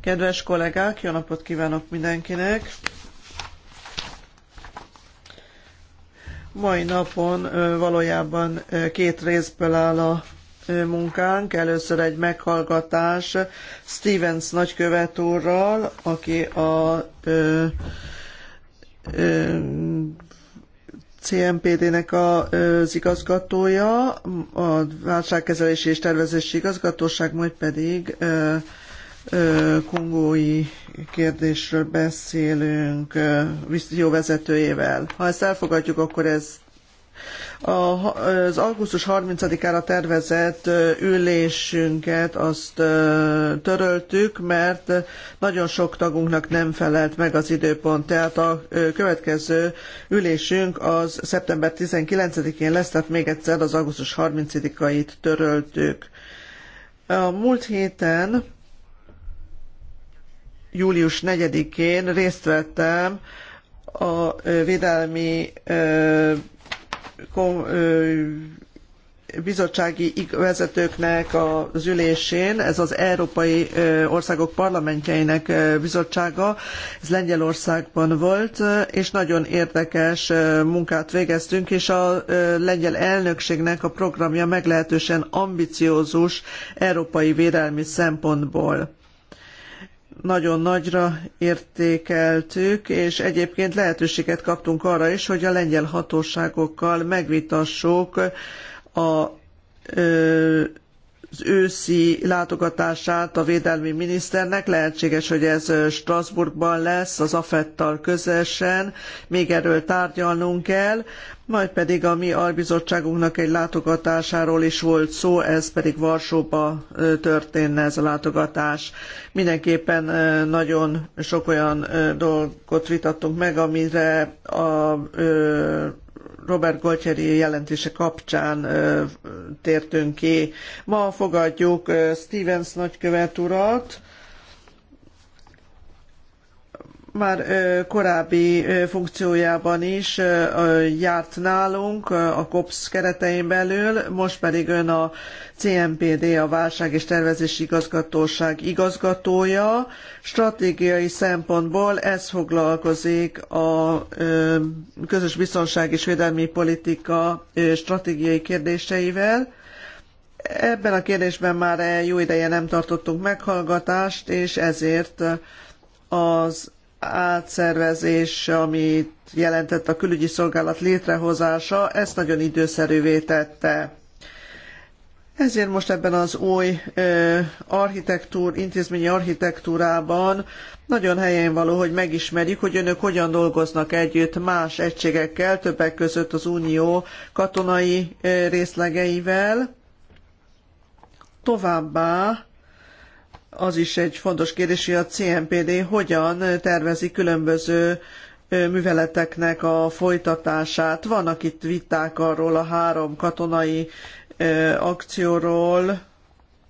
Kedves kollégák, jó napot kívánok mindenkinek! Mai napon valójában két részből áll a munkánk. Először egy meghallgatás Stevens nagykövet úrral, aki a CMPD-nek az igazgatója, a válságkezelési és tervezési igazgatóság, majd pedig kongói kérdésről beszélünk vízjóvezetőjével. Ha ezt elfogadjuk, akkor ez az augusztus 30-ára tervezett ülésünket azt töröltük, mert nagyon sok tagunknak nem felelt meg az időpont. Tehát a következő ülésünk az szeptember 19-én lesz, tehát még egyszer az augusztus 30-ait töröltük. A múlt héten július 4-én részt vettem a védelmi bizottsági vezetőknek az ülésén, ez az Európai Országok Parlamentjeinek bizottsága, ez Lengyelországban volt, és nagyon érdekes munkát végeztünk, és a lengyel elnökségnek a programja meglehetősen ambiciózus európai védelmi szempontból nagyon nagyra értékeltük, és egyébként lehetőséget kaptunk arra is, hogy a lengyel hatóságokkal megvitassuk a ö, az őszi látogatását a védelmi miniszternek. Lehetséges, hogy ez Strasbourgban lesz, az AFET-tal közösen. Még erről tárgyalnunk kell. Majd pedig a mi albizottságunknak egy látogatásáról is volt szó, ez pedig Varsóba történne ez a látogatás. Mindenképpen nagyon sok olyan dolgot vitattunk meg, amire a Robert Golcseri jelentése kapcsán tértünk ki. Ma fogadjuk Stevens nagykövet urat, már korábbi funkciójában is járt nálunk a COPS keretein belül, most pedig ön a CMPD, a Válság és Tervezési Igazgatóság igazgatója. Stratégiai szempontból ez foglalkozik a közös biztonság és védelmi politika stratégiai kérdéseivel. Ebben a kérdésben már jó ideje nem tartottunk meghallgatást, és ezért az átszervezés, amit jelentett a külügyi szolgálat létrehozása, ezt nagyon időszerűvé tette. Ezért most ebben az új ö, architektúr, intézményi architektúrában nagyon helyén való, hogy megismerjük, hogy önök hogyan dolgoznak együtt más egységekkel, többek között az Unió katonai ö, részlegeivel. Továbbá az is egy fontos kérdés, hogy a CMPD hogyan tervezi különböző műveleteknek a folytatását. Vannak itt viták arról a három katonai akcióról,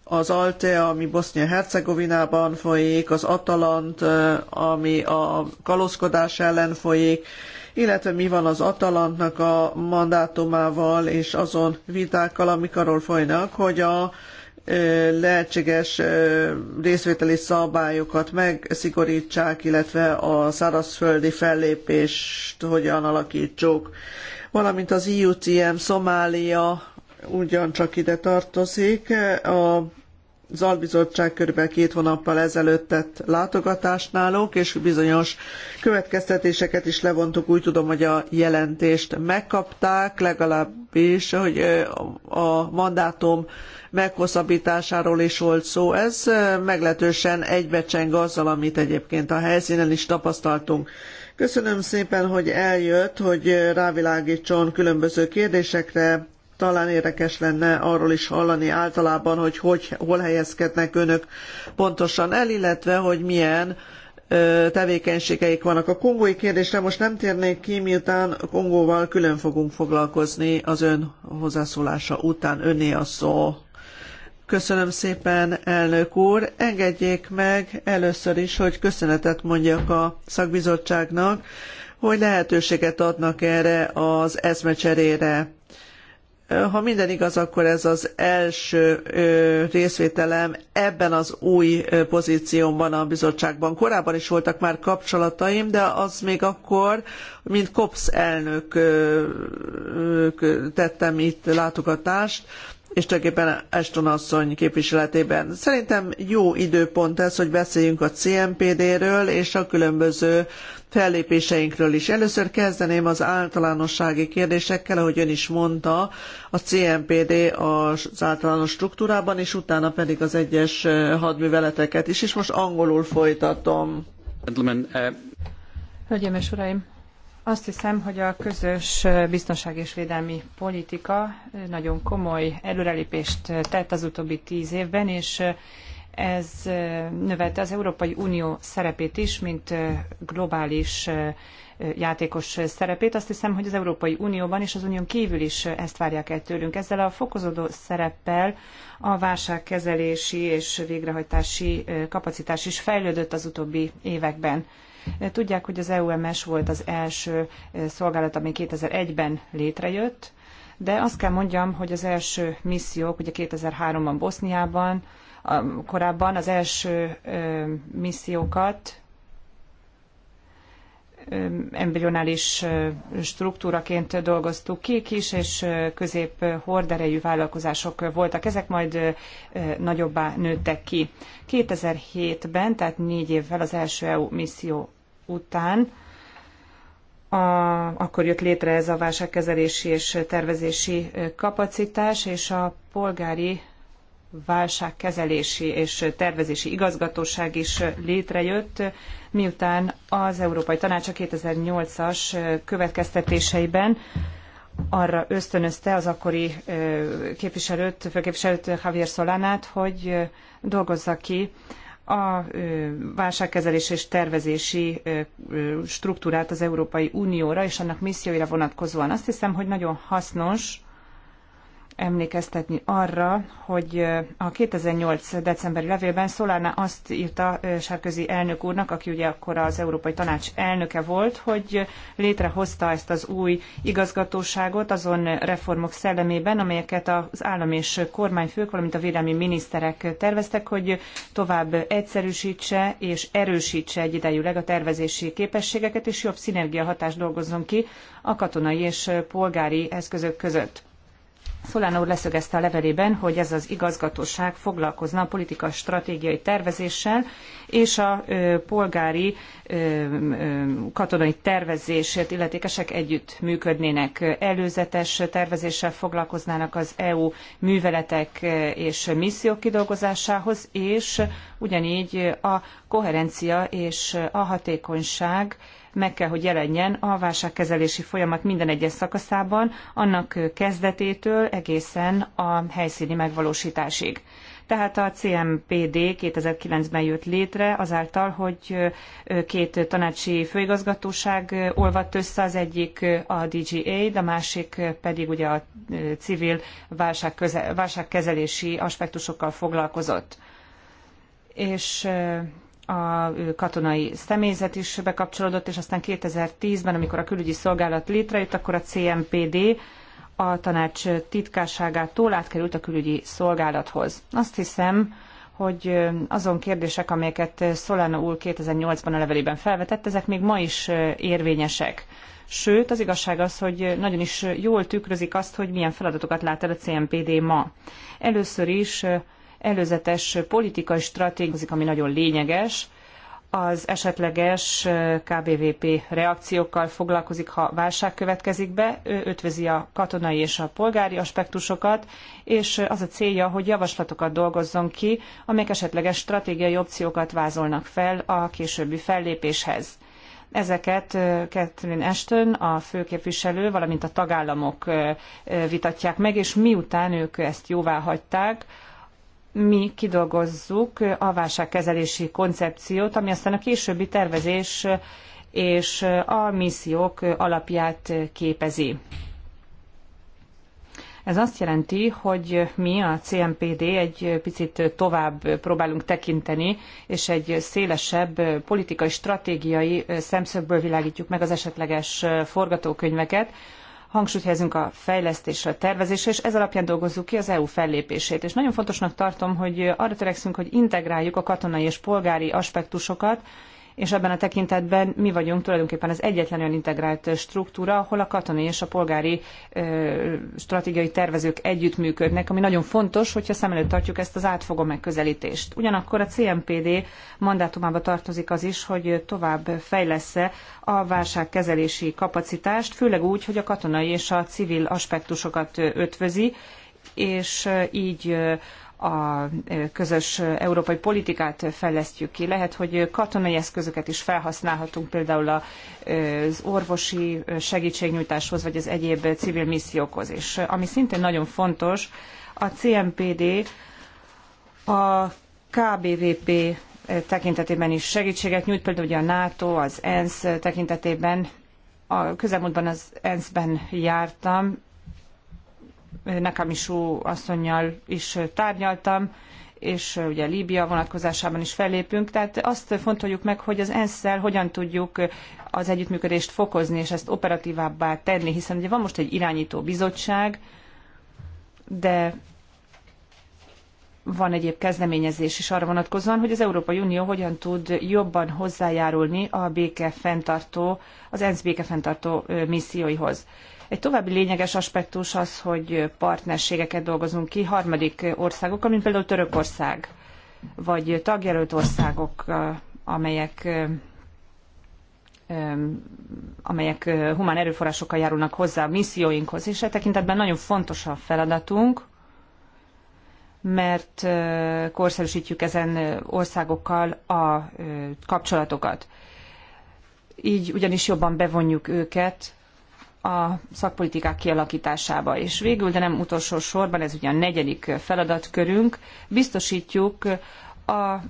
az Altea, ami Bosznia-Hercegovinában folyik, az Atalant, ami a kalózkodás ellen folyik, illetve mi van az Atalantnak a mandátumával és azon vitákkal, amik arról folynak, hogy a lehetséges részvételi szabályokat megszigorítsák, illetve a szárazföldi fellépést hogyan alakítsuk. Valamint az IUCM Szomália ugyancsak ide tartozik. A az albizottság körülbelül két hónappal ezelőtt tett látogatást náluk, és bizonyos következtetéseket is levontuk. Úgy tudom, hogy a jelentést megkapták, legalábbis, hogy a mandátum meghosszabbításáról is volt szó. Ez meglehetősen egybecseng azzal, amit egyébként a helyszínen is tapasztaltunk. Köszönöm szépen, hogy eljött, hogy rávilágítson különböző kérdésekre, talán érdekes lenne arról is hallani általában, hogy, hogy hol helyezkednek önök pontosan el, illetve hogy milyen tevékenységeik vannak. A kongói kérdésre most nem térnék ki, miután Kongóval külön fogunk foglalkozni az ön hozzászólása után. Önné a szó. Köszönöm szépen, elnök úr. Engedjék meg először is, hogy köszönetet mondjak a szakbizottságnak, hogy lehetőséget adnak erre az eszmecserére. Ha minden igaz, akkor ez az első részvételem ebben az új pozíciómban a bizottságban. Korábban is voltak már kapcsolataim, de az még akkor, mint COPS elnök tettem itt látogatást, és tulajdonképpen Eston asszony képviseletében. Szerintem jó időpont ez, hogy beszéljünk a CMPD-ről és a különböző fellépéseinkről is. Először kezdeném az általánossági kérdésekkel, ahogy ön is mondta, a CMPD az általános struktúrában, és utána pedig az egyes eh, hadműveleteket is, és most angolul folytatom. Gentlemen, eh, Hölgyeim és uraim, azt hiszem, hogy a közös biztonság és védelmi politika nagyon komoly előrelépést tett az utóbbi tíz évben, és ez növelte az Európai Unió szerepét is, mint globális játékos szerepét. Azt hiszem, hogy az Európai Unióban és az Unión kívül is ezt várják el tőlünk. Ezzel a fokozódó szereppel a válságkezelési és végrehajtási kapacitás is fejlődött az utóbbi években. Tudják, hogy az EUMS volt az első eh, szolgálat, ami 2001-ben létrejött, de azt kell mondjam, hogy az első missziók, ugye 2003-ban Boszniában, korábban az első eh, missziókat eh, embryonális struktúraként dolgoztuk ki, kis és közép horderejű vállalkozások voltak, ezek majd nagyobbá nőttek ki. 2007-ben, tehát négy évvel az első EU misszió után a, akkor jött létre ez a válságkezelési és tervezési kapacitás, és a polgári válságkezelési és tervezési igazgatóság is létrejött, miután az Európai Tanács a 2008-as következtetéseiben arra ösztönözte az akkori képviselőt, főképviselőt Javier Solanát, hogy dolgozza ki a válságkezelési és tervezési struktúrát az Európai Unióra és annak misszióira vonatkozóan. Azt hiszem, hogy nagyon hasznos emlékeztetni arra, hogy a 2008. decemberi levélben Solana azt írta Sárközi elnök úrnak, aki ugye akkor az Európai Tanács elnöke volt, hogy létrehozta ezt az új igazgatóságot azon reformok szellemében, amelyeket az állam és kormányfők, valamint a védelmi miniszterek terveztek, hogy tovább egyszerűsítse és erősítse egyidejűleg a tervezési képességeket, és jobb szinergia hatást dolgozzon ki a katonai és polgári eszközök között. Szolán úr leszögezte a levelében, hogy ez az igazgatóság foglalkozna a politika stratégiai tervezéssel és a polgári katonai tervezésért illetékesek együtt működnének. Előzetes tervezéssel foglalkoznának az EU műveletek és missziók kidolgozásához, és ugyanígy a koherencia és a hatékonyság meg kell, hogy jelenjen a válságkezelési folyamat minden egyes szakaszában, annak kezdetétől egészen a helyszíni megvalósításig. Tehát a CMPD 2009-ben jött létre azáltal, hogy két tanácsi főigazgatóság olvadt össze, az egyik a DGA, de a másik pedig ugye a civil válságkezelési aspektusokkal foglalkozott. És a katonai személyzet is bekapcsolódott, és aztán 2010-ben, amikor a külügyi szolgálat létrejött, akkor a CMPD a tanács titkárságától átkerült a külügyi szolgálathoz. Azt hiszem, hogy azon kérdések, amelyeket Solana úr 2008-ban a levelében felvetett, ezek még ma is érvényesek. Sőt, az igazság az, hogy nagyon is jól tükrözik azt, hogy milyen feladatokat lát el a CMPD ma. Először is előzetes politikai stratégizik, ami nagyon lényeges, az esetleges KBVP reakciókkal foglalkozik, ha válság következik be, ő ötvözi a katonai és a polgári aspektusokat, és az a célja, hogy javaslatokat dolgozzon ki, amelyek esetleges stratégiai opciókat vázolnak fel a későbbi fellépéshez. Ezeket Catherine Ashton, a főképviselő, valamint a tagállamok vitatják meg, és miután ők ezt jóvá hagyták, mi kidolgozzuk a válságkezelési koncepciót, ami aztán a későbbi tervezés és a missziók alapját képezi. Ez azt jelenti, hogy mi a CMPD egy picit tovább próbálunk tekinteni, és egy szélesebb politikai, stratégiai szemszögből világítjuk meg az esetleges forgatókönyveket, hangsúlyt helyezünk a fejlesztésre, a tervezésre, és ez alapján dolgozzuk ki az EU fellépését. És nagyon fontosnak tartom, hogy arra törekszünk, hogy integráljuk a katonai és polgári aspektusokat, és ebben a tekintetben mi vagyunk tulajdonképpen az egyetlen olyan integrált struktúra, ahol a katonai és a polgári ö, stratégiai tervezők együttműködnek, ami nagyon fontos, hogyha szem előtt tartjuk ezt az átfogó megközelítést. Ugyanakkor a CMPD mandátumába tartozik az is, hogy tovább fejlesz-e a válságkezelési kapacitást, főleg úgy, hogy a katonai és a civil aspektusokat ötvözi, és így a közös európai politikát fejlesztjük ki. Lehet, hogy katonai eszközöket is felhasználhatunk, például az orvosi segítségnyújtáshoz, vagy az egyéb civil missziókhoz is. Ami szintén nagyon fontos, a CMPD a KBVP tekintetében is segítséget nyújt, például ugye a NATO, az ENSZ tekintetében. A közelmúltban az ENSZ-ben jártam, Nakamisu asszonynal is tárgyaltam, és ugye Líbia vonatkozásában is fellépünk. Tehát azt fontoljuk meg, hogy az ensz hogyan tudjuk az együttműködést fokozni, és ezt operatívábbá tenni, hiszen ugye van most egy irányító bizottság, de van egyéb kezdeményezés is arra vonatkozóan, hogy az Európai Unió hogyan tud jobban hozzájárulni a béke fenntartó, az ENSZ béke fenntartó misszióihoz. Egy további lényeges aspektus az, hogy partnerségeket dolgozunk ki harmadik országokkal, mint például Törökország, vagy tagjelölt országok, amelyek amelyek humán erőforrásokkal járulnak hozzá a misszióinkhoz, és e tekintetben nagyon fontos a feladatunk, mert korszerűsítjük ezen országokkal a kapcsolatokat. Így ugyanis jobban bevonjuk őket a szakpolitikák kialakításába. És végül, de nem utolsó sorban, ez ugye a negyedik feladatkörünk, biztosítjuk a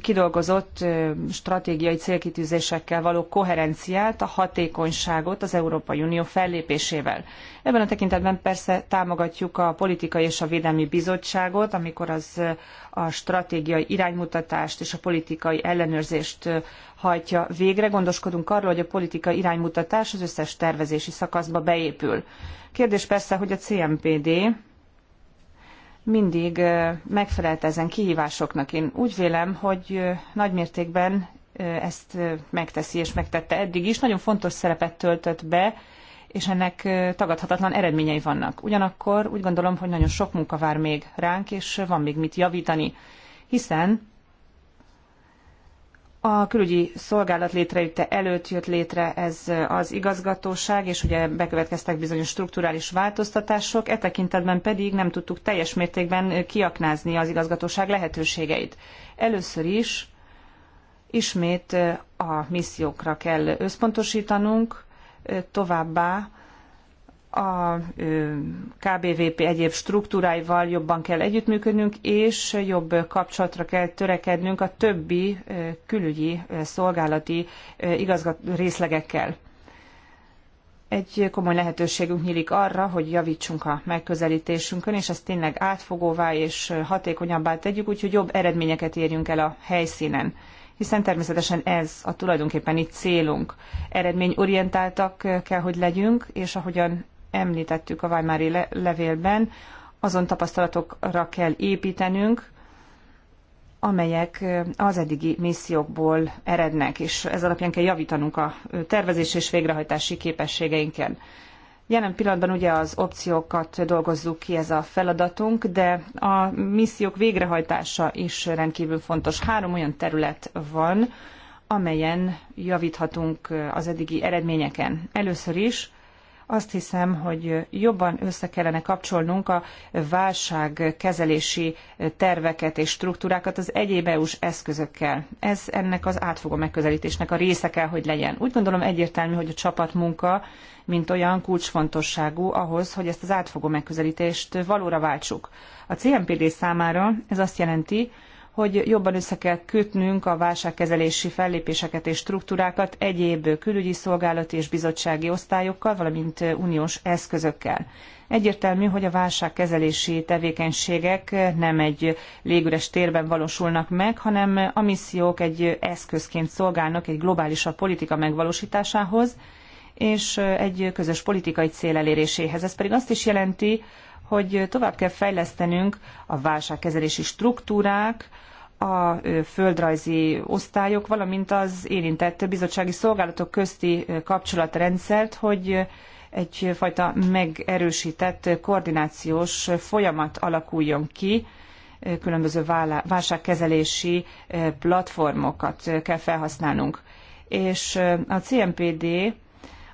kidolgozott stratégiai célkitűzésekkel való koherenciát, a hatékonyságot az Európai Unió fellépésével. Ebben a tekintetben persze támogatjuk a Politikai és a Védelmi Bizottságot, amikor az a stratégiai iránymutatást és a politikai ellenőrzést hajtja végre. Gondoskodunk arról, hogy a politikai iránymutatás az összes tervezési szakaszba beépül. Kérdés persze, hogy a CMPD mindig megfelelt ezen kihívásoknak. Én úgy vélem, hogy nagymértékben ezt megteszi és megtette eddig is. Nagyon fontos szerepet töltött be, és ennek tagadhatatlan eredményei vannak. Ugyanakkor úgy gondolom, hogy nagyon sok munka vár még ránk, és van még mit javítani, hiszen a külügyi szolgálat létrejötte előtt jött létre ez az igazgatóság, és ugye bekövetkeztek bizonyos strukturális változtatások, e tekintetben pedig nem tudtuk teljes mértékben kiaknázni az igazgatóság lehetőségeit. Először is ismét a missziókra kell összpontosítanunk, továbbá a KBVP egyéb struktúráival jobban kell együttműködnünk, és jobb kapcsolatra kell törekednünk a többi külügyi szolgálati igazgat részlegekkel. Egy komoly lehetőségünk nyílik arra, hogy javítsunk a megközelítésünkön, és ezt tényleg átfogóvá és hatékonyabbá tegyük, úgyhogy jobb eredményeket érjünk el a helyszínen hiszen természetesen ez a tulajdonképpen itt célunk. Eredményorientáltak kell, hogy legyünk, és ahogyan említettük a Weimári levélben, azon tapasztalatokra kell építenünk, amelyek az eddigi missziókból erednek, és ez alapján kell javítanunk a tervezés és végrehajtási képességeinken. Jelen pillanatban ugye az opciókat dolgozzuk ki, ez a feladatunk, de a missziók végrehajtása is rendkívül fontos. Három olyan terület van, amelyen javíthatunk az eddigi eredményeken. Először is azt hiszem, hogy jobban össze kellene kapcsolnunk a válságkezelési terveket és struktúrákat az egyéb EU-s eszközökkel. Ez ennek az átfogó megközelítésnek a része kell, hogy legyen. Úgy gondolom egyértelmű, hogy a csapatmunka, mint olyan kulcsfontosságú ahhoz, hogy ezt az átfogó megközelítést valóra váltsuk. A CMPD számára ez azt jelenti, hogy jobban össze kell kötnünk a válságkezelési fellépéseket és struktúrákat egyéb külügyi szolgálati és bizottsági osztályokkal, valamint uniós eszközökkel. Egyértelmű, hogy a válságkezelési tevékenységek nem egy légüres térben valósulnak meg, hanem a missziók egy eszközként szolgálnak egy globálisabb politika megvalósításához, és egy közös politikai cél eléréséhez. Ez pedig azt is jelenti, hogy tovább kell fejlesztenünk a válságkezelési struktúrák, a földrajzi osztályok, valamint az érintett bizottsági szolgálatok közti kapcsolatrendszert, hogy egyfajta megerősített koordinációs folyamat alakuljon ki, különböző válságkezelési platformokat kell felhasználnunk. És a CMPD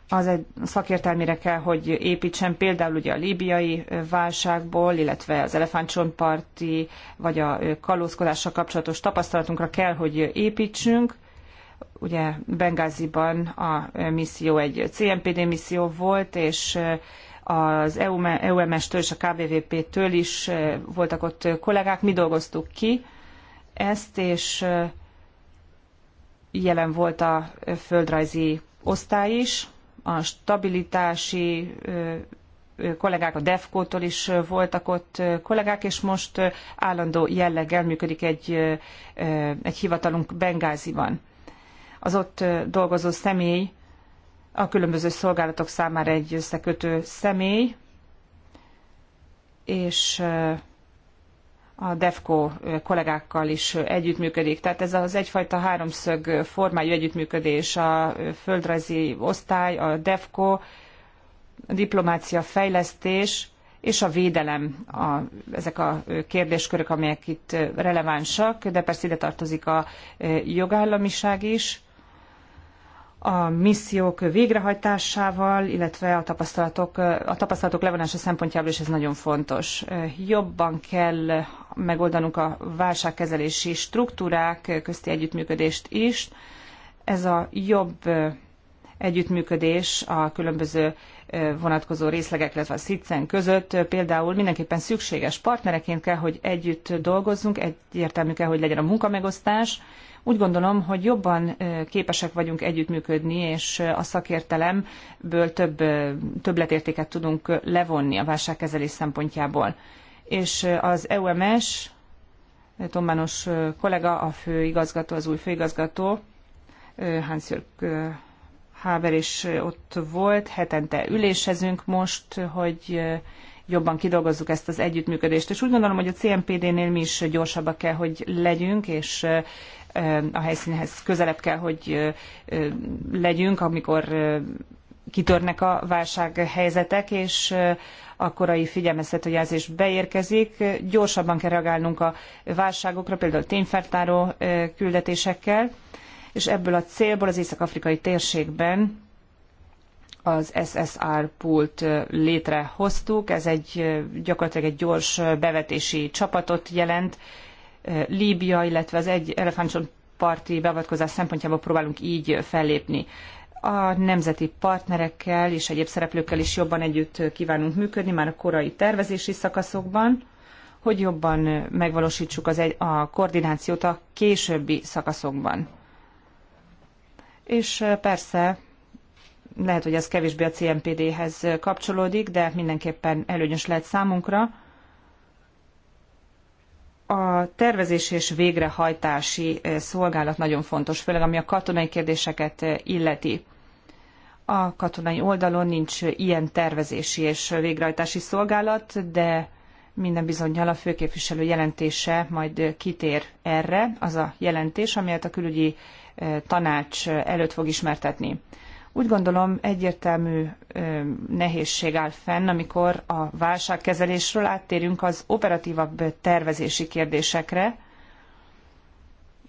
az egy szakértelmére kell, hogy építsen például ugye a líbiai válságból, illetve az elefántcsontparti vagy a kalózkodással kapcsolatos tapasztalatunkra kell, hogy építsünk. Ugye Bengáziban a misszió egy CMPD misszió volt, és az EUMS-től e, e és a KBVP-től is voltak ott kollégák, mi dolgoztuk ki ezt, és jelen volt a földrajzi osztály is, a stabilitási kollégák, a DEFCO-tól is voltak ott kollégák, és most állandó jelleggel működik egy, egy hivatalunk Bengáziban. Az ott dolgozó személy a különböző szolgálatok számára egy összekötő személy, és a DEFCO kollégákkal is együttműködik. Tehát ez az egyfajta háromszög formájú együttműködés, a földrajzi osztály, a DEFCO, a diplomácia fejlesztés és a védelem, a, ezek a kérdéskörök, amelyek itt relevánsak, de persze ide tartozik a jogállamiság is, a missziók végrehajtásával, illetve a tapasztalatok, a tapasztalatok levonása szempontjából is ez nagyon fontos. Jobban kell megoldanunk a válságkezelési struktúrák közti együttműködést is. Ez a jobb együttműködés a különböző vonatkozó részlegek, illetve a SZICEN között például mindenképpen szükséges partnereként kell, hogy együtt dolgozzunk, egyértelmű kell, hogy legyen a munkamegosztás, úgy gondolom, hogy jobban képesek vagyunk együttműködni, és a szakértelemből több többletértéket tudunk levonni a válságkezelés szempontjából. És az EUMS, Tombános kollega, a főigazgató, az új főigazgató, Hansjörg Háber is ott volt, hetente ülésezünk most, hogy jobban kidolgozzuk ezt az együttműködést. És úgy gondolom, hogy a CMPD-nél mi is gyorsabbak kell, hogy legyünk, és a helyszínhez közelebb kell, hogy legyünk, amikor kitörnek a válsághelyzetek, és a korai figyelmeztető jelzés beérkezik. Gyorsabban kell reagálnunk a válságokra, például tényfertáró küldetésekkel, és ebből a célból az észak-afrikai térségben az SSR pult létrehoztuk. Ez egy gyakorlatilag egy gyors bevetési csapatot jelent. Líbia, illetve az egy elefántson parti beavatkozás szempontjából próbálunk így fellépni. A nemzeti partnerekkel és egyéb szereplőkkel is jobban együtt kívánunk működni, már a korai tervezési szakaszokban, hogy jobban megvalósítsuk az egy, a koordinációt a későbbi szakaszokban. És persze lehet, hogy ez kevésbé a CMPD-hez kapcsolódik, de mindenképpen előnyös lehet számunkra. A tervezés és végrehajtási szolgálat nagyon fontos, főleg ami a katonai kérdéseket illeti. A katonai oldalon nincs ilyen tervezési és végrehajtási szolgálat, de minden bizonyal a főképviselő jelentése majd kitér erre, az a jelentés, amelyet a külügyi tanács előtt fog ismertetni. Úgy gondolom egyértelmű nehézség áll fenn, amikor a válságkezelésről áttérünk az operatívabb tervezési kérdésekre,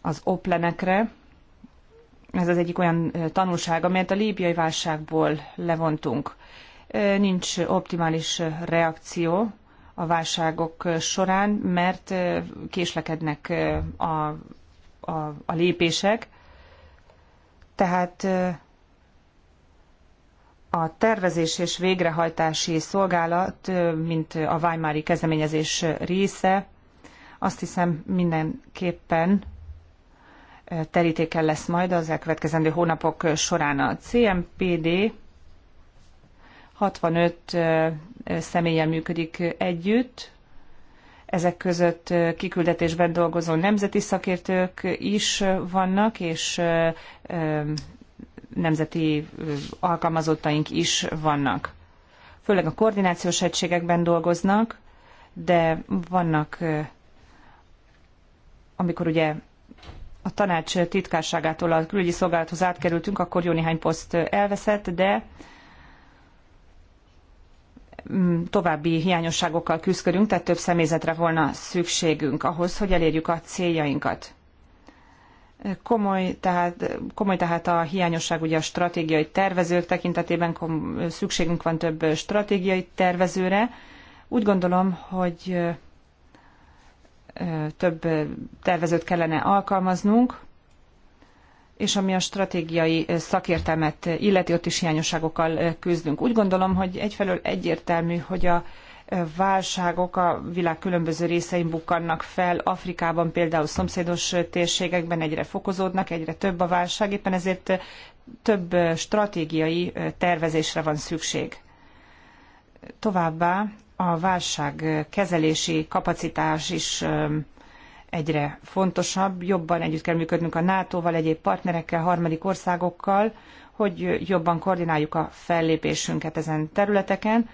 az oplenekre. Ez az egyik olyan tanulság, amelyet a líbiai válságból levontunk. Nincs optimális reakció a válságok során, mert késlekednek a, a, a lépések. Tehát a tervezés és végrehajtási szolgálat, mint a Weimári kezdeményezés része, azt hiszem mindenképpen terítéken lesz majd az elkövetkezendő hónapok során a CMPD 65 személyen működik együtt, ezek között kiküldetésben dolgozó nemzeti szakértők is vannak, és nemzeti alkalmazottaink is vannak. Főleg a koordinációs egységekben dolgoznak, de vannak, amikor ugye a tanács titkárságától a külügyi szolgálathoz átkerültünk, akkor jó néhány poszt elveszett, de mm, további hiányosságokkal küzdködünk, tehát több személyzetre volna szükségünk ahhoz, hogy elérjük a céljainkat. Komoly tehát, komoly tehát a hiányosság ugye a stratégiai tervezők tekintetében kom, szükségünk van több stratégiai tervezőre. Úgy gondolom, hogy több tervezőt kellene alkalmaznunk, és ami a stratégiai szakértelmet illeti, ott is hiányosságokkal küzdünk. Úgy gondolom, hogy egyfelől egyértelmű, hogy a válságok a világ különböző részein bukkannak fel. Afrikában például szomszédos térségekben egyre fokozódnak, egyre több a válság, éppen ezért több stratégiai tervezésre van szükség. Továbbá a válság kezelési kapacitás is egyre fontosabb, jobban együtt kell működnünk a NATO-val, egyéb partnerekkel, harmadik országokkal, hogy jobban koordináljuk a fellépésünket ezen területeken,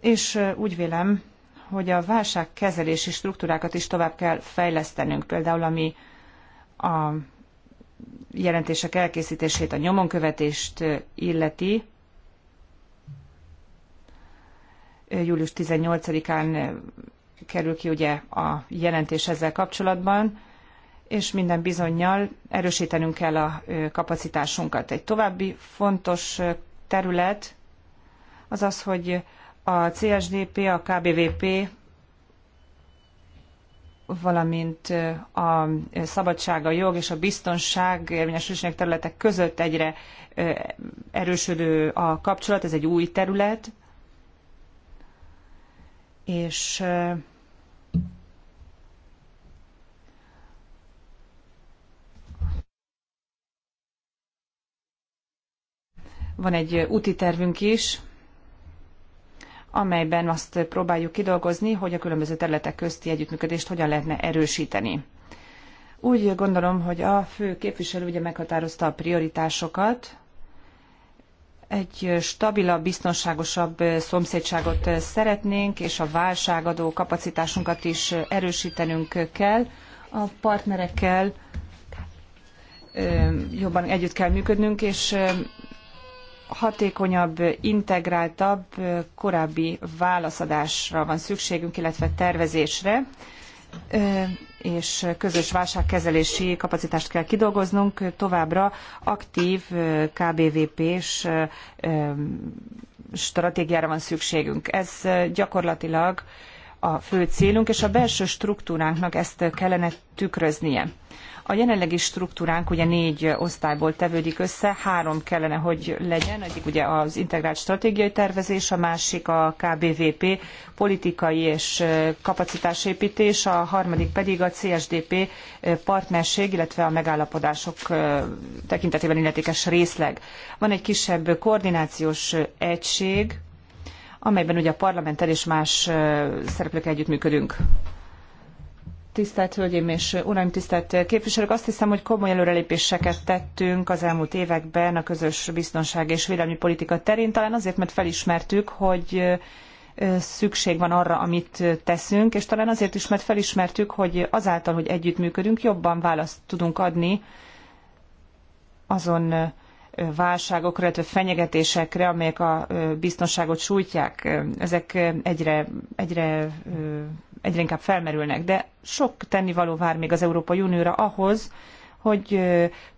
és úgy vélem, hogy a válságkezelési struktúrákat is tovább kell fejlesztenünk, például ami a jelentések elkészítését, a nyomonkövetést illeti. Július 18-án kerül ki ugye a jelentés ezzel kapcsolatban, és minden bizonyal erősítenünk kell a kapacitásunkat. Egy további fontos terület az az, hogy a CSDP, a KBVP, valamint a szabadság, a jog és a biztonság érvényesülésének területek között egyre erősödő a kapcsolat, ez egy új terület, és van egy úti tervünk is, amelyben azt próbáljuk kidolgozni, hogy a különböző területek közti együttműködést hogyan lehetne erősíteni. Úgy gondolom, hogy a fő képviselő ugye meghatározta a prioritásokat, egy stabilabb, biztonságosabb szomszédságot szeretnénk, és a válságadó kapacitásunkat is erősítenünk kell. A partnerekkel jobban együtt kell működnünk, és hatékonyabb, integráltabb korábbi válaszadásra van szükségünk, illetve tervezésre, és közös válságkezelési kapacitást kell kidolgoznunk. Továbbra aktív KBVP-s stratégiára van szükségünk. Ez gyakorlatilag a fő célunk, és a belső struktúránknak ezt kellene tükröznie. A jelenlegi struktúránk ugye négy osztályból tevődik össze, három kellene, hogy legyen. Egyik ugye az integrált stratégiai tervezés, a másik a KBVP politikai és kapacitásépítés, a harmadik pedig a CSDP partnerség, illetve a megállapodások tekintetében illetékes részleg. Van egy kisebb koordinációs egység, amelyben ugye a parlamenttel és más szereplőkkel együttműködünk. Tisztelt Hölgyeim és Uraim, tisztelt képviselők! Azt hiszem, hogy komoly előrelépéseket tettünk az elmúlt években a közös biztonság és védelmi politika terén, talán azért, mert felismertük, hogy szükség van arra, amit teszünk, és talán azért is, mert felismertük, hogy azáltal, hogy együttműködünk, jobban választ tudunk adni azon válságokra, illetve fenyegetésekre, amelyek a biztonságot sújtják. Ezek egyre, egyre egyre inkább felmerülnek, de sok tennivaló vár még az Európai Unióra ahhoz, hogy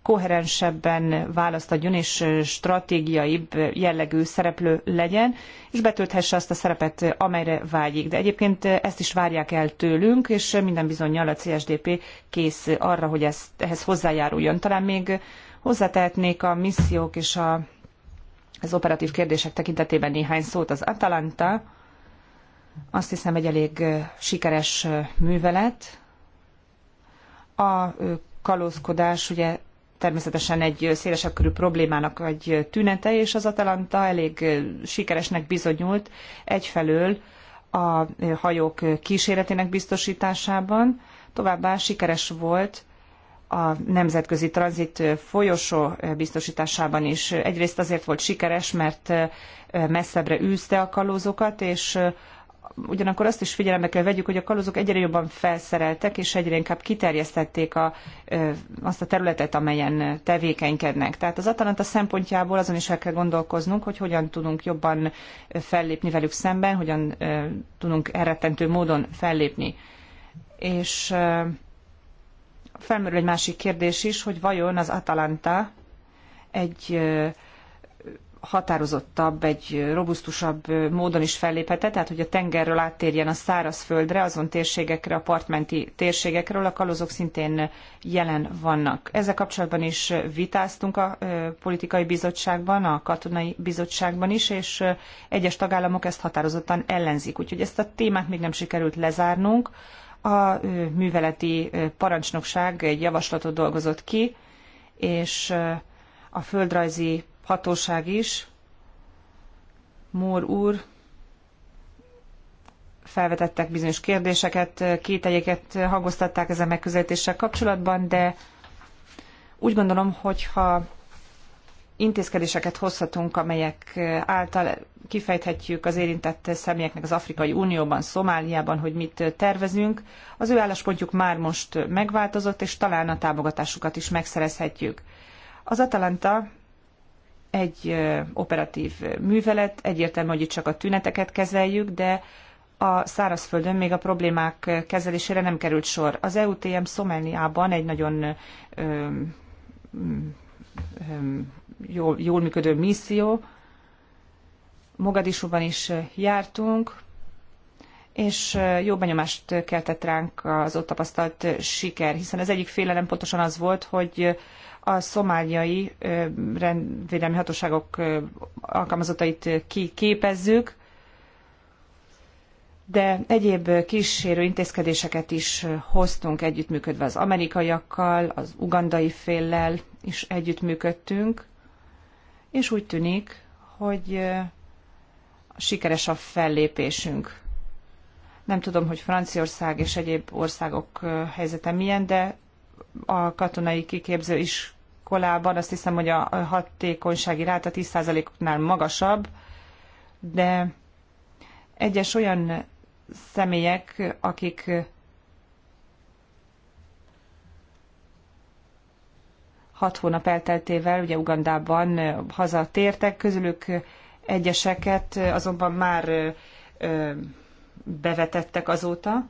koherensebben választ adjon és stratégiaibb jellegű szereplő legyen, és betölthesse azt a szerepet, amelyre vágyik. De egyébként ezt is várják el tőlünk, és minden bizonyal a CSDP kész arra, hogy ezt, ehhez hozzájáruljon. Talán még hozzátehetnék a missziók és a, az operatív kérdések tekintetében néhány szót. Az Atalanta azt hiszem egy elég sikeres művelet. A kalózkodás ugye természetesen egy szélesebb körű problémának vagy tünete, és az Atalanta elég sikeresnek bizonyult egyfelől a hajók kíséretének biztosításában, továbbá sikeres volt a nemzetközi tranzit folyosó biztosításában is. Egyrészt azért volt sikeres, mert messzebbre űzte a kalózokat, és ugyanakkor azt is figyelembe kell vegyük, hogy a kalózok egyre jobban felszereltek, és egyre inkább kiterjesztették a, azt a területet, amelyen tevékenykednek. Tehát az Atalanta szempontjából azon is el kell gondolkoznunk, hogy hogyan tudunk jobban fellépni velük szemben, hogyan tudunk elrettentő módon fellépni. És felmerül egy másik kérdés is, hogy vajon az Atalanta egy határozottabb, egy robusztusabb módon is felléphetett, tehát hogy a tengerről áttérjen a szárazföldre, azon térségekre, a partmenti térségekről, a kalózok szintén jelen vannak. Ezzel kapcsolatban is vitáztunk a politikai bizottságban, a katonai bizottságban is, és egyes tagállamok ezt határozottan ellenzik. Úgyhogy ezt a témát még nem sikerült lezárnunk. A műveleti parancsnokság egy javaslatot dolgozott ki, és a földrajzi hatóság is, Mór úr, felvetettek bizonyos kérdéseket, kételyeket hangoztatták ezen megközelítéssel kapcsolatban, de úgy gondolom, hogyha intézkedéseket hozhatunk, amelyek által kifejthetjük az érintett személyeknek az Afrikai Unióban, Szomáliában, hogy mit tervezünk, az ő álláspontjuk már most megváltozott, és talán a támogatásukat is megszerezhetjük. Az Atalanta egy operatív művelet, egyértelmű, hogy itt csak a tüneteket kezeljük, de a szárazföldön még a problémák kezelésére nem került sor. Az EUTM Szomeniában egy nagyon öm, öm, jól, jól működő misszió, Mogadisúban is jártunk, és jó benyomást keltett ránk az ott tapasztalt siker, hiszen az egyik félelem pontosan az volt, hogy a szomáliai rendvédelmi hatóságok alkalmazottait kiképezzük, de egyéb kísérő intézkedéseket is hoztunk együttműködve az amerikaiakkal, az ugandai féllel is együttműködtünk, és úgy tűnik, hogy sikeres a fellépésünk. Nem tudom, hogy Franciaország és egyéb országok helyzete milyen, de a katonai kiképző is iskolában azt hiszem, hogy a hatékonysági ráta 10%-nál magasabb, de egyes olyan személyek, akik hat hónap elteltével, ugye Ugandában hazatértek, közülük egyeseket azonban már bevetettek azóta,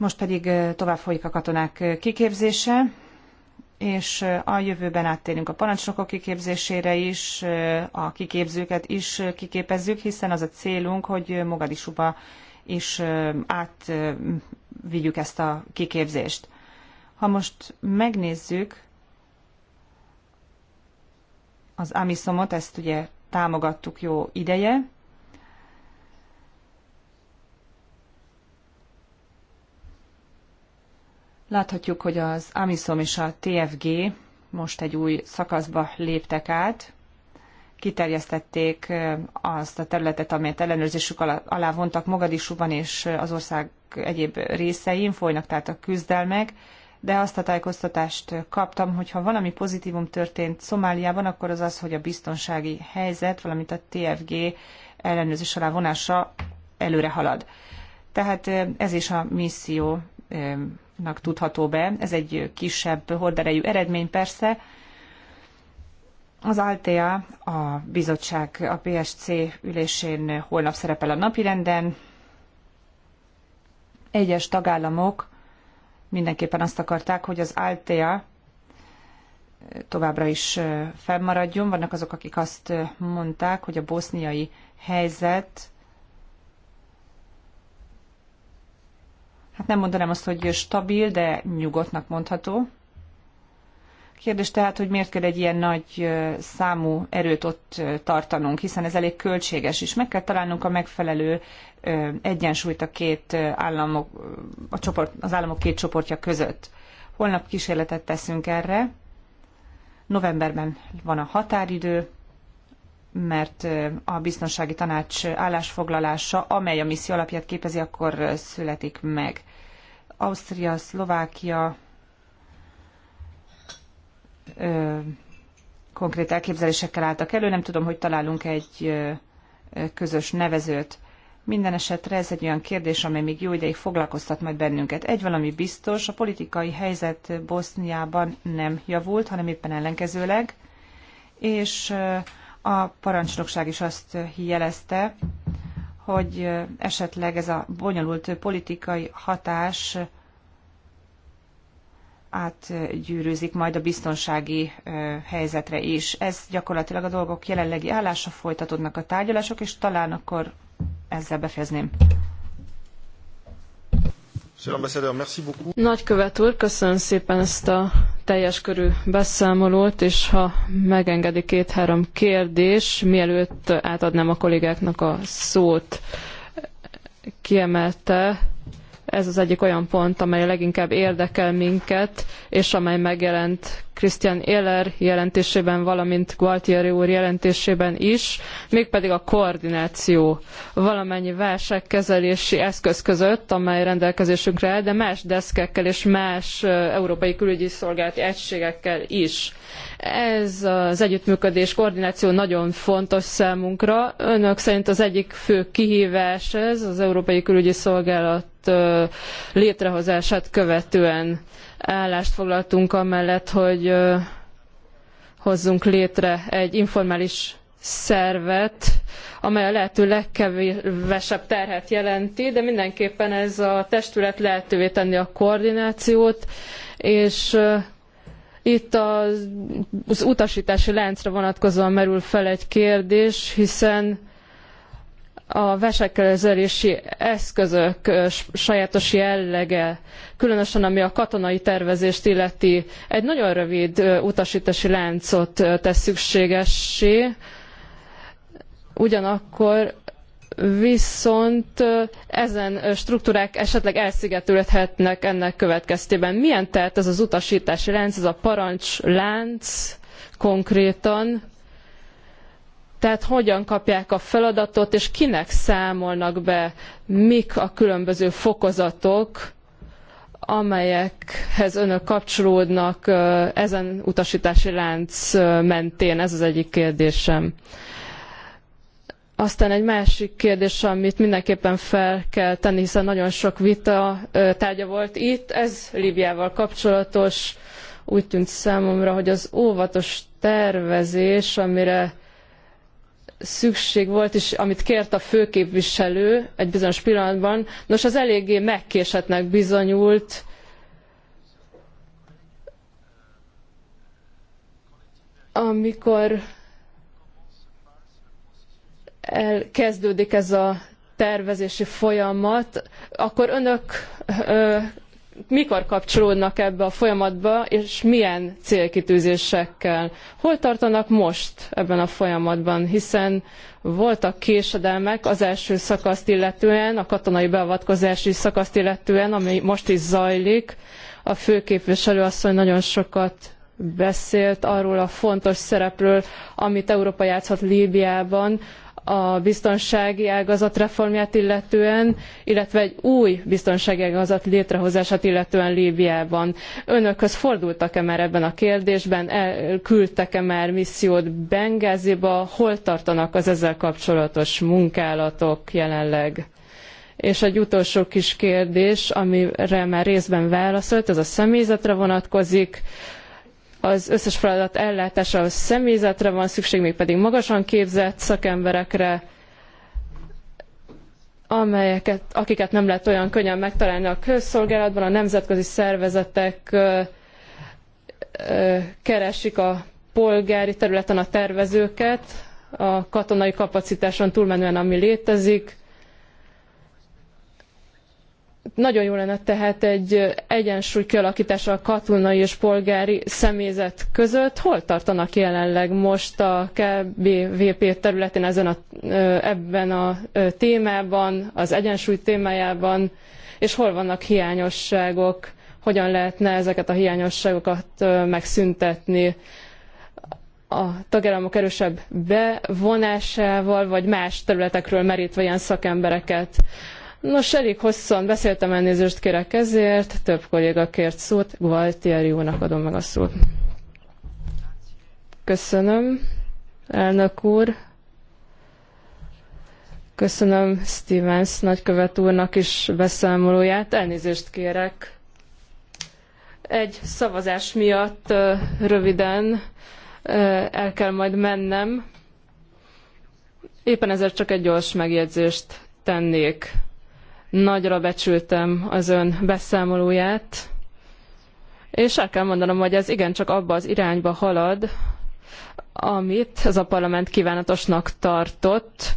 Most pedig tovább folyik a katonák kiképzése, és a jövőben áttérünk a parancsnokok kiképzésére is, a kiképzőket is kiképezzük, hiszen az a célunk, hogy Mogadisuba is átvigyük ezt a kiképzést. Ha most megnézzük az Amiszomot, ezt ugye támogattuk jó ideje, Láthatjuk, hogy az AMISOM és a TFG most egy új szakaszba léptek át, kiterjesztették azt a területet, amelyet ellenőrzésük alá, vontak Mogadisúban és az ország egyéb részein, folynak tehát a küzdelmek, de azt a tájékoztatást kaptam, hogy ha valami pozitívum történt Szomáliában, akkor az az, hogy a biztonsági helyzet, valamint a TFG ellenőrzés alá vonása előre halad. Tehát ez is a misszió nak tudható be. Ez egy kisebb horderejű eredmény persze. Az Altea, a bizottság a PSC ülésén holnap szerepel a napirenden. Egyes tagállamok mindenképpen azt akarták, hogy az Altea továbbra is fennmaradjon. Vannak azok, akik azt mondták, hogy a boszniai helyzet hát nem mondanám azt, hogy stabil, de nyugodtnak mondható. Kérdés tehát, hogy miért kell egy ilyen nagy számú erőt ott tartanunk, hiszen ez elég költséges is. Meg kell találnunk a megfelelő egyensúlyt a két államok, a csoport, az államok két csoportja között. Holnap kísérletet teszünk erre. Novemberben van a határidő, mert a biztonsági tanács állásfoglalása, amely a misszió alapját képezi, akkor születik meg. Ausztria, Szlovákia ö, konkrét elképzelésekkel álltak elő, nem tudom, hogy találunk egy ö, közös nevezőt. Minden esetre ez egy olyan kérdés, amely még jó ideig foglalkoztat majd bennünket. Egy valami biztos, a politikai helyzet Boszniában nem javult, hanem éppen ellenkezőleg, és a parancsnokság is azt jelezte, hogy esetleg ez a bonyolult politikai hatás átgyűrűzik majd a biztonsági helyzetre is. Ez gyakorlatilag a dolgok jelenlegi állása, folytatódnak a tárgyalások, és talán akkor ezzel befejezném. Nagykövet úr, köszönöm szépen ezt a teljes körű beszámolót, és ha megengedi két-három kérdés, mielőtt átadnám a kollégáknak a szót, kiemelte, ez az egyik olyan pont, amely leginkább érdekel minket, és amely megjelent Christian Eller jelentésében, valamint Gualtieri úr jelentésében is, mégpedig a koordináció valamennyi válságkezelési eszköz között, amely rendelkezésünkre áll, de más deszkekkel és más európai külügyi szolgálati egységekkel is. Ez az együttműködés, koordináció nagyon fontos számunkra. Önök szerint az egyik fő kihívás ez az Európai Külügyi Szolgálat javaslat létrehozását követően állást foglaltunk amellett, hogy hozzunk létre egy informális szervet, amely a lehető legkevesebb terhet jelenti, de mindenképpen ez a testület lehetővé tenni a koordinációt, és itt az, az utasítási láncra vonatkozóan merül fel egy kérdés, hiszen a vesekezelési eszközök sajátos jellege, különösen ami a katonai tervezést illeti, egy nagyon rövid utasítási láncot tesz szükségessé, ugyanakkor viszont ezen struktúrák esetleg elszigetülhetnek ennek következtében. Milyen tehát ez az utasítási lánc, ez a parancslánc konkrétan, tehát hogyan kapják a feladatot, és kinek számolnak be, mik a különböző fokozatok, amelyekhez önök kapcsolódnak ezen utasítási lánc mentén? Ez az egyik kérdésem. Aztán egy másik kérdés, amit mindenképpen fel kell tenni, hiszen nagyon sok vita tárgya volt itt, ez Libiával kapcsolatos. Úgy tűnt számomra, hogy az óvatos tervezés, amire szükség volt, és amit kért a főképviselő egy bizonyos pillanatban, nos, az eléggé megkésetnek bizonyult, amikor elkezdődik ez a tervezési folyamat, akkor önök mikor kapcsolódnak ebbe a folyamatba, és milyen célkitűzésekkel. Hol tartanak most ebben a folyamatban, hiszen voltak késedelmek az első szakaszt illetően, a katonai beavatkozási szakaszt illetően, ami most is zajlik. A főképviselő asszony nagyon sokat beszélt arról a fontos szerepről, amit Európa játszhat Líbiában, a biztonsági ágazat reformját illetően, illetve egy új biztonsági ágazat létrehozását illetően Líbiában. Önökhöz fordultak-e már ebben a kérdésben, küldtek-e már missziót Bengáziba, hol tartanak az ezzel kapcsolatos munkálatok jelenleg? És egy utolsó kis kérdés, amire már részben válaszolt, ez a személyzetre vonatkozik az összes feladat ellátásához személyzetre van szükség, mégpedig magasan képzett szakemberekre, amelyeket, akiket nem lehet olyan könnyen megtalálni a közszolgálatban, a nemzetközi szervezetek ö, ö, keresik a polgári területen a tervezőket, a katonai kapacitáson túlmenően, ami létezik, nagyon jó lenne tehát egy egyensúly kialakítása a katonai és polgári személyzet között. Hol tartanak jelenleg most a KBVP területén ezen a, ebben a témában, az egyensúly témájában, és hol vannak hiányosságok, hogyan lehetne ezeket a hiányosságokat megszüntetni a tagállamok erősebb bevonásával, vagy más területekről merítve ilyen szakembereket. Nos, elég hosszan beszéltem, elnézést kérek ezért, több kolléga kért szót, Gualtieri úrnak adom meg a szót. Köszönöm, elnök úr. Köszönöm Stevens nagykövet úrnak is beszámolóját. Elnézést kérek. Egy szavazás miatt röviden el kell majd mennem. Éppen ezért csak egy gyors megjegyzést tennék. Nagyra becsültem az ön beszámolóját, és el kell mondanom, hogy ez igencsak abba az irányba halad, amit ez a parlament kívánatosnak tartott,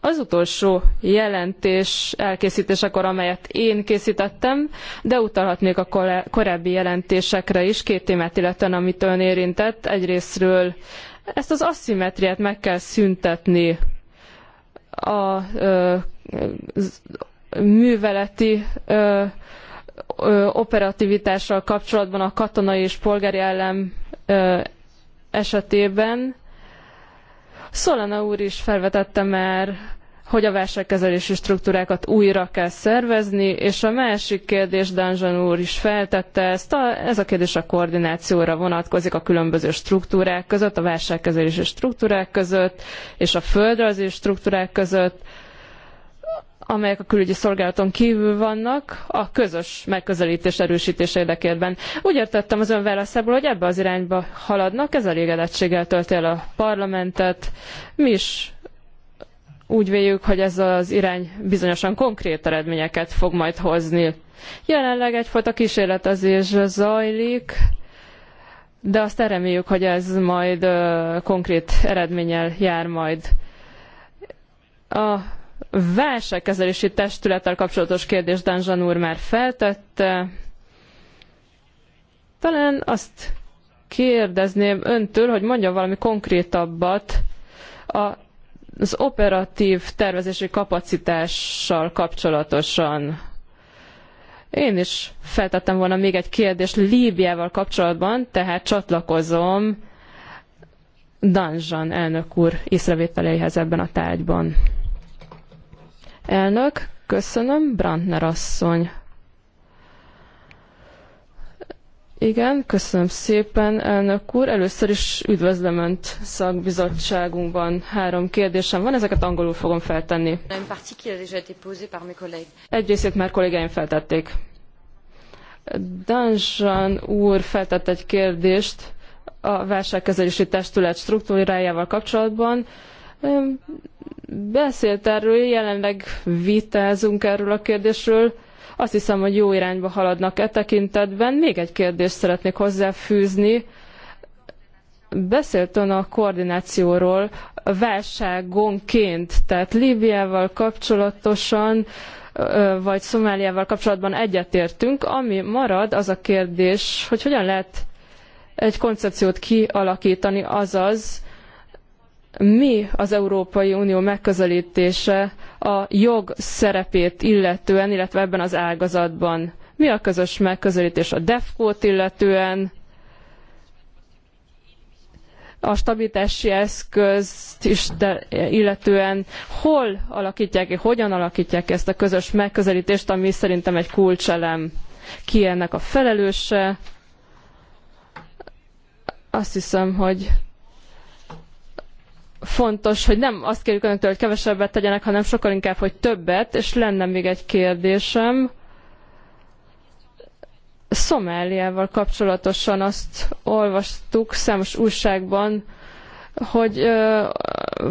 az utolsó jelentés elkészítésekor, amelyet én készítettem, de utalhatnék a korábbi jelentésekre is, két témát illetően, amit ön érintett. Egyrésztről ezt az asszimetriát meg kell szüntetni a, az műveleti ö, ö, operativitással kapcsolatban a katonai és polgári ellem ö, esetében. Szolana úr is felvetette már, hogy a válságkezelési struktúrákat újra kell szervezni, és a másik kérdés Danzsan úr is feltette ezt, a, ez a kérdés a koordinációra vonatkozik a különböző struktúrák között, a válságkezelési struktúrák között, és a földrajzi struktúrák között amelyek a külügyi szolgálaton kívül vannak, a közös megközelítés erősítése érdekében. Úgy értettem az ön válaszából, hogy ebbe az irányba haladnak, ez elégedettséggel tölt el a parlamentet. Mi is úgy véljük, hogy ez az irány bizonyosan konkrét eredményeket fog majd hozni. Jelenleg egyfajta kísérletezés zajlik, de azt reméljük, hogy ez majd konkrét eredménnyel jár majd. A válságkezelési testülettel kapcsolatos kérdés Danzsan úr már feltette. Talán azt kérdezném öntől, hogy mondja valami konkrétabbat a az operatív tervezési kapacitással kapcsolatosan. Én is feltettem volna még egy kérdést Líbiával kapcsolatban, tehát csatlakozom Danzsan elnök úr észrevételeihez ebben a tárgyban. Elnök, köszönöm, Brandner asszony. Igen, köszönöm szépen, elnök úr. Először is üdvözlöm Önt szakbizottságunkban. Három kérdésem van, ezeket angolul fogom feltenni. Egy részét már kollégáim feltették. Danzsan úr feltett egy kérdést a válságkezelési testület struktúrájával kapcsolatban Beszélt erről, jelenleg vitázunk erről a kérdésről. Azt hiszem, hogy jó irányba haladnak e tekintetben. Még egy kérdést szeretnék hozzáfűzni. Beszélt ön a koordinációról válságonként, tehát Líbiával kapcsolatosan, vagy Szomáliával kapcsolatban egyetértünk. Ami marad, az a kérdés, hogy hogyan lehet egy koncepciót kialakítani, azaz mi az Európai Unió megközelítése a jog szerepét illetően, illetve ebben az ágazatban? Mi a közös megközelítés a DEFCO-t illetően, a stabilitási eszközt is illetően hol alakítják ki, hogyan alakítják ezt a közös megközelítést, ami szerintem egy kulcselem. Ki ennek a felelőse? Azt hiszem, hogy fontos, hogy nem azt kérjük önöktől, hogy kevesebbet tegyenek, hanem sokkal inkább, hogy többet, és lenne még egy kérdésem. Szomáliával kapcsolatosan azt olvastuk számos újságban, hogy ö, ö,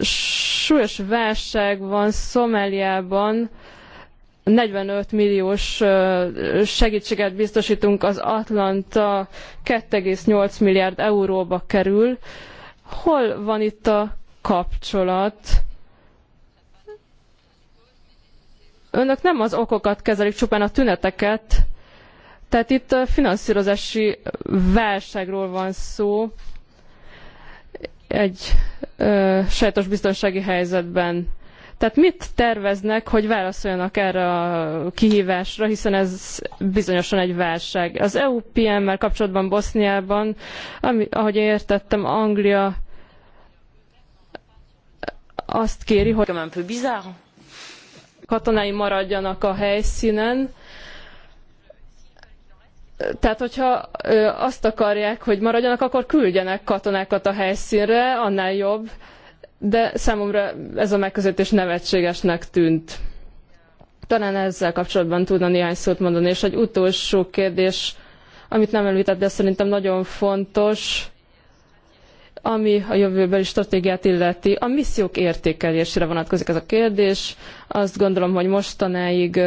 súlyos válság van Szomáliában, 45 milliós segítséget biztosítunk, az Atlanta 2,8 milliárd euróba kerül. Hol van itt a kapcsolat? Önök nem az okokat kezelik, csupán a tüneteket. Tehát itt a finanszírozási válságról van szó egy ö, sajtos biztonsági helyzetben tehát mit terveznek, hogy válaszoljanak erre a kihívásra, hiszen ez bizonyosan egy válság. Az eupm mel kapcsolatban Boszniában, ami, ahogy értettem, Anglia azt kéri, hogy katonái maradjanak a helyszínen, tehát, hogyha ö, azt akarják, hogy maradjanak, akkor küldjenek katonákat a helyszínre, annál jobb de számomra ez a megközelítés nevetségesnek tűnt. Talán ezzel kapcsolatban tudna néhány szót mondani, és egy utolsó kérdés, amit nem említett, de szerintem nagyon fontos, ami a jövőbeli stratégiát illeti. A missziók értékelésére vonatkozik ez a kérdés. Azt gondolom, hogy mostanáig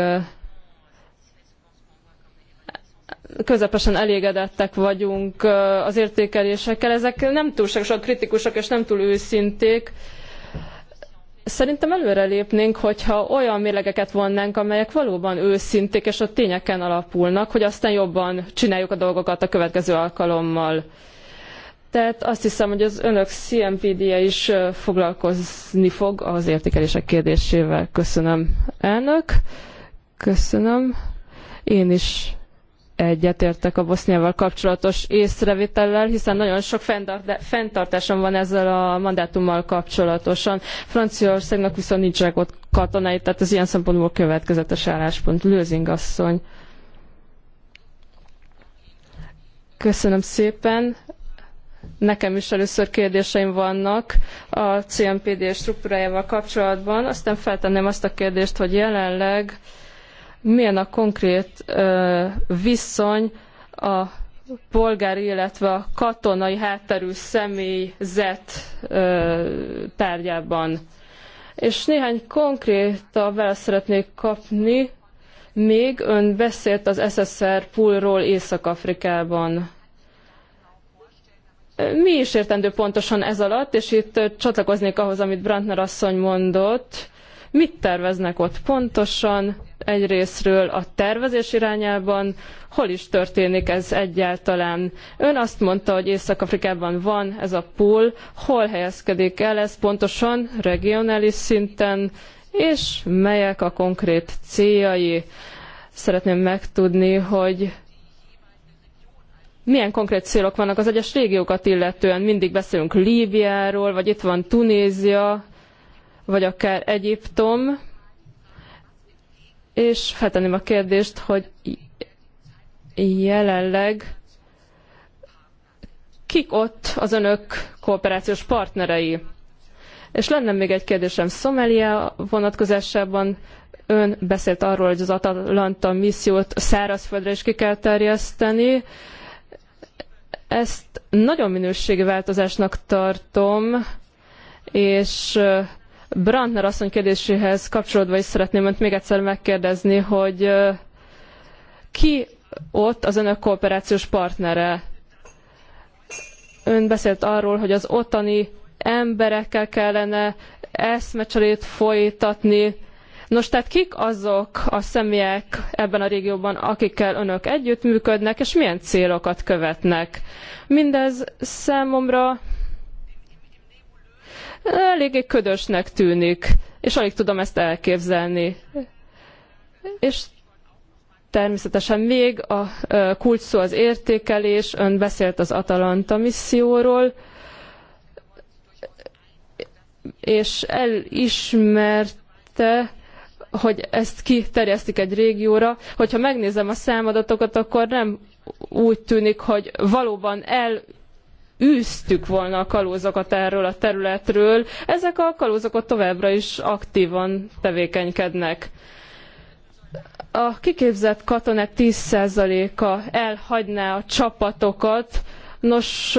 közepesen elégedettek vagyunk az értékelésekkel. Ezek nem túlságosan kritikusak és nem túl őszinték. Szerintem előrelépnénk, hogyha olyan mélegeket vonnánk, amelyek valóban őszinték és a tényeken alapulnak, hogy aztán jobban csináljuk a dolgokat a következő alkalommal. Tehát azt hiszem, hogy az önök CMPD-je is foglalkozni fog az értékelések kérdésével. Köszönöm, elnök. Köszönöm. Én is egyetértek a Boszniával kapcsolatos észrevétellel, hiszen nagyon sok fenntartásom van ezzel a mandátummal kapcsolatosan. Franciaországnak viszont nincsenek ott katonai, tehát ez ilyen szempontból következetes álláspont. Lőzing asszony. Köszönöm szépen. Nekem is először kérdéseim vannak a CMPD struktúrájával kapcsolatban. Aztán feltenném azt a kérdést, hogy jelenleg milyen a konkrét viszony a polgári, illetve a katonai hátterű személyzet tárgyában. És néhány konkrétabb választ szeretnék kapni, még ön beszélt az SSR poolról Észak-Afrikában. Mi is értendő pontosan ez alatt, és itt csatlakoznék ahhoz, amit Brantner asszony mondott. Mit terveznek ott pontosan? egyrésztről a tervezés irányában, hol is történik ez egyáltalán. Ön azt mondta, hogy Észak-Afrikában van ez a pool, hol helyezkedik el ez pontosan regionális szinten, és melyek a konkrét céljai. Szeretném megtudni, hogy milyen konkrét célok vannak az egyes régiókat illetően. Mindig beszélünk Líbiáról, vagy itt van Tunézia, vagy akár Egyiptom és feltenném a kérdést, hogy jelenleg kik ott az önök kooperációs partnerei? És lenne még egy kérdésem Szomelia vonatkozásában. Ön beszélt arról, hogy az Atalanta missziót szárazföldre is ki kell terjeszteni. Ezt nagyon minőségi változásnak tartom, és Brandner asszony kérdéséhez kapcsolódva is szeretném önt még egyszer megkérdezni, hogy ki ott az önök kooperációs partnere? Ön beszélt arról, hogy az ottani emberekkel kellene eszmecserét folytatni. Nos, tehát kik azok a személyek ebben a régióban, akikkel önök együttműködnek, és milyen célokat követnek? Mindez számomra eléggé ködösnek tűnik, és alig tudom ezt elképzelni. És természetesen még a kulcs szó az értékelés, ön beszélt az Atalanta misszióról, és elismerte, hogy ezt kiterjesztik egy régióra. Hogyha megnézem a számadatokat, akkor nem úgy tűnik, hogy valóban el űztük volna a kalózokat erről a területről, ezek a kalózok ott továbbra is aktívan tevékenykednek. A kiképzett katonák 10%-a elhagyná a csapatokat, nos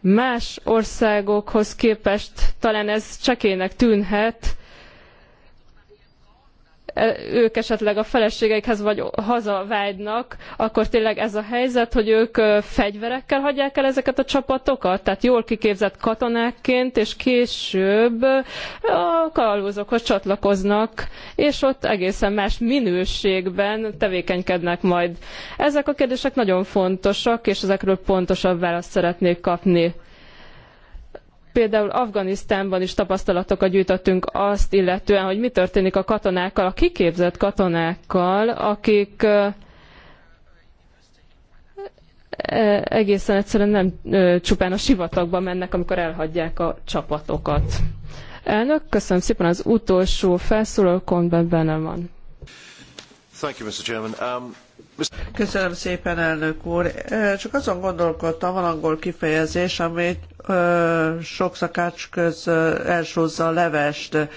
más országokhoz képest talán ez csekének tűnhet, ők esetleg a feleségeikhez vagy vágynak, akkor tényleg ez a helyzet, hogy ők fegyverekkel hagyják el ezeket a csapatokat, tehát jól kiképzett katonákként, és később a kalózokhoz csatlakoznak, és ott egészen más minőségben tevékenykednek majd. Ezek a kérdések nagyon fontosak, és ezekről pontosabb választ szeretnék kapni. Például Afganisztánban is tapasztalatokat gyűjtöttünk azt illetően, hogy mi történik a katonákkal, a kiképzett katonákkal, akik e, egészen egyszerűen nem csupán a sivatagba mennek, amikor elhagyják a csapatokat. Elnök, köszönöm szépen az utolsó felszólaló, benne van. Thank you, Mr. Chairman. Um... Köszönöm szépen, elnök úr. Csak azon gondolkodtam, van angol kifejezés, amit sok szakács köz elsózza a levest.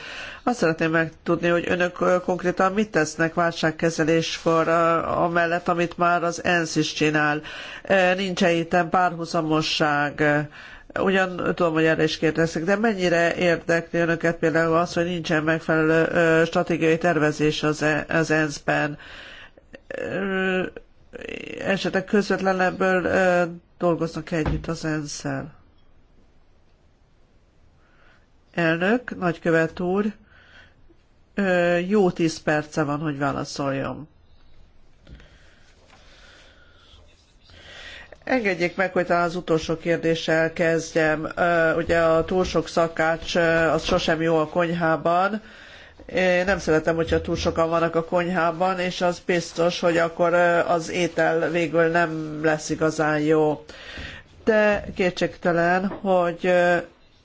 Azt szeretném megtudni, hogy önök konkrétan mit tesznek válságkezeléskor amellett, amit már az ENSZ is csinál. Nincs-e itt párhuzamosság? ugyan tudom, hogy erre is kérdeztek, de mennyire érdekli önöket például az, hogy nincsen megfelelő stratégiai tervezés az, e, az ENSZ-ben? esetleg közvetlenebből dolgoznak együtt az ensz -el. Elnök, nagykövet úr, jó tíz perce van, hogy válaszoljam. Engedjék meg, hogy talán az utolsó kérdéssel kezdjem. Ugye a túl sok szakács az sosem jó a konyhában nem szeretem, hogyha túl sokan vannak a konyhában, és az biztos, hogy akkor az étel végül nem lesz igazán jó. De kétségtelen, hogy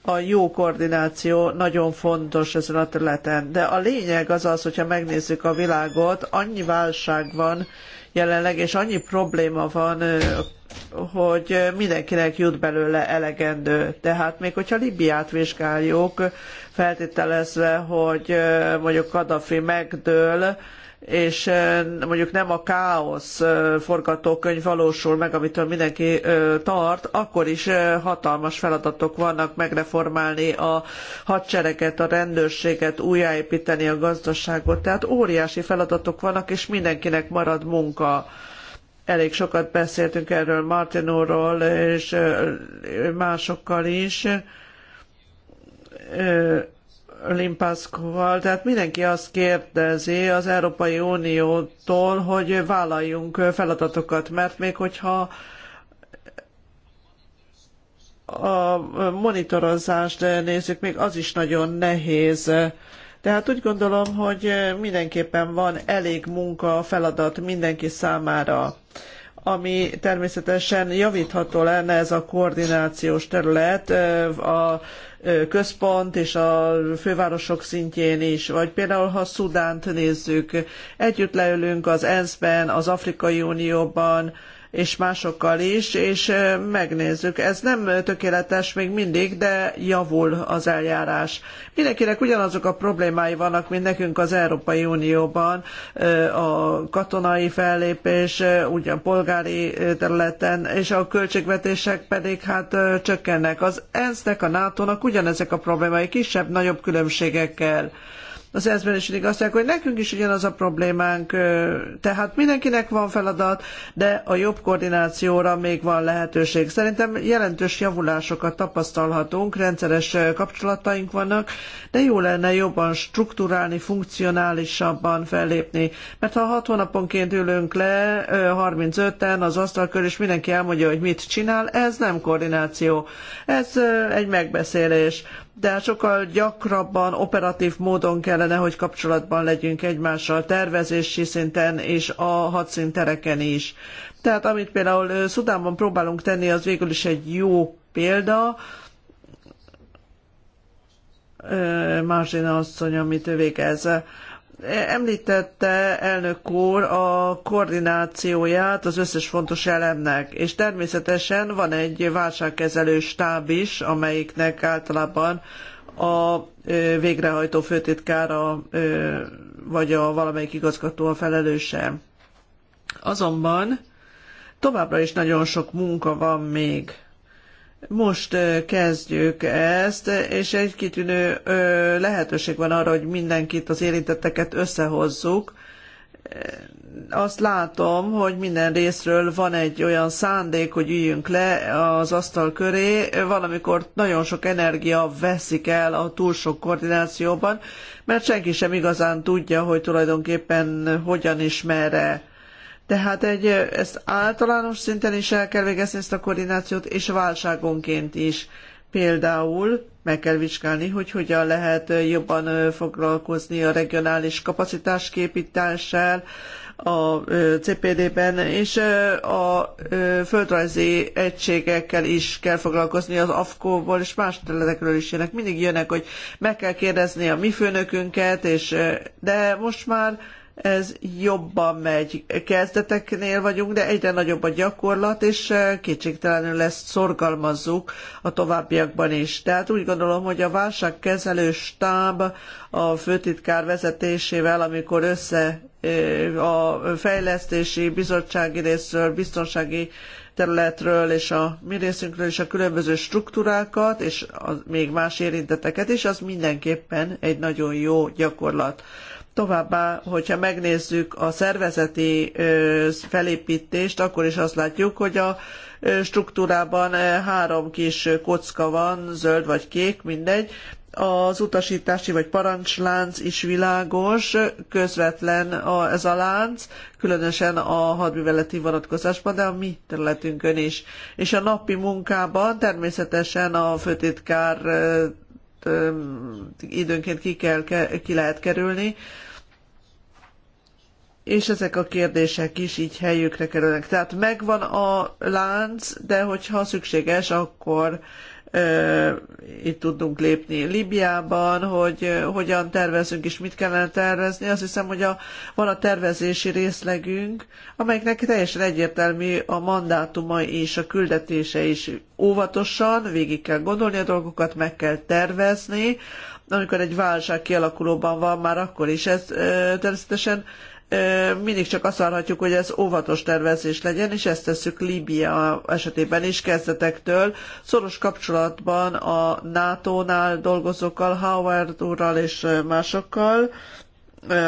a jó koordináció nagyon fontos ezen a területen. De a lényeg az az, hogyha megnézzük a világot, annyi válság van, jelenleg, és annyi probléma van, hogy mindenkinek jut belőle elegendő. Tehát még hogyha Libiát vizsgáljuk, feltételezve, hogy mondjuk Kadafi megdől, és mondjuk nem a káosz forgatókönyv valósul meg, amitől mindenki tart, akkor is hatalmas feladatok vannak megreformálni a hadsereget, a rendőrséget, újjáépíteni a gazdaságot. Tehát óriási feladatok vannak, és mindenkinek marad munka elég sokat beszéltünk erről Martin és másokkal is. Limpaszkóval, tehát mindenki azt kérdezi az Európai Uniótól, hogy vállaljunk feladatokat, mert még hogyha a monitorozást nézzük, még az is nagyon nehéz. Tehát úgy gondolom, hogy mindenképpen van elég munka, feladat mindenki számára ami természetesen javítható lenne ez a koordinációs terület a központ és a fővárosok szintjén is, vagy például ha Szudánt nézzük, együtt leülünk az ENSZ-ben, az Afrikai Unióban, és másokkal is, és megnézzük. Ez nem tökéletes még mindig, de javul az eljárás. Mindenkinek ugyanazok a problémái vannak, mint nekünk az Európai Unióban, a katonai fellépés, ugyan polgári területen, és a költségvetések pedig hát csökkennek. Az ENSZ-nek, a NATO-nak ugyanezek a problémái, kisebb-nagyobb különbségekkel az ezben is mindig azt mondják, hogy nekünk is ugyanaz a problémánk, tehát mindenkinek van feladat, de a jobb koordinációra még van lehetőség. Szerintem jelentős javulásokat tapasztalhatunk, rendszeres kapcsolataink vannak, de jó lenne jobban strukturálni, funkcionálisabban fellépni. Mert ha hat hónaponként ülünk le, 35-en az asztal körül, és mindenki elmondja, hogy mit csinál, ez nem koordináció. Ez egy megbeszélés de sokkal gyakrabban, operatív módon kellene, hogy kapcsolatban legyünk egymással tervezési szinten és a hadszíntereken is. Tehát amit például Szudánban próbálunk tenni, az végül is egy jó példa, Mázsina asszony, amit ő végez. Említette elnök úr a koordinációját az összes fontos elemnek, és természetesen van egy válságkezelő stáb is, amelyiknek általában a végrehajtó főtitkára vagy a valamelyik igazgató a felelőse. Azonban továbbra is nagyon sok munka van még most kezdjük ezt, és egy kitűnő lehetőség van arra, hogy mindenkit, az érintetteket összehozzuk. Azt látom, hogy minden részről van egy olyan szándék, hogy üljünk le az asztal köré. Valamikor nagyon sok energia veszik el a túl sok koordinációban, mert senki sem igazán tudja, hogy tulajdonképpen hogyan is merre tehát egy, ezt általános szinten is el kell végezni ezt a koordinációt, és válságonként is. Például meg kell vizsgálni, hogy hogyan lehet jobban foglalkozni a regionális kapacitás képítéssel a CPD-ben, és a földrajzi egységekkel is kell foglalkozni, az AFKO-ból és más területekről is jönnek. Mindig jönnek, hogy meg kell kérdezni a mi főnökünket, és, de most már ez jobban megy. Kezdeteknél vagyunk, de egyre nagyobb a gyakorlat, és eh, kétségtelenül ezt szorgalmazzuk a továbbiakban is. Tehát úgy gondolom, hogy a válságkezelő stáb a főtitkár vezetésével, amikor össze eh, a fejlesztési bizottsági részről, biztonsági területről és a mi részünkről is a különböző struktúrákat és a, még más érinteteket és az mindenképpen egy nagyon jó gyakorlat. Továbbá, hogyha megnézzük a szervezeti felépítést, akkor is azt látjuk, hogy a struktúrában három kis kocka van, zöld vagy kék, mindegy. Az utasítási vagy parancslánc is világos, közvetlen a, ez a lánc, különösen a hadműveleti vonatkozásban, de a mi területünkön is. És a napi munkában természetesen a főtitkár időnként ki, kell, ki lehet kerülni, és ezek a kérdések is így helyükre kerülnek. Tehát megvan a lánc, de hogyha szükséges, akkor ö, itt tudunk lépni Libiában, hogy ö, hogyan tervezünk és mit kellene tervezni. Azt hiszem, hogy a, van a tervezési részlegünk, amelynek teljesen egyértelmű a mandátuma és a küldetése is. Óvatosan végig kell gondolni a dolgokat, meg kell tervezni. Amikor egy válság kialakulóban van, már akkor is ez ö, természetesen mindig csak azt várhatjuk, hogy ez óvatos tervezés legyen, és ezt tesszük Líbia esetében is kezdetektől. Szoros kapcsolatban a NATO-nál dolgozókkal, Howard úrral és másokkal,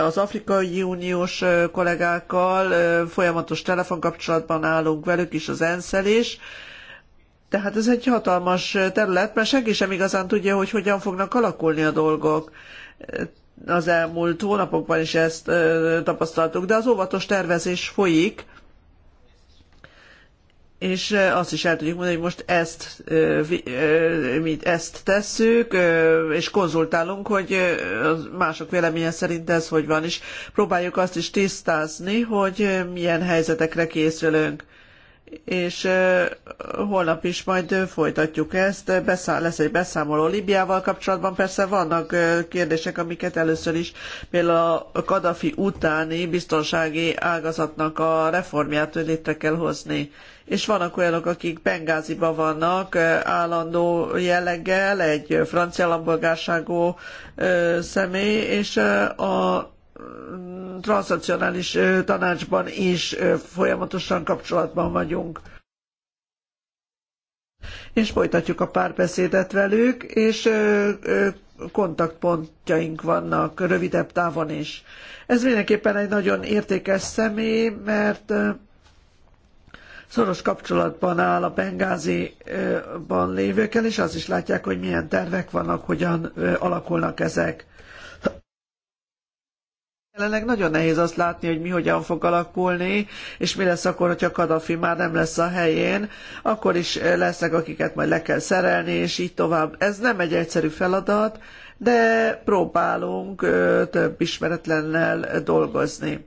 az Afrikai Uniós kollégákkal folyamatos telefonkapcsolatban állunk velük is, az ensz is, tehát ez egy hatalmas terület, mert senki sem igazán tudja, hogy hogyan fognak alakulni a dolgok az elmúlt hónapokban is ezt tapasztaltuk, de az óvatos tervezés folyik, és azt is el tudjuk mondani, hogy most ezt, mit ezt tesszük, és konzultálunk, hogy mások véleménye szerint ez hogy van, és próbáljuk azt is tisztázni, hogy milyen helyzetekre készülünk és holnap is majd folytatjuk ezt. Beszáll, lesz egy beszámoló Libiával kapcsolatban. Persze vannak kérdések, amiket először is például a Kadafi utáni biztonsági ágazatnak a reformját létre kell hozni. És vannak olyanok, akik Bengáziban vannak állandó jelleggel, egy francia állampolgárságú személy, és a transzacionális tanácsban is folyamatosan kapcsolatban vagyunk. És folytatjuk a párbeszédet velük, és kontaktpontjaink vannak rövidebb távon is. Ez mindenképpen egy nagyon értékes személy, mert szoros kapcsolatban áll a Bengáziban lévőkkel, és az is látják, hogy milyen tervek vannak, hogyan alakulnak ezek. Jelenleg nagyon nehéz azt látni, hogy mi hogyan fog alakulni, és mi lesz akkor, hogyha Kadafi már nem lesz a helyén, akkor is eh, lesznek, akiket majd le kell szerelni, és így tovább. Ez nem egy egyszerű feladat, de próbálunk eh, több ismeretlennel eh, dolgozni.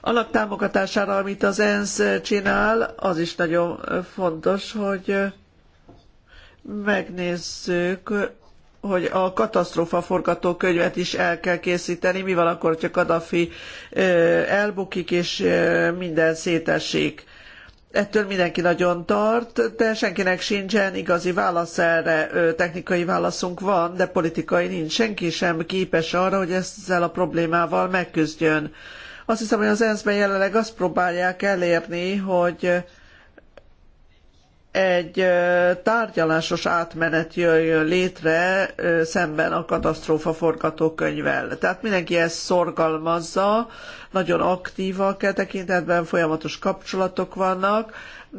Annak támogatására, amit az ENSZ csinál, az is nagyon fontos, hogy megnézzük, hogy a katasztrófa forgatókönyvet is el kell készíteni, mi van akkor, hogyha Kadafi elbukik és minden szétesik. Ettől mindenki nagyon tart, de senkinek sincsen igazi válasz erre. Technikai válaszunk van, de politikai nincs. Senki sem képes arra, hogy ezzel a problémával megküzdjön. Azt hiszem, hogy az ENSZ-ben jelenleg azt próbálják elérni, hogy egy tárgyalásos átmenet jöjjön létre szemben a katasztrófa forgatókönyvvel. Tehát mindenki ezt szorgalmazza, nagyon aktívak e tekintetben, folyamatos kapcsolatok vannak.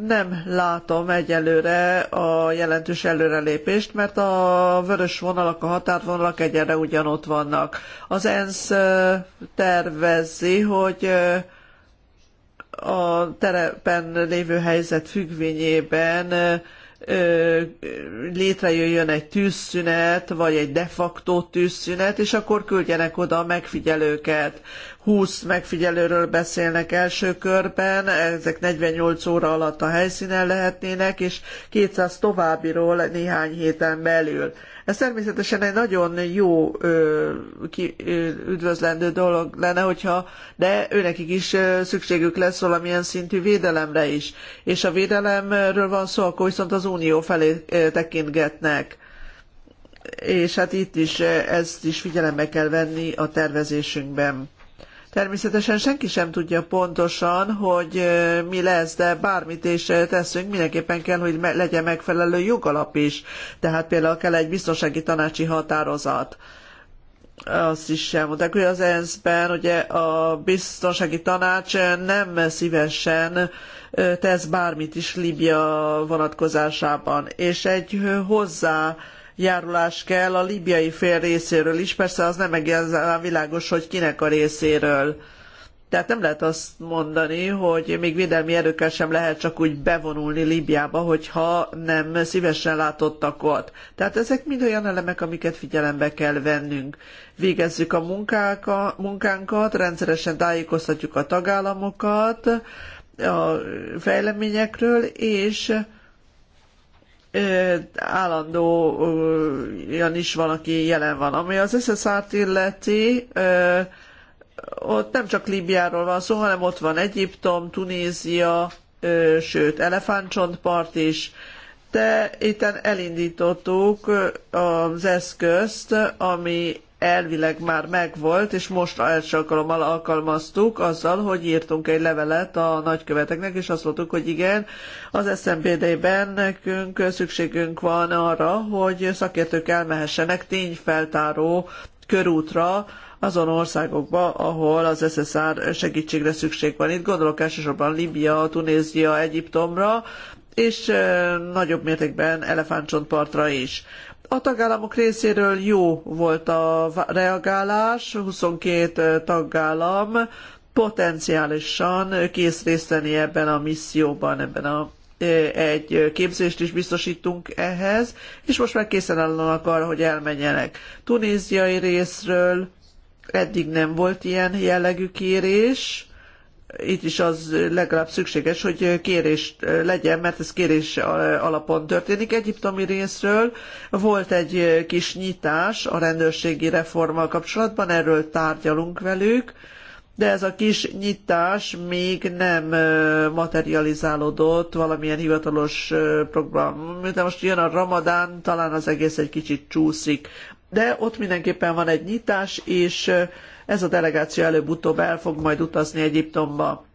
Nem látom egyelőre a jelentős előrelépést, mert a vörös vonalak, a határvonalak egyenre ugyanott vannak. Az ENSZ tervezi, hogy a terepen lévő helyzet függvényében létrejöjjön egy tűzszünet, vagy egy de facto tűzszünet, és akkor küldjenek oda a megfigyelőket. 20 megfigyelőről beszélnek első körben, ezek 48 óra alatt a helyszínen lehetnének, és 200 továbbiról néhány héten belül. Ez természetesen egy nagyon jó, ö, ki, ö, üdvözlendő dolog lenne, hogyha, de őnekik is ö, szükségük lesz valamilyen szintű védelemre is. És a védelemről van szó, akkor viszont az unió felé ö, tekintgetnek. És hát itt is ezt is figyelembe kell venni a tervezésünkben. Természetesen senki sem tudja pontosan, hogy mi lesz, de bármit is teszünk, mindenképpen kell, hogy legyen megfelelő jogalap is. Tehát például kell egy biztonsági tanácsi határozat azt is elmondták, hogy az ENSZ-ben ugye a biztonsági tanács nem szívesen tesz bármit is Líbia vonatkozásában, és egy hozzá járulás kell a libiai fél részéről is, persze az nem egészen világos, hogy kinek a részéről. Tehát nem lehet azt mondani, hogy még védelmi erőkkel sem lehet csak úgy bevonulni Líbiába, hogyha nem szívesen látottak ott. Tehát ezek mind olyan elemek, amiket figyelembe kell vennünk. Végezzük a munkáka, munkánkat, rendszeresen tájékoztatjuk a tagállamokat a fejleményekről, és állandóan is valaki jelen van. Ami az SSR-t illeti, ott nem csak Líbiáról van szó, hanem ott van Egyiptom, Tunézia, sőt, elefántcsontpart is, de itten elindítottuk az eszközt, ami elvileg már megvolt, és most első alkalommal alkalmaztuk azzal, hogy írtunk egy levelet a nagyköveteknek, és azt mondtuk, hogy igen, az smbd ben nekünk szükségünk van arra, hogy szakértők elmehessenek tényfeltáró körútra azon országokba, ahol az SSR segítségre szükség van. Itt gondolok elsősorban Libia, Tunézia, Egyiptomra, és nagyobb mértékben elefántcsontpartra is. A tagállamok részéről jó volt a reagálás, 22 tagállam potenciálisan kész részt venni ebben a misszióban, ebben a egy képzést is biztosítunk ehhez, és most már készen állnak arra, hogy elmenjenek. Tunéziai részről eddig nem volt ilyen jellegű kérés, itt is az legalább szükséges, hogy kérés legyen, mert ez kérés alapon történik egyiptomi részről. Volt egy kis nyitás a rendőrségi reformmal kapcsolatban, erről tárgyalunk velük, de ez a kis nyitás még nem materializálódott valamilyen hivatalos program. De most jön a ramadán, talán az egész egy kicsit csúszik. De ott mindenképpen van egy nyitás, és ez a delegáció előbb-utóbb el fog majd utazni Egyiptomba.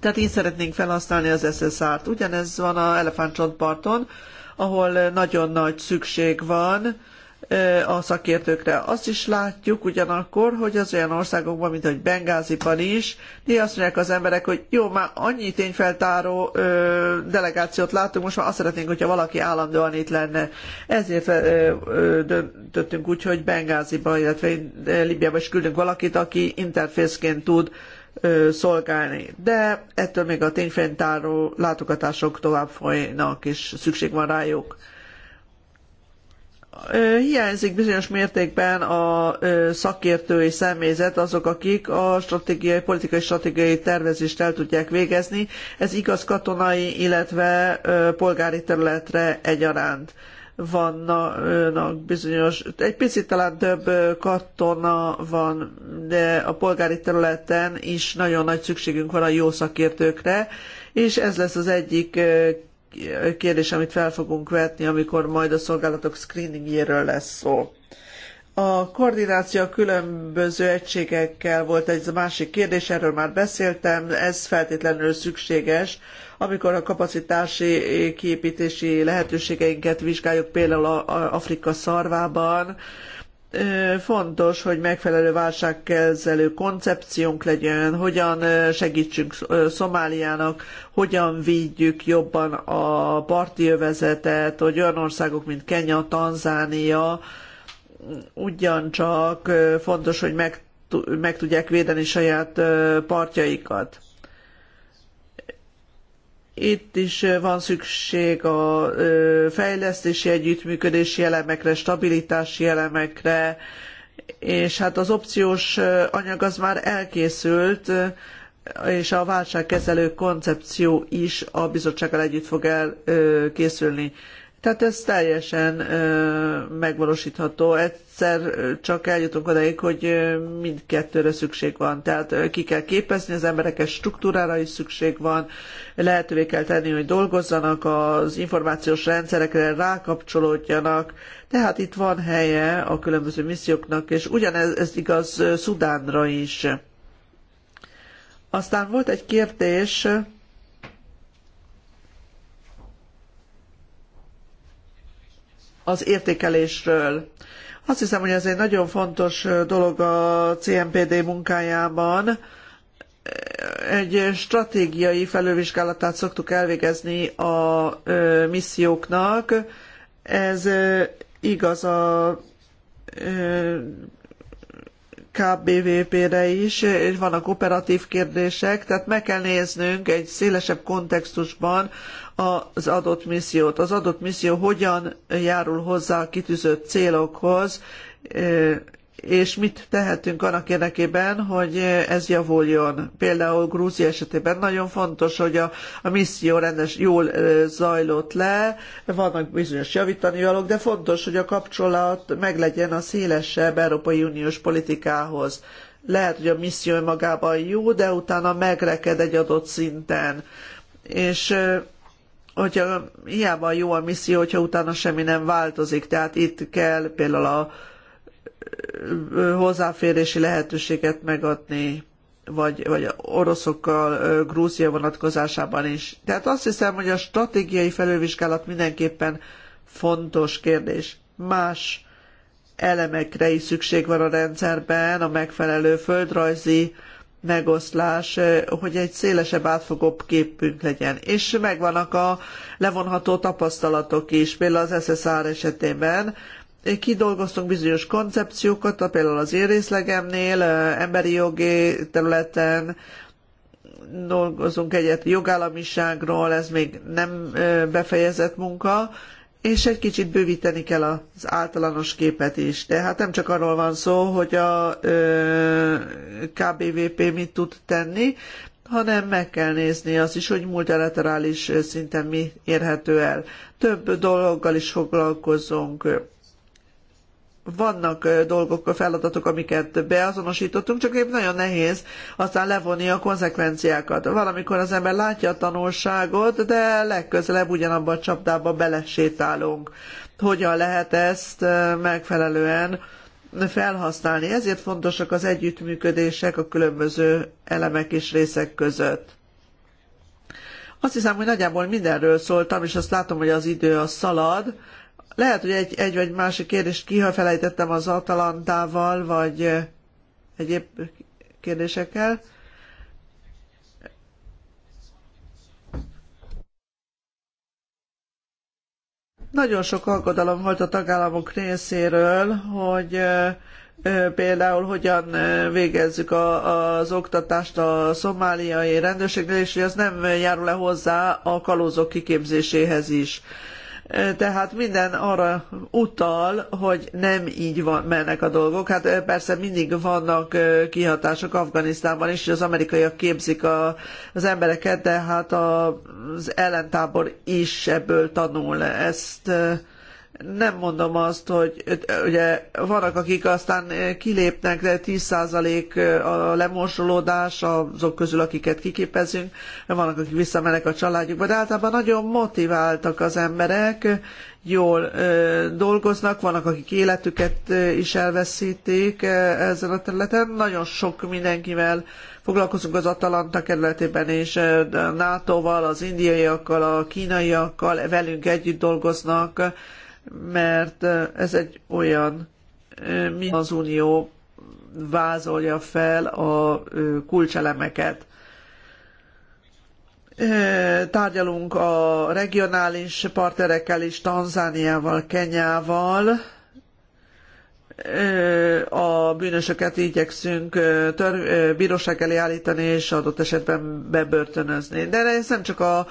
Tehát így szeretnénk felhasználni az SSR-t. Ugyanez van a Elefántcsontparton, ahol nagyon nagy szükség van, a szakértőkre. Azt is látjuk ugyanakkor, hogy az olyan országokban, mint hogy Bengáziban is, néha azt mondják az emberek, hogy jó, már annyi tényfeltáró ö, delegációt látunk, most már azt szeretnénk, hogyha valaki állandóan itt lenne. Ezért ö, ö, döntöttünk úgy, hogy Bengáziban, illetve Libiában is küldünk valakit, aki interfészként tud szolgálni. De ettől még a tényfeltáró látogatások tovább folynak, és szükség van rájuk hiányzik bizonyos mértékben a szakértői személyzet, azok, akik a stratégiai, politikai stratégiai tervezést el tudják végezni. Ez igaz katonai, illetve polgári területre egyaránt vannak bizonyos, egy picit talán több katona van, de a polgári területen is nagyon nagy szükségünk van a jó szakértőkre, és ez lesz az egyik kérdés, amit fel fogunk vetni, amikor majd a szolgálatok screeningjéről lesz szó. A koordináció a különböző egységekkel volt egy másik kérdés, erről már beszéltem, ez feltétlenül szükséges, amikor a kapacitási kiépítési lehetőségeinket vizsgáljuk például Afrika szarvában, fontos, hogy megfelelő válságkezelő koncepciónk legyen, hogyan segítsünk Szomáliának, hogyan védjük jobban a parti övezetet, hogy olyan országok, mint Kenya, Tanzánia, ugyancsak fontos, hogy meg, meg tudják védeni saját partjaikat. Itt is van szükség a fejlesztési együttműködési elemekre, stabilitási elemekre, és hát az opciós anyag az már elkészült, és a válságkezelő koncepció is a bizottsággal együtt fog elkészülni. Tehát ez teljesen ö, megvalósítható. Egyszer csak eljutunk odaig, hogy mindkettőre szükség van. Tehát ki kell képezni, az embereket struktúrára is szükség van, lehetővé kell tenni, hogy dolgozzanak, az információs rendszerekre rákapcsolódjanak. Tehát itt van helye a különböző misszióknak, és ugyanez ez igaz Szudánra is. Aztán volt egy kérdés, az értékelésről. Azt hiszem, hogy ez egy nagyon fontos dolog a CMPD munkájában. Egy stratégiai felővizsgálatát szoktuk elvégezni a misszióknak. Ez igaz a KBVP-re is, és vannak operatív kérdések, tehát meg kell néznünk egy szélesebb kontextusban az adott missziót. Az adott misszió hogyan járul hozzá a kitűzött célokhoz, és mit tehetünk annak érdekében, hogy ez javuljon. Például Grúzia esetében nagyon fontos, hogy a, a misszió rendes, jól zajlott le, vannak bizonyos javítani valók, de fontos, hogy a kapcsolat meglegyen a szélesebb Európai Uniós politikához. Lehet, hogy a misszió önmagában jó, de utána megreked egy adott szinten. És hogyha hiába jó a misszió, hogyha utána semmi nem változik. Tehát itt kell például a hozzáférési lehetőséget megadni, vagy, vagy oroszokkal Grúzia vonatkozásában is. Tehát azt hiszem, hogy a stratégiai felővizsgálat mindenképpen fontos kérdés. Más elemekre is szükség van a rendszerben, a megfelelő földrajzi megoszlás, hogy egy szélesebb, átfogóbb képünk legyen. És megvannak a levonható tapasztalatok is, például az SSR esetében kidolgoztunk bizonyos koncepciókat, például az érészlegemnél, emberi jogi területen, dolgozunk egyet jogállamiságról, ez még nem befejezett munka, és egy kicsit bővíteni kell az általános képet is. Tehát nem csak arról van szó, hogy a KBVP mit tud tenni, hanem meg kell nézni az is, hogy multilaterális szinten mi érhető el. Több dologgal is foglalkozunk vannak dolgok, feladatok, amiket beazonosítottunk, csak épp nagyon nehéz aztán levonni a konzekvenciákat. Valamikor az ember látja a tanulságot, de legközelebb ugyanabba a csapdába belesétálunk. Hogyan lehet ezt megfelelően felhasználni? Ezért fontosak az együttműködések a különböző elemek és részek között. Azt hiszem, hogy nagyjából mindenről szóltam, és azt látom, hogy az idő a szalad lehet, hogy egy, egy vagy másik kérdést kihafelejtettem az Atalantával, vagy egyéb kérdésekkel. Nagyon sok aggodalom volt a tagállamok részéről, hogy például hogyan végezzük az oktatást a szomáliai rendőrségnél, és hogy az nem járul le hozzá a kalózok kiképzéséhez is. Tehát minden arra utal, hogy nem így van, mennek a dolgok. Hát persze mindig vannak kihatások Afganisztánban is, hogy az amerikaiak képzik a, az embereket, de hát az ellentábor is ebből tanul. Ezt nem mondom azt, hogy ugye vannak, akik aztán kilépnek, de 10% a lemorsolódás azok közül, akiket kiképezünk, vannak, akik visszamennek a családjukba, de általában nagyon motiváltak az emberek, jól dolgoznak, vannak, akik életüket is elveszítik ezen a területen. Nagyon sok mindenkivel foglalkozunk az Atalanta kerületében és a NATO-val, az indiaiakkal, a kínaiakkal, velünk együtt dolgoznak, mert ez egy olyan, mi az Unió vázolja fel a kulcselemeket. Tárgyalunk a regionális partnerekkel is, Tanzániával, Kenyával, a bűnösöket igyekszünk tör, bíróság elé állítani, és adott esetben bebörtönözni. De ez nem csak a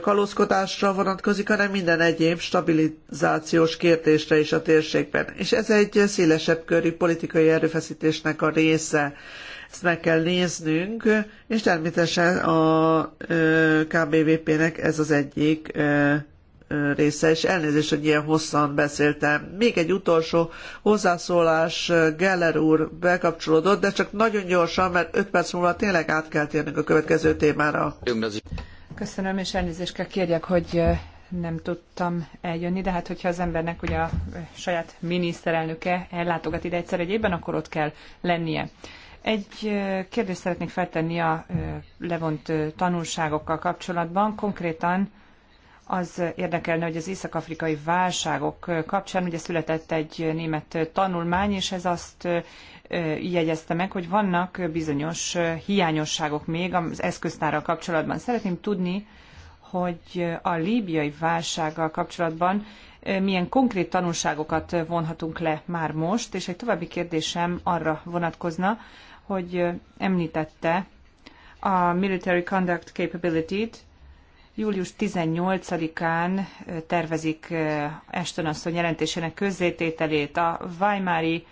kalózkodásra vonatkozik, hanem minden egyéb stabilizációs kérdésre is a térségben. És ez egy szélesebb körű politikai erőfeszítésnek a része. Ezt meg kell néznünk, és természetesen a KBVP-nek ez az egyik része, és elnézést, hogy ilyen hosszan beszéltem. Még egy utolsó hozzászólás, Geller úr bekapcsolódott, de csak nagyon gyorsan, mert 5 perc múlva tényleg át kell térnünk a következő témára. Köszönöm, és elnézést kell kérjek, hogy nem tudtam eljönni, de hát hogyha az embernek ugye a saját miniszterelnöke ellátogat ide egyszer egy évben, akkor ott kell lennie. Egy kérdést szeretnék feltenni a levont tanulságokkal kapcsolatban, konkrétan az érdekelne, hogy az észak-afrikai válságok kapcsán ugye született egy német tanulmány, és ez azt jegyezte meg, hogy vannak bizonyos hiányosságok még az eszköztárral kapcsolatban. Szeretném tudni, hogy a líbiai válsággal kapcsolatban milyen konkrét tanulságokat vonhatunk le már most, és egy további kérdésem arra vonatkozna, hogy említette a Military Conduct Capability-t, Július 18-án tervezik Eston asszony jelentésének közzétételét. A Weimári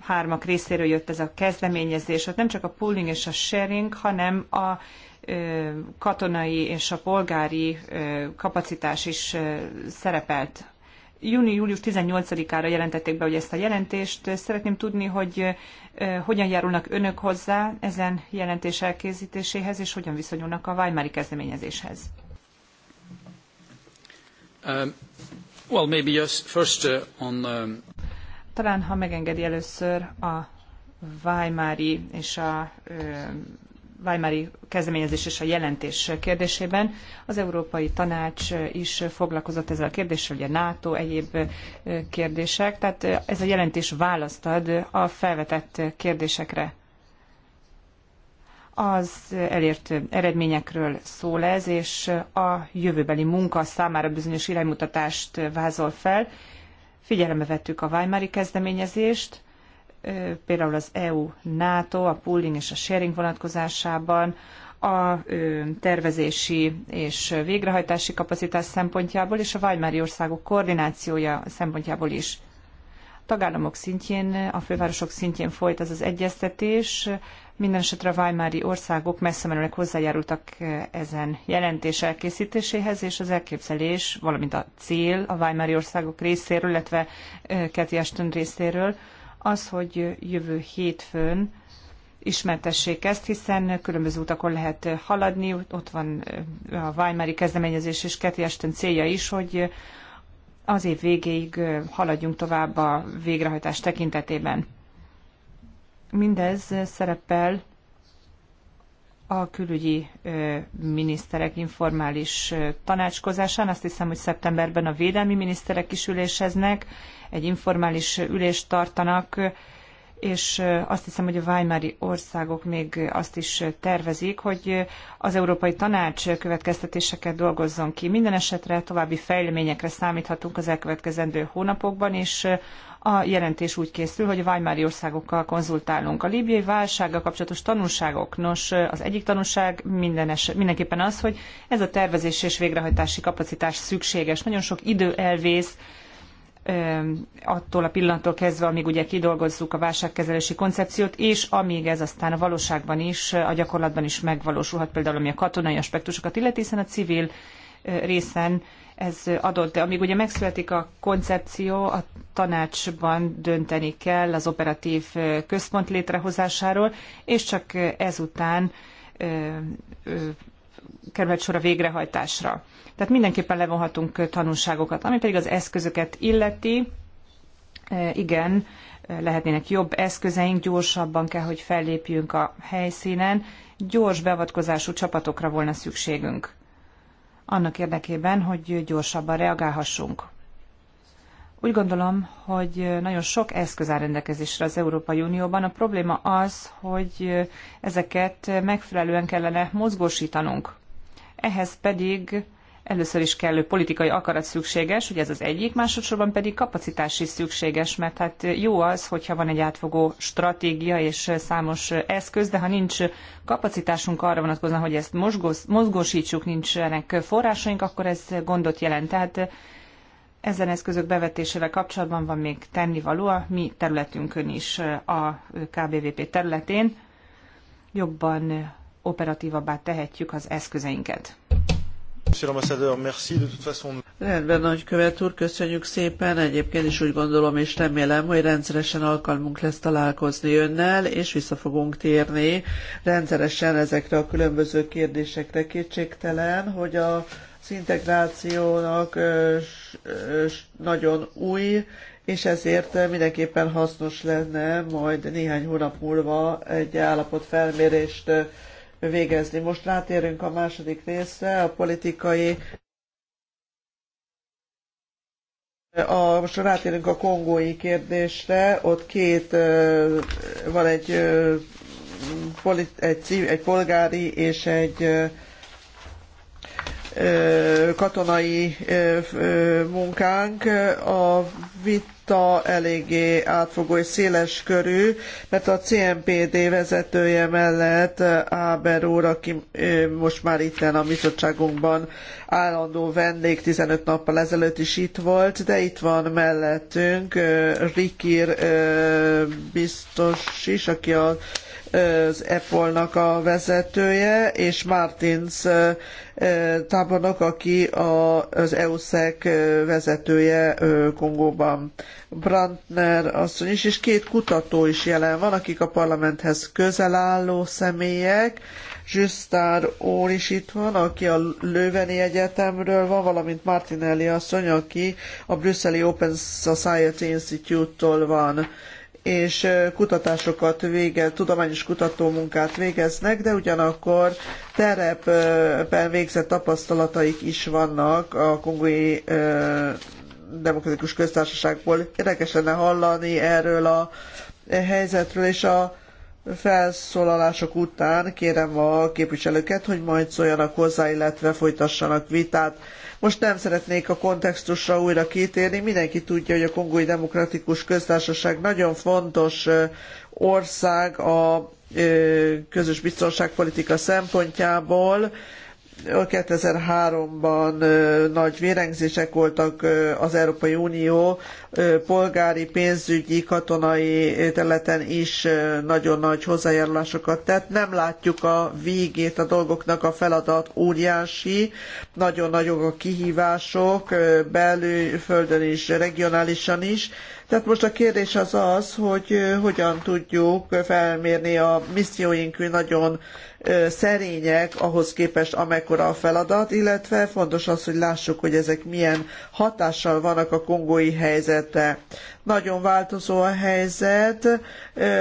hármak részéről jött ez a kezdeményezés, ott nem csak a pooling és a sharing, hanem a katonai és a polgári kapacitás is szerepelt júni-július 18-ára jelentették be, hogy ezt a jelentést. Szeretném tudni, hogy hogyan járulnak önök hozzá ezen jelentés elkészítéséhez, és hogyan viszonyulnak a Weimári kezdeményezéshez. Um, well, maybe just first uh, on, um... Talán, ha megengedi először a Weimári és a um, Weimari kezdeményezés és a jelentés kérdésében. Az Európai Tanács is foglalkozott ezzel a kérdéssel, ugye NATO, egyéb kérdések, tehát ez a jelentés választ ad a felvetett kérdésekre. Az elért eredményekről szól ez, és a jövőbeli munka számára bizonyos iránymutatást vázol fel. Figyelembe vettük a Weimari kezdeményezést, például az EU-NATO, a pooling és a sharing vonatkozásában, a tervezési és végrehajtási kapacitás szempontjából és a Weimári országok koordinációja szempontjából is. A tagállamok szintjén, a fővárosok szintjén folyt ez az egyeztetés, minden esetre a Weimári országok messze menőleg hozzájárultak ezen jelentés elkészítéséhez, és az elképzelés, valamint a cél a Weimári országok részéről, illetve Keti Ashton részéről, az, hogy jövő hétfőn ismertessék ezt, hiszen különböző utakon lehet haladni, ott van a Weimari kezdeményezés és Keti Esten célja is, hogy az év végéig haladjunk tovább a végrehajtás tekintetében. Mindez szerepel a külügyi miniszterek informális tanácskozásán. Azt hiszem, hogy szeptemberben a védelmi miniszterek is üléseznek, egy informális ülést tartanak, és azt hiszem, hogy a Weimari országok még azt is tervezik, hogy az Európai Tanács következtetéseket dolgozzon ki. Minden esetre további fejleményekre számíthatunk az elkövetkezendő hónapokban, és a jelentés úgy készül, hogy a Weimari országokkal konzultálunk. A líbiai válsággal kapcsolatos tanulságok. Nos, az egyik tanulság mindenes, mindenképpen az, hogy ez a tervezés és végrehajtási kapacitás szükséges. Nagyon sok idő elvész, attól a pillanattól kezdve, amíg ugye kidolgozzuk a válságkezelési koncepciót, és amíg ez aztán a valóságban is, a gyakorlatban is megvalósulhat, például ami a katonai aspektusokat illeti, hiszen a civil részen ez adott, de amíg ugye megszületik a koncepció, a tanácsban dönteni kell az operatív központ létrehozásáról, és csak ezután kerülhet sor a végrehajtásra. Tehát mindenképpen levonhatunk tanulságokat. Ami pedig az eszközöket illeti, e, igen, e, lehetnének jobb eszközeink, gyorsabban kell, hogy fellépjünk a helyszínen, gyors beavatkozású csapatokra volna szükségünk. Annak érdekében, hogy gyorsabban reagálhassunk. Úgy gondolom, hogy nagyon sok eszköz áll rendelkezésre az Európai Unióban. A probléma az, hogy ezeket megfelelően kellene mozgósítanunk. Ehhez pedig Először is kellő politikai akarat szükséges, ugye ez az egyik, másodszorban pedig kapacitás is szükséges, mert hát jó az, hogyha van egy átfogó stratégia és számos eszköz, de ha nincs kapacitásunk arra vonatkozóan, hogy ezt mozgós, mozgósítsuk, nincsenek forrásaink, akkor ez gondot jelent. Tehát ezen eszközök bevetésével kapcsolatban van még tennivaló a mi területünkön is, a KBVP területén. Jobban operatívabbá tehetjük az eszközeinket. Rendben, nagykövet úr, köszönjük szépen. Egyébként is úgy gondolom és remélem, hogy rendszeresen alkalmunk lesz találkozni önnel, és vissza fogunk térni rendszeresen ezekre a különböző kérdésekre kétségtelen, hogy a, az integrációnak nagyon új, és ezért mindenképpen hasznos lenne majd néhány hónap múlva egy állapotfelmérést felmérést végezni. Most rátérünk a második részre, a politikai a, most rátérünk a kongói kérdésre, ott két, van egy, egy, egy polgári és egy katonai munkánk. A vita eléggé átfogó és széles körű, mert a CMPD vezetője mellett Áber úr, aki most már itten a bizottságunkban állandó vendég, 15 nappal ezelőtt is itt volt, de itt van mellettünk Rikir biztos is, aki a az EPOL-nak a vezetője, és Martins tábornok, aki az EUSZEK vezetője Kongóban. Brandner asszony is, és két kutató is jelen van, akik a parlamenthez közel álló személyek. Zsüsztár Ór is itt van, aki a Lőveni Egyetemről van, valamint Martinelli asszony, aki a brüsszeli Open Society Institute-tól van és kutatásokat végez, tudományos kutatómunkát végeznek, de ugyanakkor terepben végzett tapasztalataik is vannak a kongói demokratikus köztársaságból. Érdekes lenne hallani erről a helyzetről, és a felszólalások után kérem a képviselőket, hogy majd szóljanak hozzá, illetve folytassanak vitát. Most nem szeretnék a kontextusra újra kitérni, mindenki tudja, hogy a Kongói Demokratikus Köztársaság nagyon fontos ország a közös biztonságpolitika szempontjából, 2003-ban nagy vérengzések voltak az Európai Unió polgári, pénzügyi, katonai területen is nagyon nagy hozzájárulásokat tett. Nem látjuk a végét a dolgoknak, a feladat óriási, nagyon nagyok a kihívások belföldön is, regionálisan is. Tehát most a kérdés az az, hogy hogyan tudjuk felmérni a misszióink nagyon szerények ahhoz képest, amekkora a feladat, illetve fontos az, hogy lássuk, hogy ezek milyen hatással vannak a kongói helyzetre. Nagyon változó a helyzet,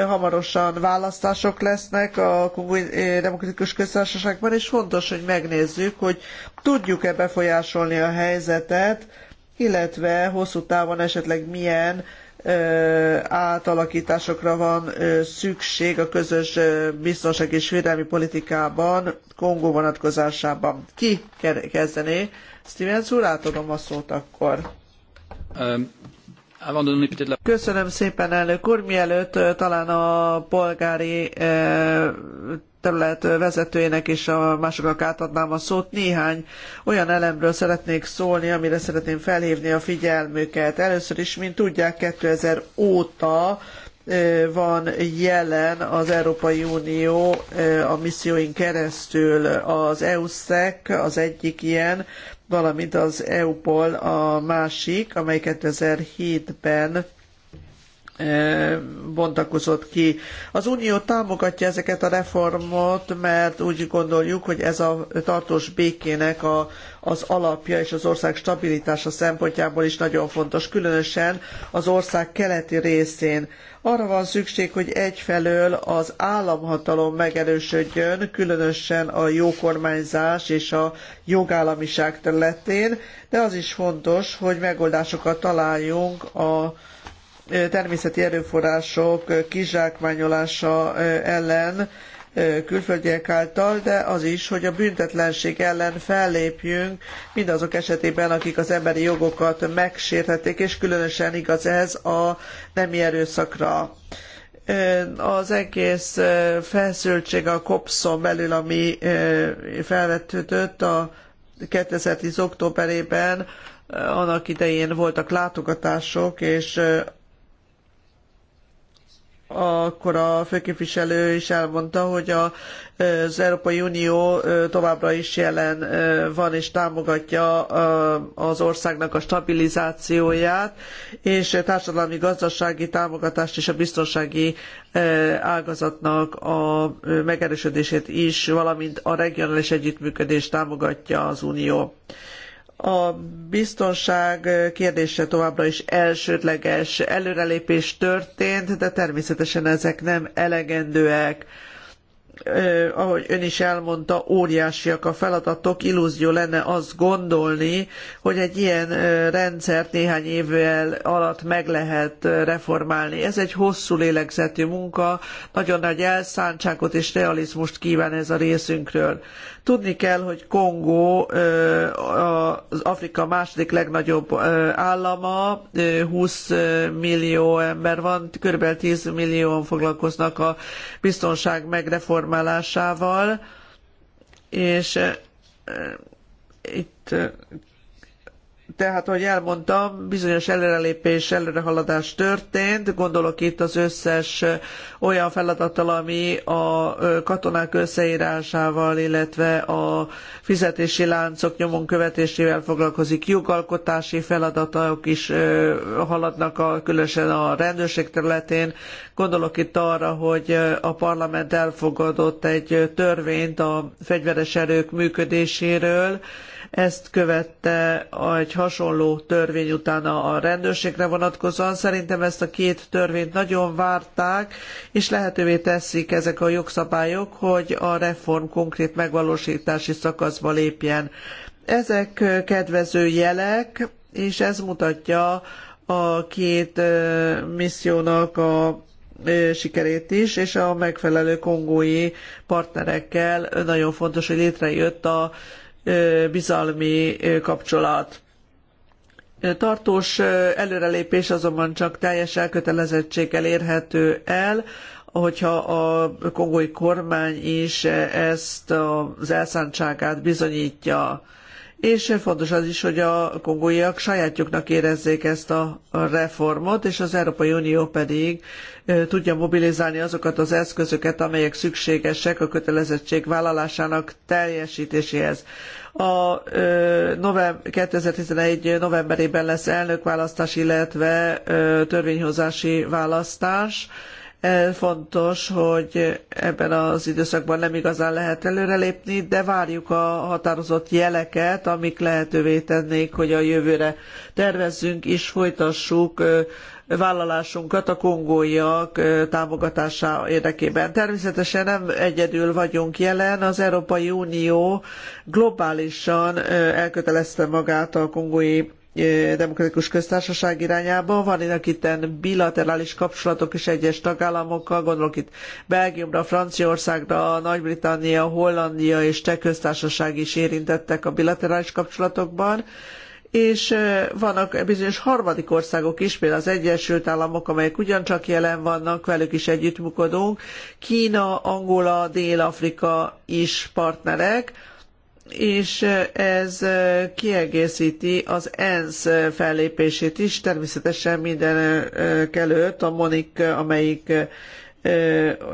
hamarosan választások lesznek a Kongói Demokratikus Köztársaságban, és fontos, hogy megnézzük, hogy tudjuk-e befolyásolni a helyzetet, illetve hosszú távon esetleg milyen átalakításokra van szükség a közös biztonság és védelmi politikában, Kongó vonatkozásában. Ki kezdené? Stevens úr, átadom a szót akkor. Um, Köszönöm szépen, elnök úr. Mielőtt talán a polgári terület vezetőjének és a másoknak átadnám a szót. Néhány olyan elemről szeretnék szólni, amire szeretném felhívni a figyelmüket. Először is, mint tudják, 2000 óta van jelen az Európai Unió a misszióin keresztül. Az EUSZEC az egyik ilyen, valamint az EUPOL a másik, amely 2007-ben bontakozott ki. Az Unió támogatja ezeket a reformot, mert úgy gondoljuk, hogy ez a tartós békének a, az alapja és az ország stabilitása szempontjából is nagyon fontos, különösen az ország keleti részén. Arra van szükség, hogy egyfelől az államhatalom megerősödjön, különösen a jó kormányzás és a jogállamiság területén, de az is fontos, hogy megoldásokat találjunk a természeti erőforrások kizsákmányolása ellen külföldiek által, de az is, hogy a büntetlenség ellen fellépjünk mindazok esetében, akik az emberi jogokat megsértették, és különösen igaz ez a nemi erőszakra az egész feszültség a COPSZON belül, ami felvetődött a 2010. októberében, annak idején voltak látogatások, és akkor a főképviselő is elmondta, hogy a, az Európai Unió továbbra is jelen van és támogatja az országnak a stabilizációját, és társadalmi gazdasági támogatást és a biztonsági ágazatnak a megerősödését is, valamint a regionális együttműködést támogatja az Unió a biztonság kérdése továbbra is elsődleges előrelépés történt, de természetesen ezek nem elegendőek ahogy ön is elmondta, óriásiak a feladatok, illúzió lenne azt gondolni, hogy egy ilyen rendszert néhány évvel alatt meg lehet reformálni. Ez egy hosszú lélegzetű munka, nagyon nagy elszántságot és realizmust kíván ez a részünkről. Tudni kell, hogy Kongó az Afrika második legnagyobb állama, 20 millió ember van, kb. 10 millióan foglalkoznak a biztonság megreformálásával, formálásával, és eh, itt eh, tehát, ahogy elmondtam, bizonyos előrelépés, előrehaladás történt. Gondolok itt az összes olyan feladattal, ami a katonák összeírásával, illetve a fizetési láncok nyomon követésével foglalkozik. Jogalkotási feladatok is haladnak, a, különösen a rendőrség területén. Gondolok itt arra, hogy a parlament elfogadott egy törvényt a fegyveres erők működéséről, ezt követte egy hasonló törvény utána a rendőrségre vonatkozóan. Szerintem ezt a két törvényt nagyon várták, és lehetővé teszik ezek a jogszabályok, hogy a reform konkrét megvalósítási szakaszba lépjen. Ezek kedvező jelek, és ez mutatja a két missziónak a sikerét is, és a megfelelő kongói partnerekkel nagyon fontos, hogy létrejött a bizalmi kapcsolat. Tartós előrelépés azonban csak teljes elkötelezettséggel érhető el, hogyha a kongói kormány is ezt az elszántságát bizonyítja és fontos az is, hogy a kongóiak sajátjuknak érezzék ezt a reformot, és az Európai Unió pedig tudja mobilizálni azokat az eszközöket, amelyek szükségesek a kötelezettség vállalásának teljesítéséhez. A novemb 2011. novemberében lesz elnökválasztás, illetve törvényhozási választás. Eh, fontos, hogy ebben az időszakban nem igazán lehet előrelépni, de várjuk a határozott jeleket, amik lehetővé tennék, hogy a jövőre tervezzünk és folytassuk eh, vállalásunkat a kongóiak eh, támogatása érdekében. Természetesen nem egyedül vagyunk jelen, az Európai Unió globálisan elkötelezte magát a kongói demokratikus köztársaság irányába. Vannak itten bilaterális kapcsolatok is egyes tagállamokkal, gondolok itt Belgiumra, Franciaországra, Nagy-Britannia, Hollandia és Cseh köztársaság is érintettek a bilaterális kapcsolatokban és vannak bizonyos harmadik országok is, például az Egyesült Államok, amelyek ugyancsak jelen vannak, velük is együttműködünk. Kína, Angola, Dél-Afrika is partnerek, és ez kiegészíti az ENSZ fellépését is, természetesen minden előtt a Monik, amelyik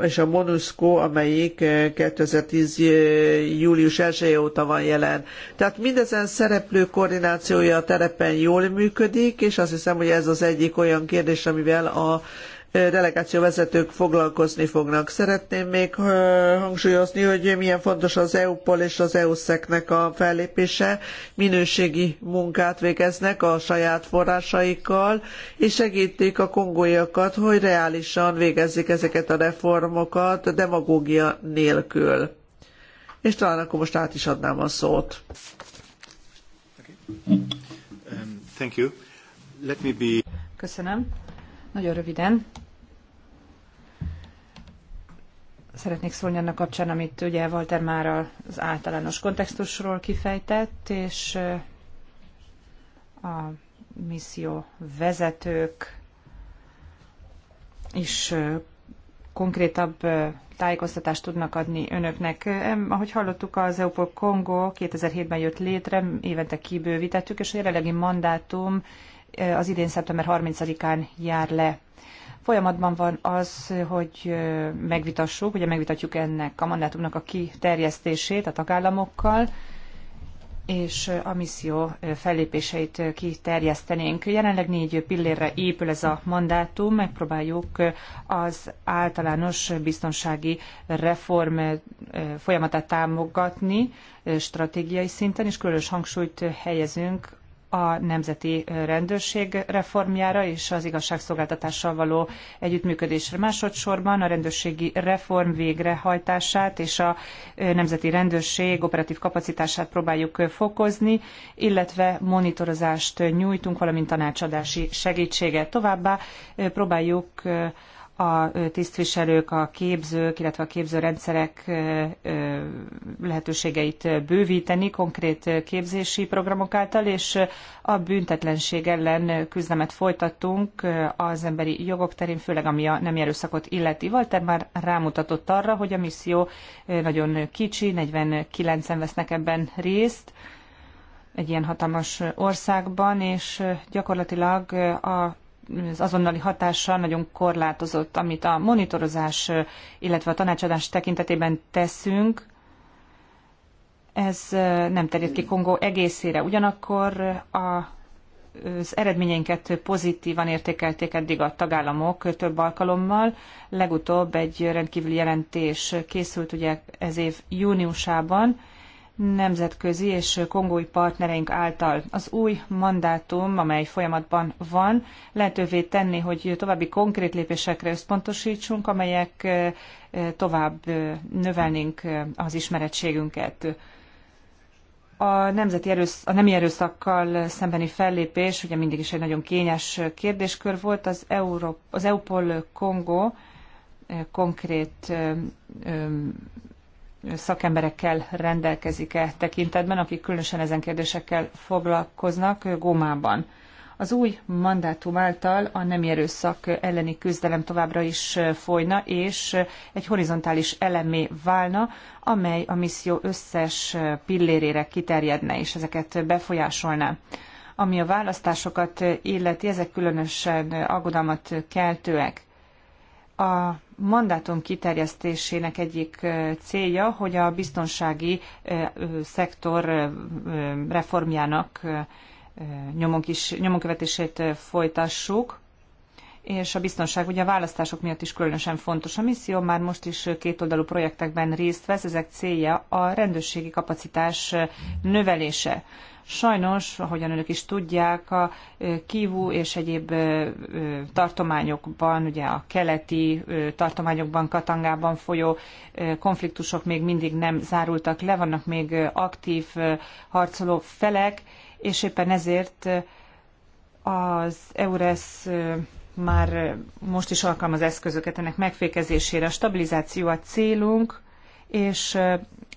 és a MONUSCO, amelyik 2010. július 1 óta van jelen. Tehát mindezen szereplő koordinációja a terepen jól működik, és azt hiszem, hogy ez az egyik olyan kérdés, amivel a delegációvezetők foglalkozni fognak. Szeretném még hangsúlyozni, hogy milyen fontos az EU-pol és az EU-szeknek a fellépése. Minőségi munkát végeznek a saját forrásaikkal, és segítik a kongóiakat, hogy reálisan végezzék ezeket a reformokat demagógia nélkül. És talán akkor most át is adnám a szót. Köszönöm. Nagyon röviden. szeretnék szólni annak kapcsán, amit ugye Walter már az általános kontextusról kifejtett, és a misszió vezetők is konkrétabb tájékoztatást tudnak adni önöknek. Ahogy hallottuk, az EUPOL Kongo 2007-ben jött létre, évente kibővítettük, és a jelenlegi mandátum az idén szeptember 30-án jár le. Folyamatban van az, hogy megvitassuk, ugye megvitatjuk ennek a mandátumnak a kiterjesztését a tagállamokkal, és a misszió fellépéseit kiterjesztenénk. Jelenleg négy pillérre épül ez a mandátum, megpróbáljuk az általános biztonsági reform folyamatát támogatni stratégiai szinten, és különös hangsúlyt helyezünk a nemzeti rendőrség reformjára és az igazságszolgáltatással való együttműködésre. Másodszorban a rendőrségi reform végrehajtását és a nemzeti rendőrség operatív kapacitását próbáljuk fokozni, illetve monitorozást nyújtunk, valamint tanácsadási segítséget. Továbbá próbáljuk a tisztviselők, a képzők, illetve a képzőrendszerek lehetőségeit bővíteni konkrét képzési programok által, és a büntetlenség ellen küzdemet folytattunk az emberi jogok terén, főleg ami a nem erőszakot illeti. Walter már rámutatott arra, hogy a misszió nagyon kicsi, 49-en vesznek ebben részt, egy ilyen hatalmas országban, és gyakorlatilag a az azonnali hatással nagyon korlátozott, amit a monitorozás, illetve a tanácsadás tekintetében teszünk, ez nem terjed ki Kongó egészére. Ugyanakkor a az eredményeinket pozitívan értékelték eddig a tagállamok több alkalommal. Legutóbb egy rendkívüli jelentés készült ugye ez év júniusában, nemzetközi és kongói partnereink által. Az új mandátum, amely folyamatban van, lehetővé tenni, hogy további konkrét lépésekre összpontosítsunk, amelyek tovább növelnénk az ismerettségünket. A, nemzeti erősz, a nemi erőszakkal szembeni fellépés ugye mindig is egy nagyon kényes kérdéskör volt. Az, Euró, az EUPOL Kongo konkrét szakemberekkel rendelkezik-e tekintetben, akik különösen ezen kérdésekkel foglalkoznak Gómában. Az új mandátum által a nemi erőszak elleni küzdelem továbbra is folyna, és egy horizontális elemé válna, amely a misszió összes pillérére kiterjedne, és ezeket befolyásolná. Ami a választásokat illeti, ezek különösen aggodalmat keltőek a mandátum kiterjesztésének egyik célja, hogy a biztonsági szektor reformjának nyomon, kis, nyomon követését folytassuk, és a biztonság ugye a választások miatt is különösen fontos. A misszió már most is kétoldalú projektekben részt vesz, ezek célja a rendőrségi kapacitás növelése. Sajnos, ahogyan önök is tudják, a Kívú és egyéb tartományokban, ugye a keleti tartományokban, Katangában folyó konfliktusok még mindig nem zárultak le, vannak még aktív harcoló felek, és éppen ezért az EURES már most is alkalmaz eszközöket ennek megfékezésére. A stabilizáció a célunk, és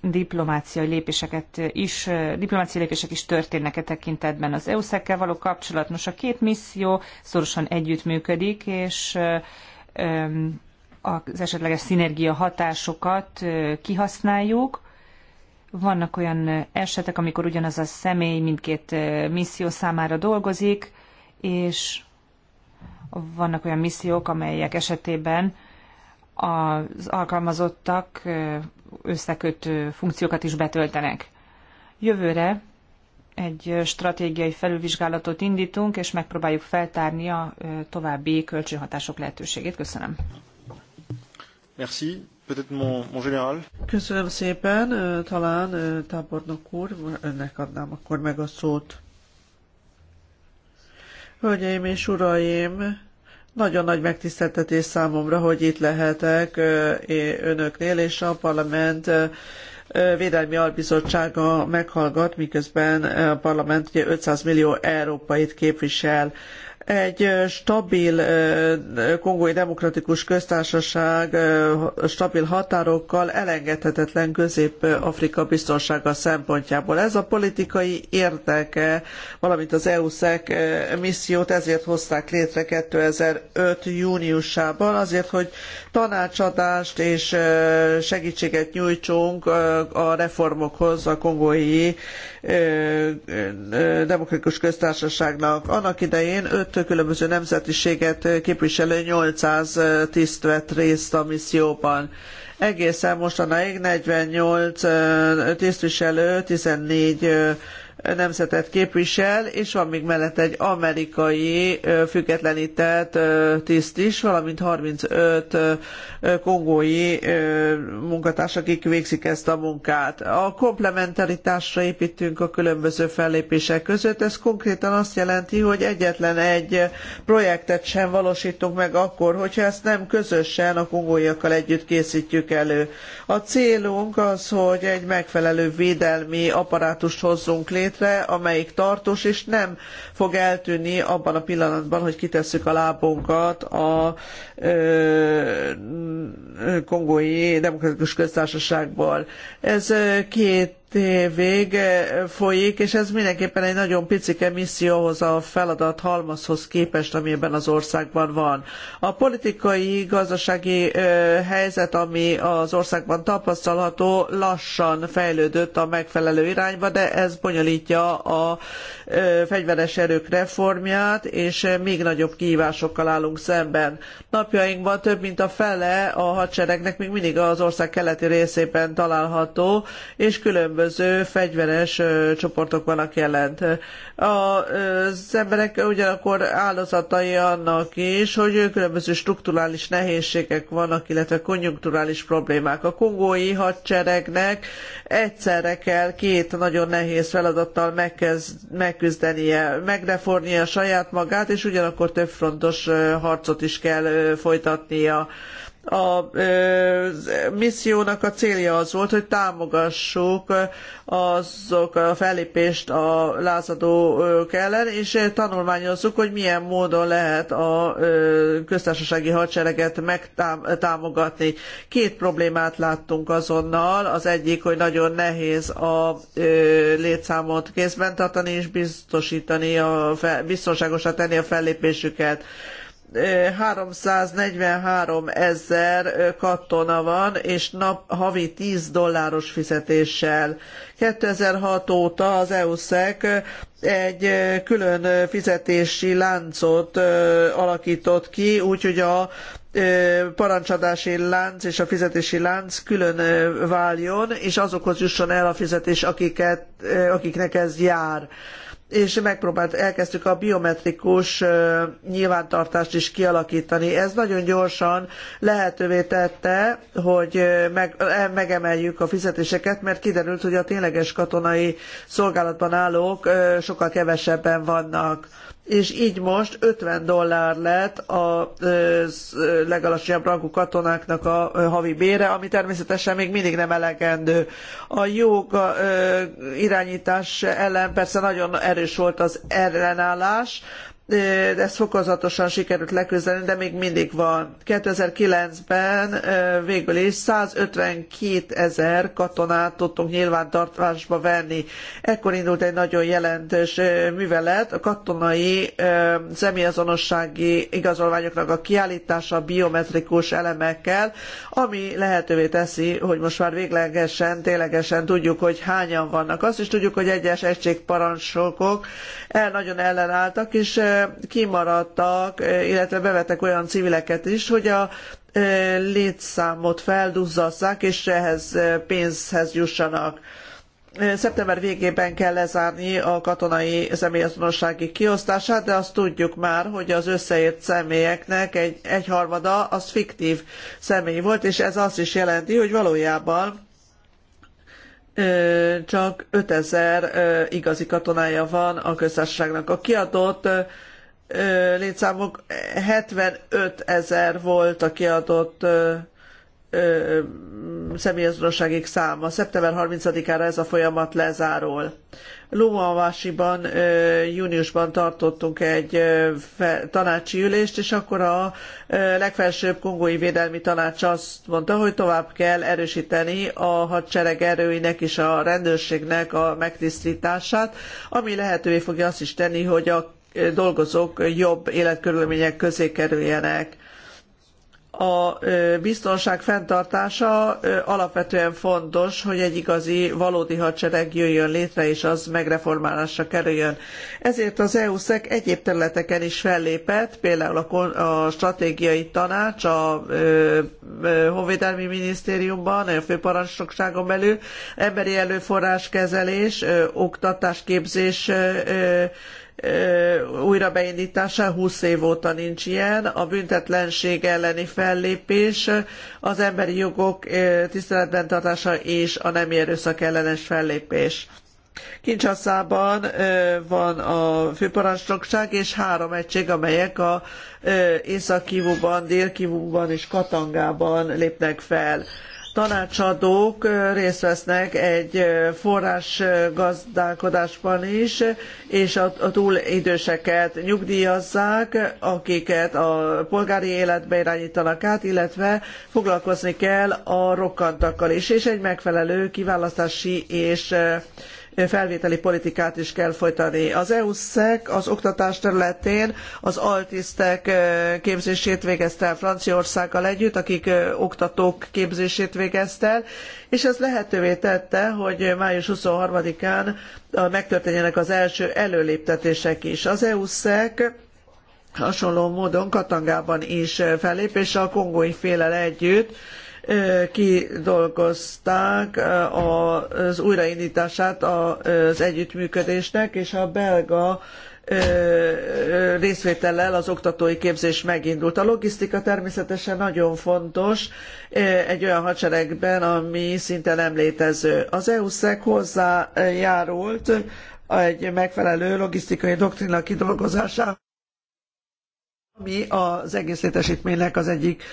diplomáciai lépéseket is, diplomáciai lépések is történnek e tekintetben. Az EU-szekkel való kapcsolat, most a két misszió szorosan együttműködik, és az esetleges szinergia hatásokat kihasználjuk. Vannak olyan esetek, amikor ugyanaz a személy mindkét misszió számára dolgozik, és vannak olyan missziók, amelyek esetében az alkalmazottak összekötő funkciókat is betöltenek. Jövőre egy stratégiai felülvizsgálatot indítunk, és megpróbáljuk feltárni a további kölcsönhatások lehetőségét. Köszönöm. Merci. mon général. Köszönöm szépen, talán tábornok úr, önnek adnám akkor meg a szót. Hölgyeim és uraim, nagyon nagy megtiszteltetés számomra, hogy itt lehetek önöknél, és a parlament Védelmi Albizottsága meghallgat, miközben a parlament ugye 500 millió európait képvisel egy stabil kongói demokratikus köztársaság stabil határokkal elengedhetetlen Közép-Afrika biztonsága szempontjából. Ez a politikai érdeke, valamint az EU-SZEK missziót ezért hozták létre 2005. júniusában, azért, hogy tanácsadást és segítséget nyújtsunk a reformokhoz a kongói demokratikus köztársaságnak. Annak idején öt 25 különböző nemzetiséget képviselő 800 tiszt vett részt a misszióban. Egészen mostanáig 48 tisztviselő, 14 nemzetet képvisel, és van még mellett egy amerikai függetlenített tiszt is, valamint 35 kongói munkatárs, akik végzik ezt a munkát. A komplementaritásra építünk a különböző fellépések között. Ez konkrétan azt jelenti, hogy egyetlen egy projektet sem valósítunk meg akkor, hogyha ezt nem közösen a kongóiakkal együtt készítjük elő. A célunk az, hogy egy megfelelő védelmi apparátust hozzunk létre, létre, amelyik tartós, és nem fog eltűnni abban a pillanatban, hogy kitesszük a lábunkat a ö, kongói demokratikus köztársaságból. Ez két évig folyik, és ez mindenképpen egy nagyon picike misszióhoz, a feladat halmazhoz képest, ami ebben az országban van. A politikai, gazdasági helyzet, ami az országban tapasztalható, lassan fejlődött a megfelelő irányba, de ez bonyolítja a fegyveres erők reformját, és még nagyobb kihívásokkal állunk szemben. Napjainkban több mint a fele a hadseregnek még mindig az ország keleti részében található, és különböző fegyveres csoportok vannak jelent. Az emberek ugyanakkor áldozatai annak is, hogy különböző strukturális nehézségek vannak, illetve konjunkturális problémák. A kongói hadseregnek egyszerre kell két nagyon nehéz feladattal megkezd, meg megküzdenie, megreformnia saját magát, és ugyanakkor több frontos harcot is kell folytatnia a missziónak a célja az volt, hogy támogassuk azok a fellépést a lázadók ellen, és tanulmányozzuk, hogy milyen módon lehet a köztársasági hadsereget megtámogatni. Két problémát láttunk azonnal. Az egyik, hogy nagyon nehéz a létszámot kézben tartani és biztosítani, a, biztonságosra tenni a fellépésüket. 343 ezer katona van, és nap, havi 10 dolláros fizetéssel 2006 óta az EUSZEK egy külön fizetési láncot alakított ki, úgyhogy a parancsadási lánc és a fizetési lánc külön váljon, és azokhoz jusson el a fizetés, akiket, akiknek ez jár és megpróbált, elkezdtük a biometrikus nyilvántartást is kialakítani. Ez nagyon gyorsan lehetővé tette, hogy meg, megemeljük a fizetéseket, mert kiderült, hogy a tényleg tényleges katonai szolgálatban állók sokkal kevesebben vannak és így most 50 dollár lett a legalacsonyabb rangú katonáknak a havi bére, ami természetesen még mindig nem elegendő. A jó irányítás ellen persze nagyon erős volt az ellenállás, ezt fokozatosan sikerült leküzdeni, de még mindig van. 2009-ben végül is 152 ezer katonát tudtunk nyilvántartásba venni. Ekkor indult egy nagyon jelentős művelet, a katonai személyazonossági igazolványoknak a kiállítása biometrikus elemekkel, ami lehetővé teszi, hogy most már véglegesen, ténylegesen tudjuk, hogy hányan vannak. Azt is tudjuk, hogy egyes egységparancsokok el nagyon ellenálltak, és kimaradtak, illetve bevettek olyan civileket is, hogy a e, létszámot felduzzasszák, és ehhez e, pénzhez jussanak. E, szeptember végében kell lezárni a katonai személyazonossági kiosztását, de azt tudjuk már, hogy az összeért személyeknek egy, egyharmada az fiktív személy volt, és ez azt is jelenti, hogy valójában csak 5000 igazi katonája van a köztársaságnak. A kiadott létszámok 75 ezer volt a kiadott személyazonosságig száma. Szeptember 30-ára ez a folyamat lezárul. Lóavásiban júniusban tartottunk egy tanácsi ülést, és akkor a legfelsőbb kongói védelmi tanács azt mondta, hogy tovább kell erősíteni a hadsereg erőinek és a rendőrségnek a megtisztítását, ami lehetővé fogja azt is tenni, hogy a dolgozók jobb életkörülmények közé kerüljenek a biztonság fenntartása alapvetően fontos, hogy egy igazi, valódi hadsereg jöjjön létre, és az megreformálásra kerüljön. Ezért az EU-szek egyéb területeken is fellépett, például a, stratégiai tanács a Honvédelmi Minisztériumban, a főparancsnokságon belül, emberi előforrás kezelés, oktatás, képzés újra beindítása, 20 év óta nincs ilyen, a büntetlenség elleni fellépés, az emberi jogok tiszteletben tartása és a nemi erőszak ellenes fellépés. Kincsasszában van a főparancsnokság és három egység, amelyek a Észak-Kivúban, Dél-Kivúban és Katangában lépnek fel tanácsadók részt vesznek egy forrásgazdálkodásban is, és a, a túlidőseket nyugdíjazzák, akiket a polgári életbe irányítanak át, illetve foglalkozni kell a rokkantakkal is, és egy megfelelő kiválasztási és felvételi politikát is kell folytani. Az EU-SZEK az oktatás területén az altisztek képzését végezte el Franciaországgal együtt, akik oktatók képzését végezte el, és ez lehetővé tette, hogy május 23-án megtörténjenek az első előléptetések is. Az EU-SZEK hasonló módon Katangában is fellép, és a kongói félel együtt kidolgozták az újraindítását az együttműködésnek, és a belga részvétellel az oktatói képzés megindult. A logisztika természetesen nagyon fontos egy olyan hadseregben, ami szinte nem létező. Az EU-SZEC hozzájárult egy megfelelő logisztikai doktrina kidolgozásához ami az egész létesítménynek az egyik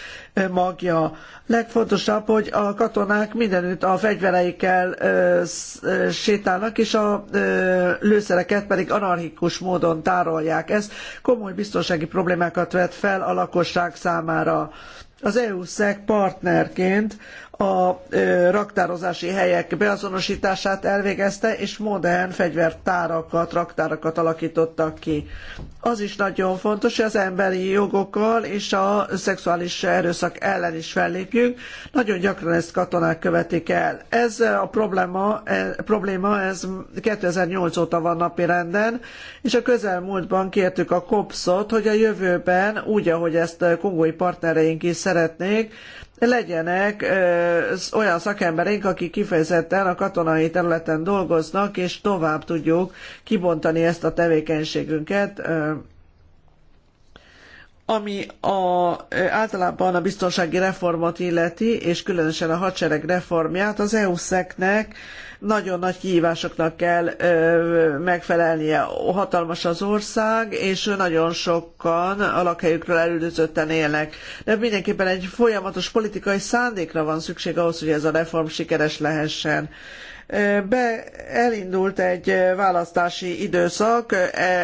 magja. Legfontosabb, hogy a katonák mindenütt a fegyvereikkel ö, ö, sétálnak, és a ö, lőszereket pedig anarchikus módon tárolják. Ez komoly biztonsági problémákat vet fel a lakosság számára. Az EU-SZEG partnerként a raktározási helyek beazonosítását elvégezte, és modern fegyvertárakat, raktárakat alakítottak ki. Az is nagyon fontos, hogy az emberi jogokkal és a szexuális erőszak ellen is fellépjünk. Nagyon gyakran ezt katonák követik el. Ez a probléma, e, probléma ez 2008 óta van napirenden, és a közelmúltban kértük a COPS-ot, hogy a jövőben, úgy, ahogy ezt kongói partnereink is szeretnék, legyenek olyan szakembereink, akik kifejezetten a katonai területen dolgoznak, és tovább tudjuk kibontani ezt a tevékenységünket ami a, általában a biztonsági reformot illeti, és különösen a hadsereg reformját, az EU-szeknek nagyon nagy kihívásoknak kell ö, megfelelnie. Hatalmas az ország, és nagyon sokan a lakhelyükről elüldözötten élnek. De mindenképpen egy folyamatos politikai szándékra van szükség ahhoz, hogy ez a reform sikeres lehessen. Ö, be, elindult egy választási időszak,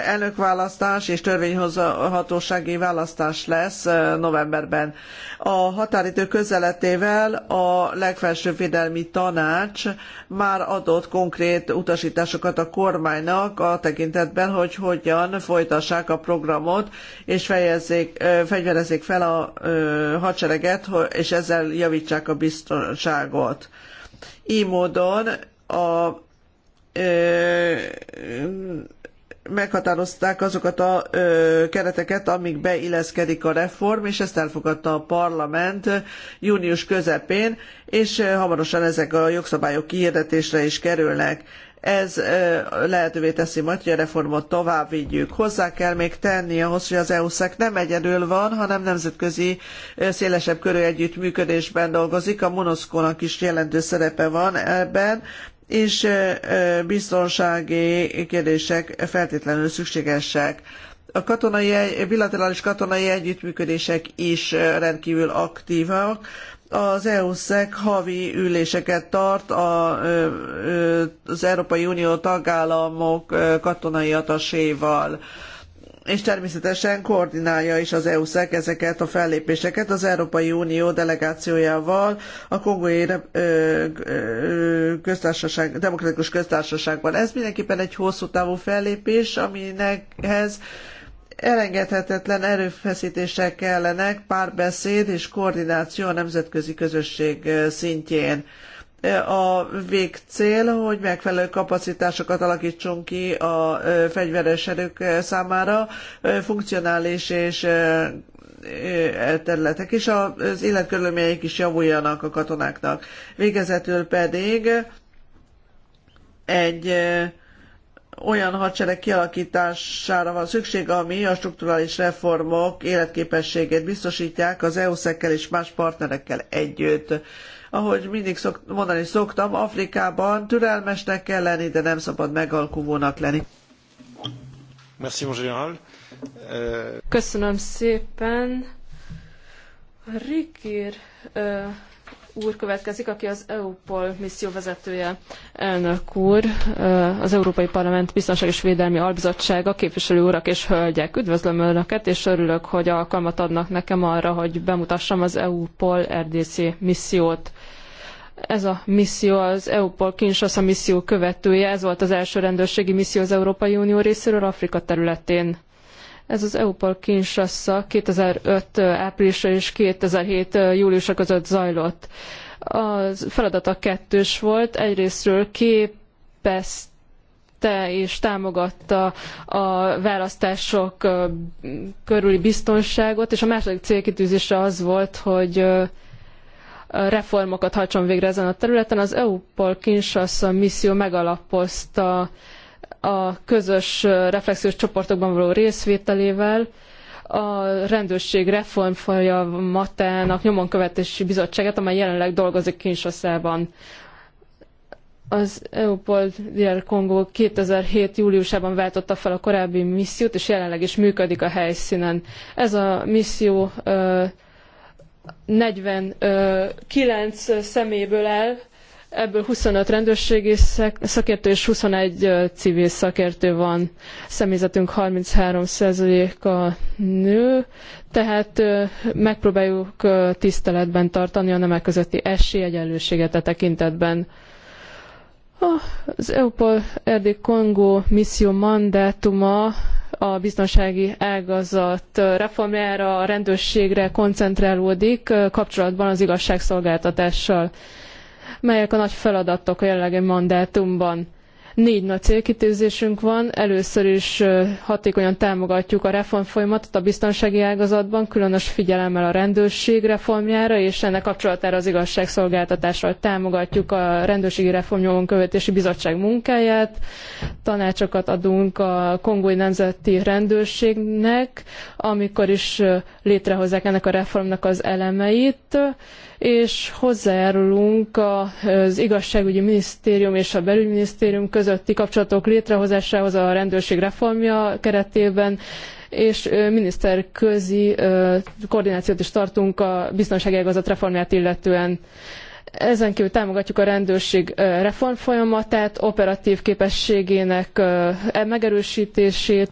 elnökválasztás és törvényhozhatósági választás lesz novemberben. A határidő közeletével a legfelsőbb védelmi tanács már adott konkrét utasításokat a kormánynak a tekintetben, hogy hogyan folytassák a programot, és fejezzék, fegyverezzék fel a hadsereget, és ezzel javítsák a biztonságot. Így módon a ö, meghatározták azokat a ö, kereteket, amik beilleszkedik a reform, és ezt elfogadta a parlament június közepén, és hamarosan ezek a jogszabályok kihirdetésre is kerülnek. Ez ö, lehetővé teszi majd, hogy a reformot tovább vigyük. Hozzá kell még tenni ahhoz, hogy az EU-szek nem egyedül van, hanem nemzetközi ö, szélesebb körű együttműködésben dolgozik. A monoszkónak is jelentős szerepe van ebben, és biztonsági kérdések feltétlenül szükségesek. A katonai, bilaterális katonai együttműködések is rendkívül aktívak. Az eu havi üléseket tart a, az Európai Unió tagállamok katonai ataséval és természetesen koordinálja is az EU-szek ezeket a fellépéseket az Európai Unió delegációjával a Kongói köztársaság, Demokratikus Köztársaságban. Ez mindenképpen egy hosszú távú fellépés, aminekhez elengedhetetlen erőfeszítések kellenek, párbeszéd és koordináció a nemzetközi közösség szintjén a végcél, hogy megfelelő kapacitásokat alakítsunk ki a fegyveres erők számára, funkcionális és e területek, és az életkörülményeik is javuljanak a katonáknak. Végezetül pedig egy olyan hadsereg kialakítására van szükség, ami a strukturális reformok életképességét biztosítják az EU-szekkel és más partnerekkel együtt ahogy mindig szok, mondani szoktam, Afrikában türelmesnek kell lenni, de nem szabad megalkuvónak lenni. Merci, mon Köszönöm szépen. Rikir úr következik, aki az EUPOL misszió vezetője. Elnök úr, eh, az Európai Parlament Biztonság és Védelmi Albizottsága, képviselő urak és hölgyek. Üdvözlöm Önöket, és örülök, hogy alkalmat adnak nekem arra, hogy bemutassam az EUPOL RDC missziót. Ez a misszió az EUPOL Kinshasa misszió követője, ez volt az első rendőrségi misszió az Európai Unió részéről Afrika területén. Ez az EUPOL Kinshasa 2005. áprilisa és 2007. júliusa között zajlott. A feladata kettős volt, egyrésztről képezte és támogatta a választások körüli biztonságot, és a második célkitűzése az volt, hogy reformokat hajtson végre ezen a területen. Az Eupol Kinshasa misszió megalapozta a közös reflexiós csoportokban való részvételével, a rendőrség reform folyamatának nyomon követési bizottságát, amely jelenleg dolgozik Kinshasa-ban. Az EUPOL DR Kongó 2007. júliusában váltotta fel a korábbi missziót, és jelenleg is működik a helyszínen. Ez a misszió 49 szeméből áll, Ebből 25 rendőrségi szakértő és 21 civil szakértő van. Személyzetünk 33%-a nő, tehát megpróbáljuk tiszteletben tartani a nemek közötti esélyegyenlőséget e a tekintetben. Az EUPOL Erdély Kongó misszió mandátuma a biztonsági ágazat reformjára, a rendőrségre koncentrálódik kapcsolatban az igazságszolgáltatással melyek a nagy feladatok a jelenlegi mandátumban. Négy nagy célkitűzésünk van. Először is hatékonyan támogatjuk a reformfolyamatot a biztonsági ágazatban, különös figyelemmel a rendőrség reformjára, és ennek kapcsolatára az igazságszolgáltatásra támogatjuk a rendőrségi reformnyomon követési bizottság munkáját. Tanácsokat adunk a kongói nemzeti rendőrségnek, amikor is létrehozzák ennek a reformnak az elemeit és hozzájárulunk az igazságügyi minisztérium és a belügyminisztérium közötti kapcsolatok létrehozásához a rendőrség reformja keretében, és miniszterközi koordinációt is tartunk a biztonsági ágazat reformját illetően. Ezen kívül támogatjuk a rendőrség reform folyamatát, operatív képességének e megerősítését.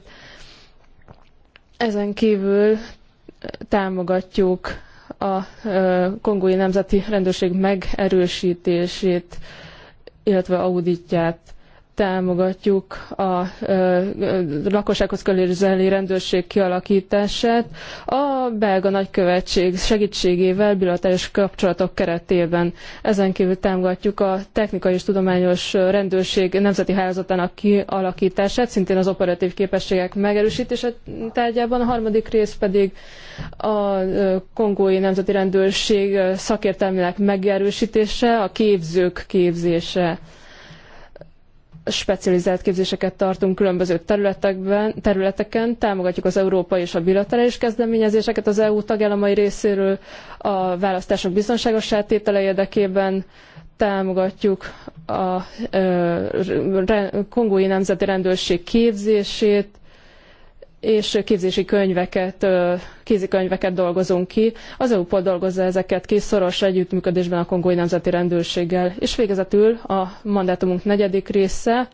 Ezen kívül támogatjuk a kongói nemzeti rendőrség megerősítését, illetve auditját támogatjuk a ö, lakossághoz közeli rendőrség kialakítását a belga nagykövetség segítségével bilaterális kapcsolatok keretében. Ezen kívül támogatjuk a technikai és tudományos rendőrség nemzeti hálózatának kialakítását, szintén az operatív képességek megerősítése tárgyában, a harmadik rész pedig a kongói nemzeti rendőrség szakértelmének megerősítése, a képzők képzése specializált képzéseket tartunk különböző területekben, területeken, támogatjuk az európai és a bilaterális kezdeményezéseket az EU tagállamai részéről, a választások biztonságos tétele érdekében, támogatjuk a ö, re, kongói nemzeti rendőrség képzését, és képzési könyveket, kézikönyveket dolgozunk ki. Az eu dolgozza ezeket ki szoros együttműködésben a kongói nemzeti rendőrséggel. És végezetül a mandátumunk negyedik része,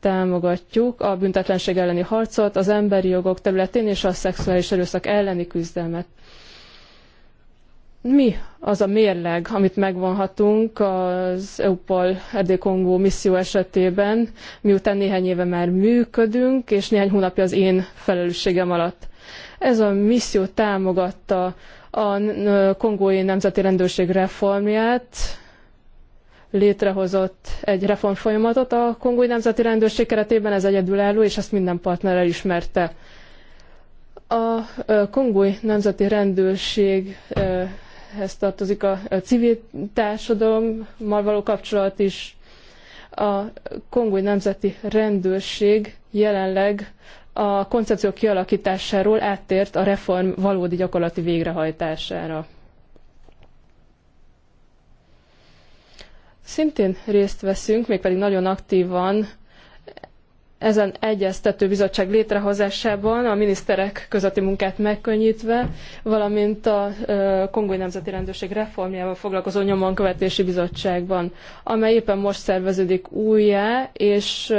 támogatjuk a büntetlenség elleni harcot, az emberi jogok területén és a szexuális erőszak elleni küzdelmet mi az a mérleg, amit megvonhatunk az EUPOL Erdély-Kongó misszió esetében, miután néhány éve már működünk, és néhány hónapja az én felelősségem alatt. Ez a misszió támogatta a kongói nemzeti rendőrség reformját, létrehozott egy reformfolyamatot a kongói nemzeti rendőrség keretében, ez egyedülálló, és ezt minden partner elismerte. A kongói nemzeti rendőrség ehhez tartozik a, a civil társadalommal való kapcsolat is. A Kongói Nemzeti Rendőrség jelenleg a koncepció kialakításáról áttért a reform valódi gyakorlati végrehajtására. Szintén részt veszünk, mégpedig nagyon aktívan ezen egyeztető bizottság létrehozásában a miniszterek közötti munkát megkönnyítve, valamint a Kongói Nemzeti Rendőrség reformjával foglalkozó nyomonkövetési bizottságban, amely éppen most szerveződik újjá, és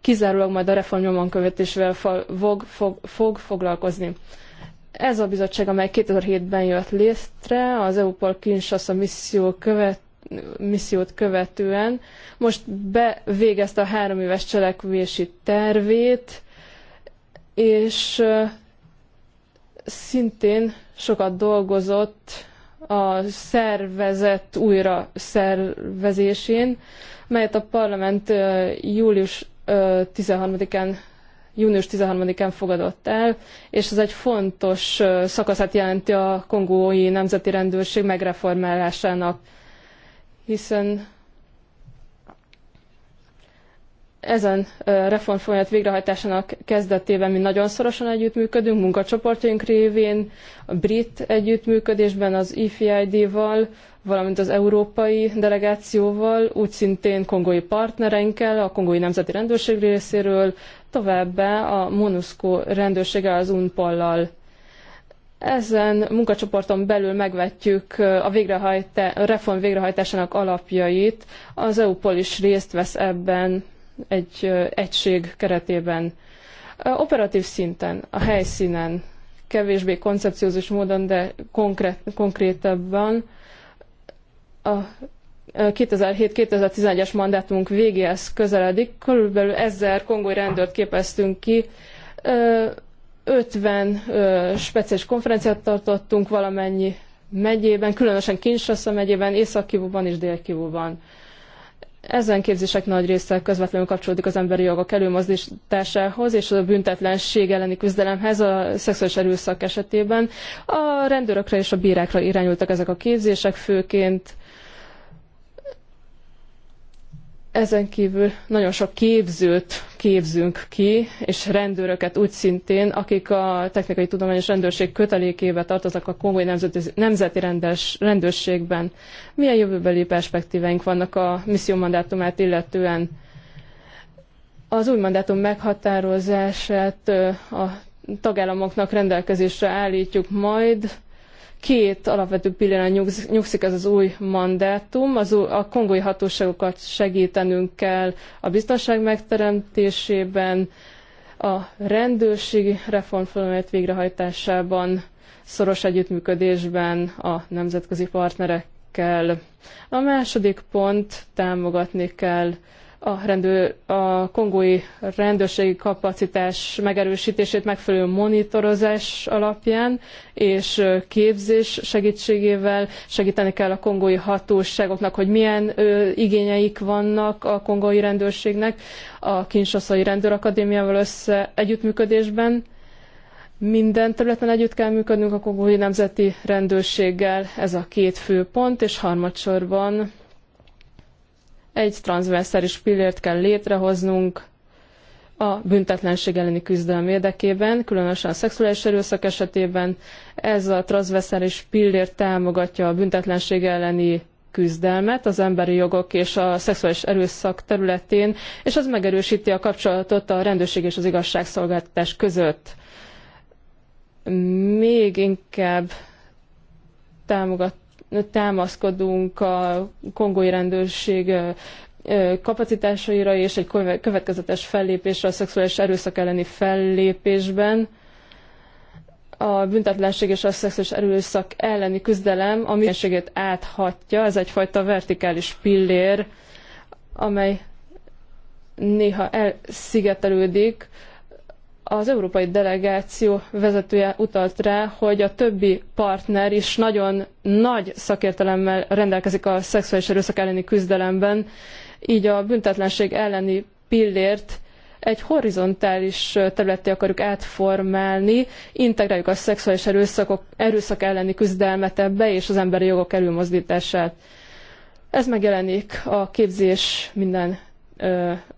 kizárólag majd a reform nyomonkövetésével fog, fog, fog foglalkozni. Ez a bizottság, amely 2007-ben jött létre, az EUPOL Kinshasa misszió követ missziót követően. Most bevégezte a három éves cselekvési tervét, és szintén sokat dolgozott a szervezet újra szervezésén, melyet a parlament július 13-án június 13-án fogadott el, és ez egy fontos szakaszát jelenti a kongói nemzeti rendőrség megreformálásának hiszen ezen reformfolyamat végrehajtásának kezdetében mi nagyon szorosan együttműködünk, munkacsoportjaink révén, a brit együttműködésben az EFID-val, valamint az európai delegációval, úgy szintén kongói partnereinkkel, a kongói nemzeti rendőrség részéről, továbbá a MONUSCO rendőrsége az UNPOL-lal. Ezen munkacsoporton belül megvetjük a, végrehajtá, a reform végrehajtásának alapjait. Az EUPOL is részt vesz ebben egy egység keretében. Operatív szinten, a helyszínen, kevésbé koncepciózus módon, de konkrét, konkrétebben a 2007-2011-es mandátumunk végéhez közeledik. Körülbelül ezer kongói rendőrt képeztünk ki 50 speciális konferenciát tartottunk valamennyi megyében, különösen Kinshasa megyében, Észak-Kivóban és dél -Kivúban. Ezen képzések nagy része közvetlenül kapcsolódik az emberi jogok előmozdításához és a büntetlenség elleni küzdelemhez a szexuális erőszak esetében. A rendőrökre és a bírákra irányultak ezek a képzések főként, Ezen kívül nagyon sok képzőt képzünk ki, és rendőröket úgy szintén, akik a technikai tudományos rendőrség kötelékébe tartoznak a kongói nemzeti, nemzeti rendes, rendőrségben. Milyen jövőbeli perspektíveink vannak a misszió mandátumát illetően? Az új mandátum meghatározását a tagállamoknak rendelkezésre állítjuk majd, két alapvető pillére nyugszik ez az új mandátum. Az, a kongói hatóságokat segítenünk kell a biztonság megteremtésében, a rendőrségi reformfolyamat végrehajtásában, szoros együttműködésben a nemzetközi partnerekkel. A második pont támogatni kell a, rendőr, a kongói rendőrségi kapacitás megerősítését megfelelő monitorozás alapján és képzés segítségével segíteni kell a kongói hatóságoknak, hogy milyen ö, igényeik vannak a kongói rendőrségnek a Kinshasai Rendőrakadémiával össze együttműködésben. Minden területen együtt kell működnünk a kongói nemzeti rendőrséggel, ez a két fő pont, és harmadsorban egy transzverszeris pillért kell létrehoznunk a büntetlenség elleni küzdelem érdekében, különösen a szexuális erőszak esetében. Ez a transzverszeris pillér támogatja a büntetlenség elleni küzdelmet az emberi jogok és a szexuális erőszak területén, és az megerősíti a kapcsolatot a rendőrség és az igazságszolgáltatás között. Még inkább támogat támaszkodunk a kongói rendőrség kapacitásaira és egy következetes fellépésre a szexuális erőszak elleni fellépésben. A büntetlenség és a szexuális erőszak elleni küzdelem a mindenségét áthatja, ez egyfajta vertikális pillér, amely néha elszigetelődik, az európai delegáció vezetője utalt rá, hogy a többi partner is nagyon nagy szakértelemmel rendelkezik a szexuális erőszak elleni küzdelemben, így a büntetlenség elleni pillért egy horizontális területé akarjuk átformálni, integráljuk a szexuális erőszakok, erőszak elleni küzdelmet ebbe, és az emberi jogok előmozdítását. Ez megjelenik a képzés minden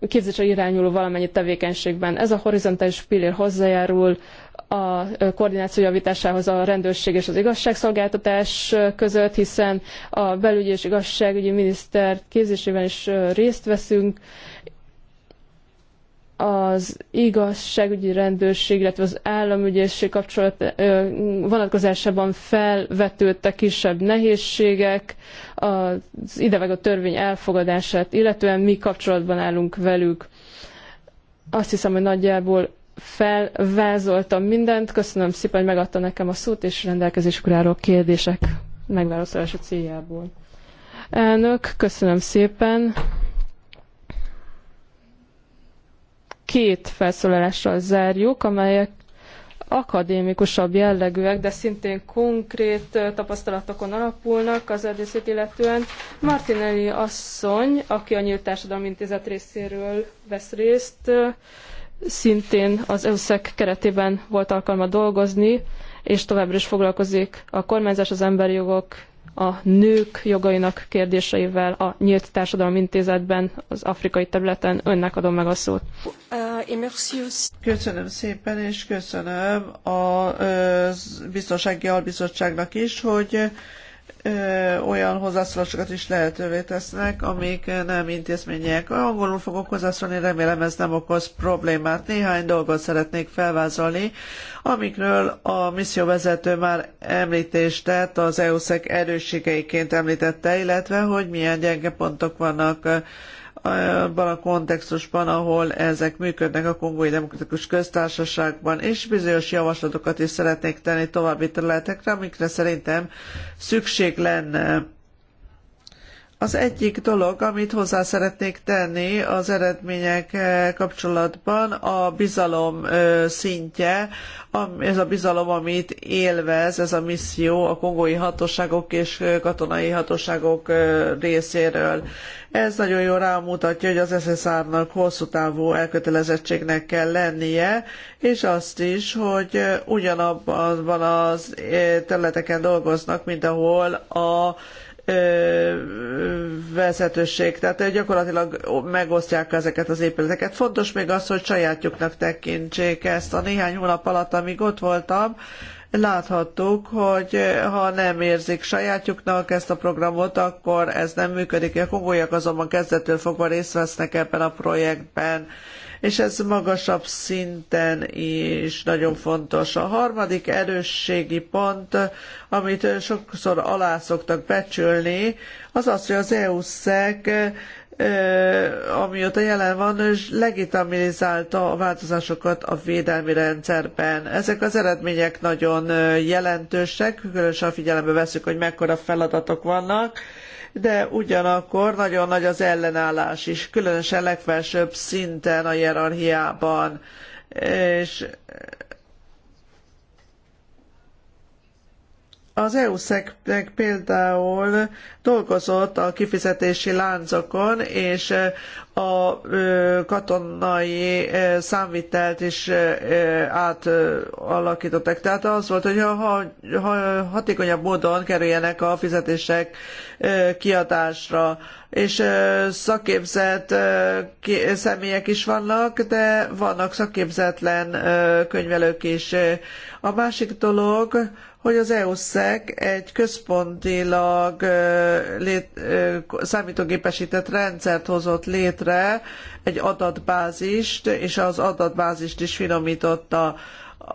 képzésre irányuló valamennyi tevékenységben. Ez a horizontális pillér hozzájárul a koordináció javításához a rendőrség és az igazságszolgáltatás között, hiszen a belügyi és igazságügyi miniszter képzésében is részt veszünk, az igazságügyi rendőrség, illetve az államügyészség kapcsolat vonatkozásában felvetődtek kisebb nehézségek, az a törvény elfogadását, illetően mi kapcsolatban állunk velük. Azt hiszem, hogy nagyjából felvázoltam mindent. Köszönöm szépen, hogy megadta nekem a szót, és rendelkezésükre álló kérdések megválaszolása céljából. Elnök, köszönöm szépen. két felszólalással zárjuk, amelyek akadémikusabb jellegűek, de szintén konkrét tapasztalatokon alapulnak az erdészét illetően. Martinelli asszony, aki a Nyílt Társadalmi Intézet részéről vesz részt, szintén az EUSZEK keretében volt alkalma dolgozni, és továbbra is foglalkozik a kormányzás, az emberi jogok a nők jogainak kérdéseivel a Nyílt Társadalom Intézetben az afrikai területen. Önnek adom meg a szót. Uh, köszönöm szépen, és köszönöm a Biztonsági Albizottságnak is, hogy ö, olyan hozzászólásokat is lehetővé tesznek, amik nem intézmények. Angolul fogok hozzászólni, remélem ez nem okoz problémát. Néhány dolgot szeretnék felvázolni, amikről a misszióvezető már említést tett, az EU-szek erősségeiként említette, illetve hogy milyen gyenge pontok vannak abban a kontextusban, ahol ezek működnek a Kongói Demokratikus Köztársaságban, és bizonyos javaslatokat is szeretnék tenni további területekre, amikre szerintem szükség lenne az egyik dolog, amit hozzá szeretnék tenni az eredmények eh, kapcsolatban, a bizalom eh, szintje, ez a bizalom, amit élvez ez a misszió a kongói hatóságok és eh, katonai hatóságok részéről. Ez nagyon jól rámutatja, hogy az SSR-nak hosszú távú elkötelezettségnek kell lennie, és azt is, hogy ugyanabban az területeken dolgoznak, mint ahol a vezetőség. Tehát gyakorlatilag megosztják ezeket az épületeket. Fontos még az, hogy sajátjuknak tekintsék ezt. A néhány hónap alatt, amíg ott voltam, láthattuk, hogy ha nem érzik sajátjuknak ezt a programot, akkor ez nem működik. A kongolyak azonban kezdettől fogva részt vesznek ebben a projektben és ez magasabb szinten is nagyon fontos. A harmadik erősségi pont, amit sokszor alá szoktak becsülni, az az, hogy az EU-szeg amióta jelen van, és legitimizálta a változásokat a védelmi rendszerben. Ezek az eredmények nagyon jelentősek, különösen figyelembe veszük, hogy mekkora feladatok vannak, de ugyanakkor nagyon nagy az ellenállás is, különösen legfelsőbb szinten a hierarchiában. És Az eu nek például dolgozott a kifizetési láncokon, és a katonai számvitelt is átalakították. Tehát az volt, hogy ha, ha hatékonyabb módon kerüljenek a fizetések kiadásra, és szakképzett személyek is vannak, de vannak szakképzetlen könyvelők is. A másik dolog, hogy az EUSZEC egy központilag lét, számítógépesített rendszert hozott létre, létre egy adatbázist, és az adatbázist is finomította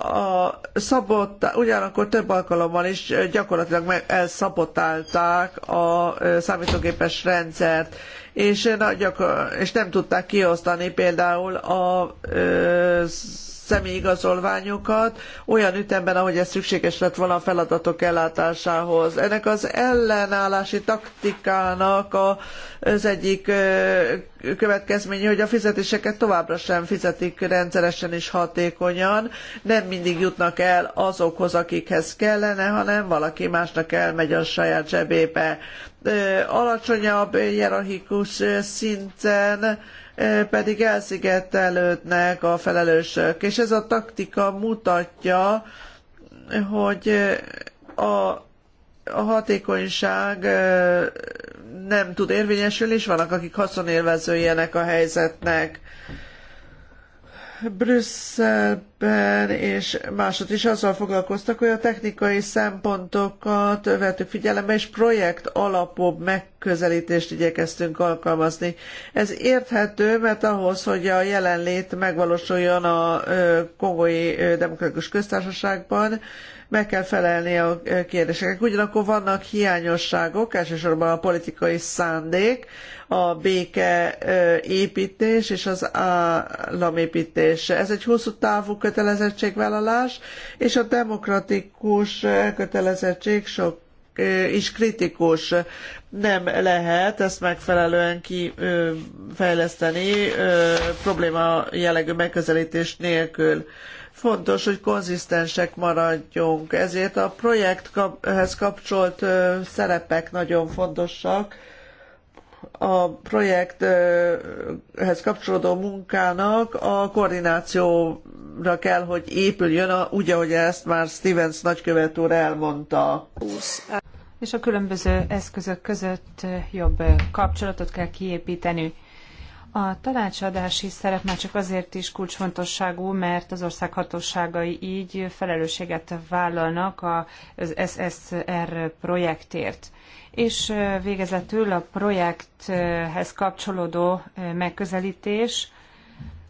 a szabott, ugyanakkor több alkalommal is gyakorlatilag meg elszabotálták a számítógépes rendszert, és, és nem tudták kiosztani például a személyigazolványokat olyan ütemben, ahogy ez szükséges lett volna a feladatok ellátásához. Ennek az ellenállási taktikának az egyik következménye, hogy a fizetéseket továbbra sem fizetik rendszeresen és hatékonyan, nem mindig jutnak el azokhoz, akikhez kellene, hanem valaki másnak elmegy a saját zsebébe. Alacsonyabb hierarchikus szinten pedig elszigetelődnek a felelősök. És ez a taktika mutatja, hogy a a hatékonyság nem tud érvényesülni, és vannak, akik haszonélvezői ennek a helyzetnek. Brüsszelben és másod is azzal foglalkoztak, hogy a technikai szempontokat vettük figyelembe, és projekt alapú megközelítést igyekeztünk alkalmazni. Ez érthető, mert ahhoz, hogy a jelenlét megvalósuljon a Kongói Demokratikus Köztársaságban, meg kell felelni a kérdéseknek. Ugyanakkor vannak hiányosságok, elsősorban a politikai szándék, a béke építés és az államépítés. Ez egy hosszú távú kötelezettségvállalás, és a demokratikus kötelezettség sok is kritikus. Nem lehet ezt megfelelően kifejleszteni probléma jellegű megközelítés nélkül. Fontos, hogy konzisztensek maradjunk, ezért a projekthez kapcsolt szerepek nagyon fontosak, a projekthez kapcsolódó munkának a koordinációra kell, hogy épüljön, a, úgy, ahogy ezt már Stevens nagykövet úr elmondta. És a különböző eszközök között jobb kapcsolatot kell kiépíteni. A tanácsadási szerep már csak azért is kulcsfontosságú, mert az ország hatóságai így felelősséget vállalnak az SSR projektért és végezetül a projekthez kapcsolódó megközelítés,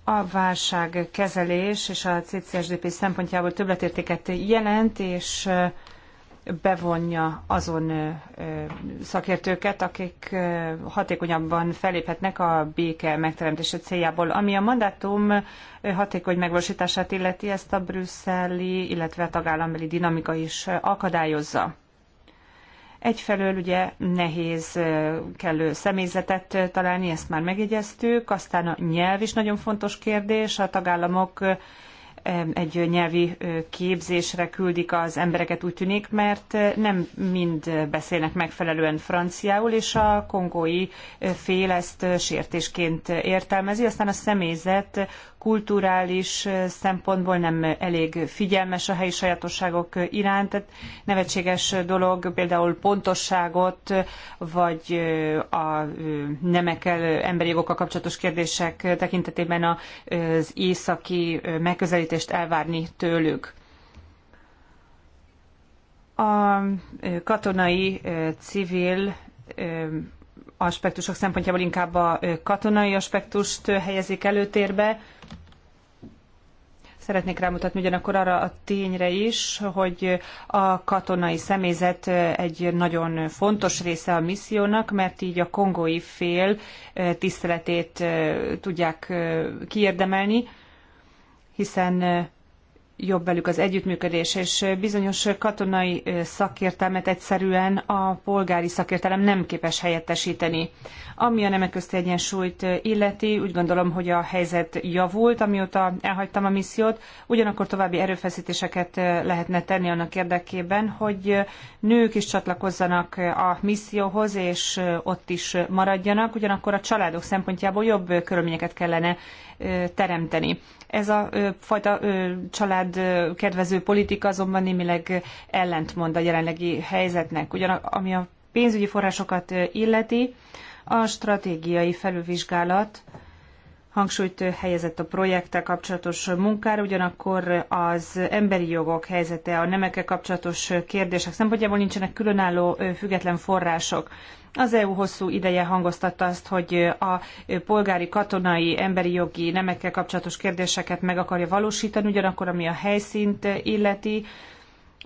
a válságkezelés és a CCSDP szempontjából többletértéket jelent, és bevonja azon szakértőket, akik hatékonyabban feléphetnek a béke megteremtése céljából. Ami a mandátum hatékony megvalósítását illeti, ezt a brüsszeli, illetve a tagállambeli dinamika is akadályozza. Egyfelől ugye nehéz kellő személyzetet találni, ezt már megjegyeztük, aztán a nyelv is nagyon fontos kérdés, a tagállamok egy nyelvi képzésre küldik az embereket, úgy tűnik, mert nem mind beszélnek megfelelően franciául, és a kongói fél ezt sértésként értelmezi, aztán a személyzet kulturális szempontból nem elég figyelmes a helyi sajátosságok iránt. Tehát nevetséges dolog például pontosságot, vagy a nemekkel emberi jogokkal kapcsolatos kérdések tekintetében az északi megközelítést elvárni tőlük a katonai, civil aspektusok szempontjából inkább a katonai aspektust helyezik előtérbe. Szeretnék rámutatni ugyanakkor arra a tényre is, hogy a katonai személyzet egy nagyon fontos része a missziónak, mert így a kongói fél tiszteletét tudják kiérdemelni, hiszen jobb velük az együttműködés, és bizonyos katonai szakértelmet egyszerűen a polgári szakértelem nem képes helyettesíteni. Ami a nemek közti egyensúlyt illeti, úgy gondolom, hogy a helyzet javult, amióta elhagytam a missziót, ugyanakkor további erőfeszítéseket lehetne tenni annak érdekében, hogy nők is csatlakozzanak a misszióhoz, és ott is maradjanak, ugyanakkor a családok szempontjából jobb körülményeket kellene teremteni. Ez a fajta család kedvező politika azonban némileg ellentmond a jelenlegi helyzetnek. Ugyan ami a pénzügyi forrásokat illeti, a stratégiai felülvizsgálat hangsúlyt helyezett a projekttel kapcsolatos munkára, ugyanakkor az emberi jogok helyzete, a nemekkel kapcsolatos kérdések szempontjából nincsenek különálló független források. Az EU hosszú ideje hangoztatta azt, hogy a polgári, katonai, emberi jogi nemekkel kapcsolatos kérdéseket meg akarja valósítani, ugyanakkor ami a helyszínt illeti,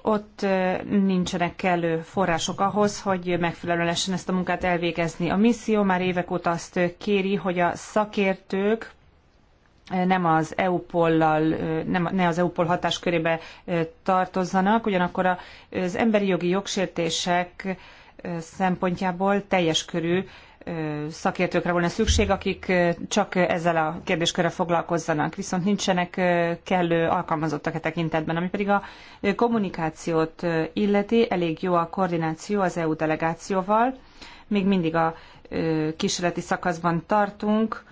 ott nincsenek kellő források ahhoz, hogy megfelelően lehessen ezt a munkát elvégezni. A misszió már évek óta azt kéri, hogy a szakértők nem az eu nem, ne az EU-pol hatáskörébe tartozzanak, ugyanakkor az emberi jogi jogsértések szempontjából teljes körű szakértőkre volna szükség, akik csak ezzel a kérdéskörrel foglalkozzanak, viszont nincsenek kellő alkalmazottak e tekintetben, ami pedig a kommunikációt illeti, elég jó a koordináció az EU delegációval, még mindig a kísérleti szakaszban tartunk,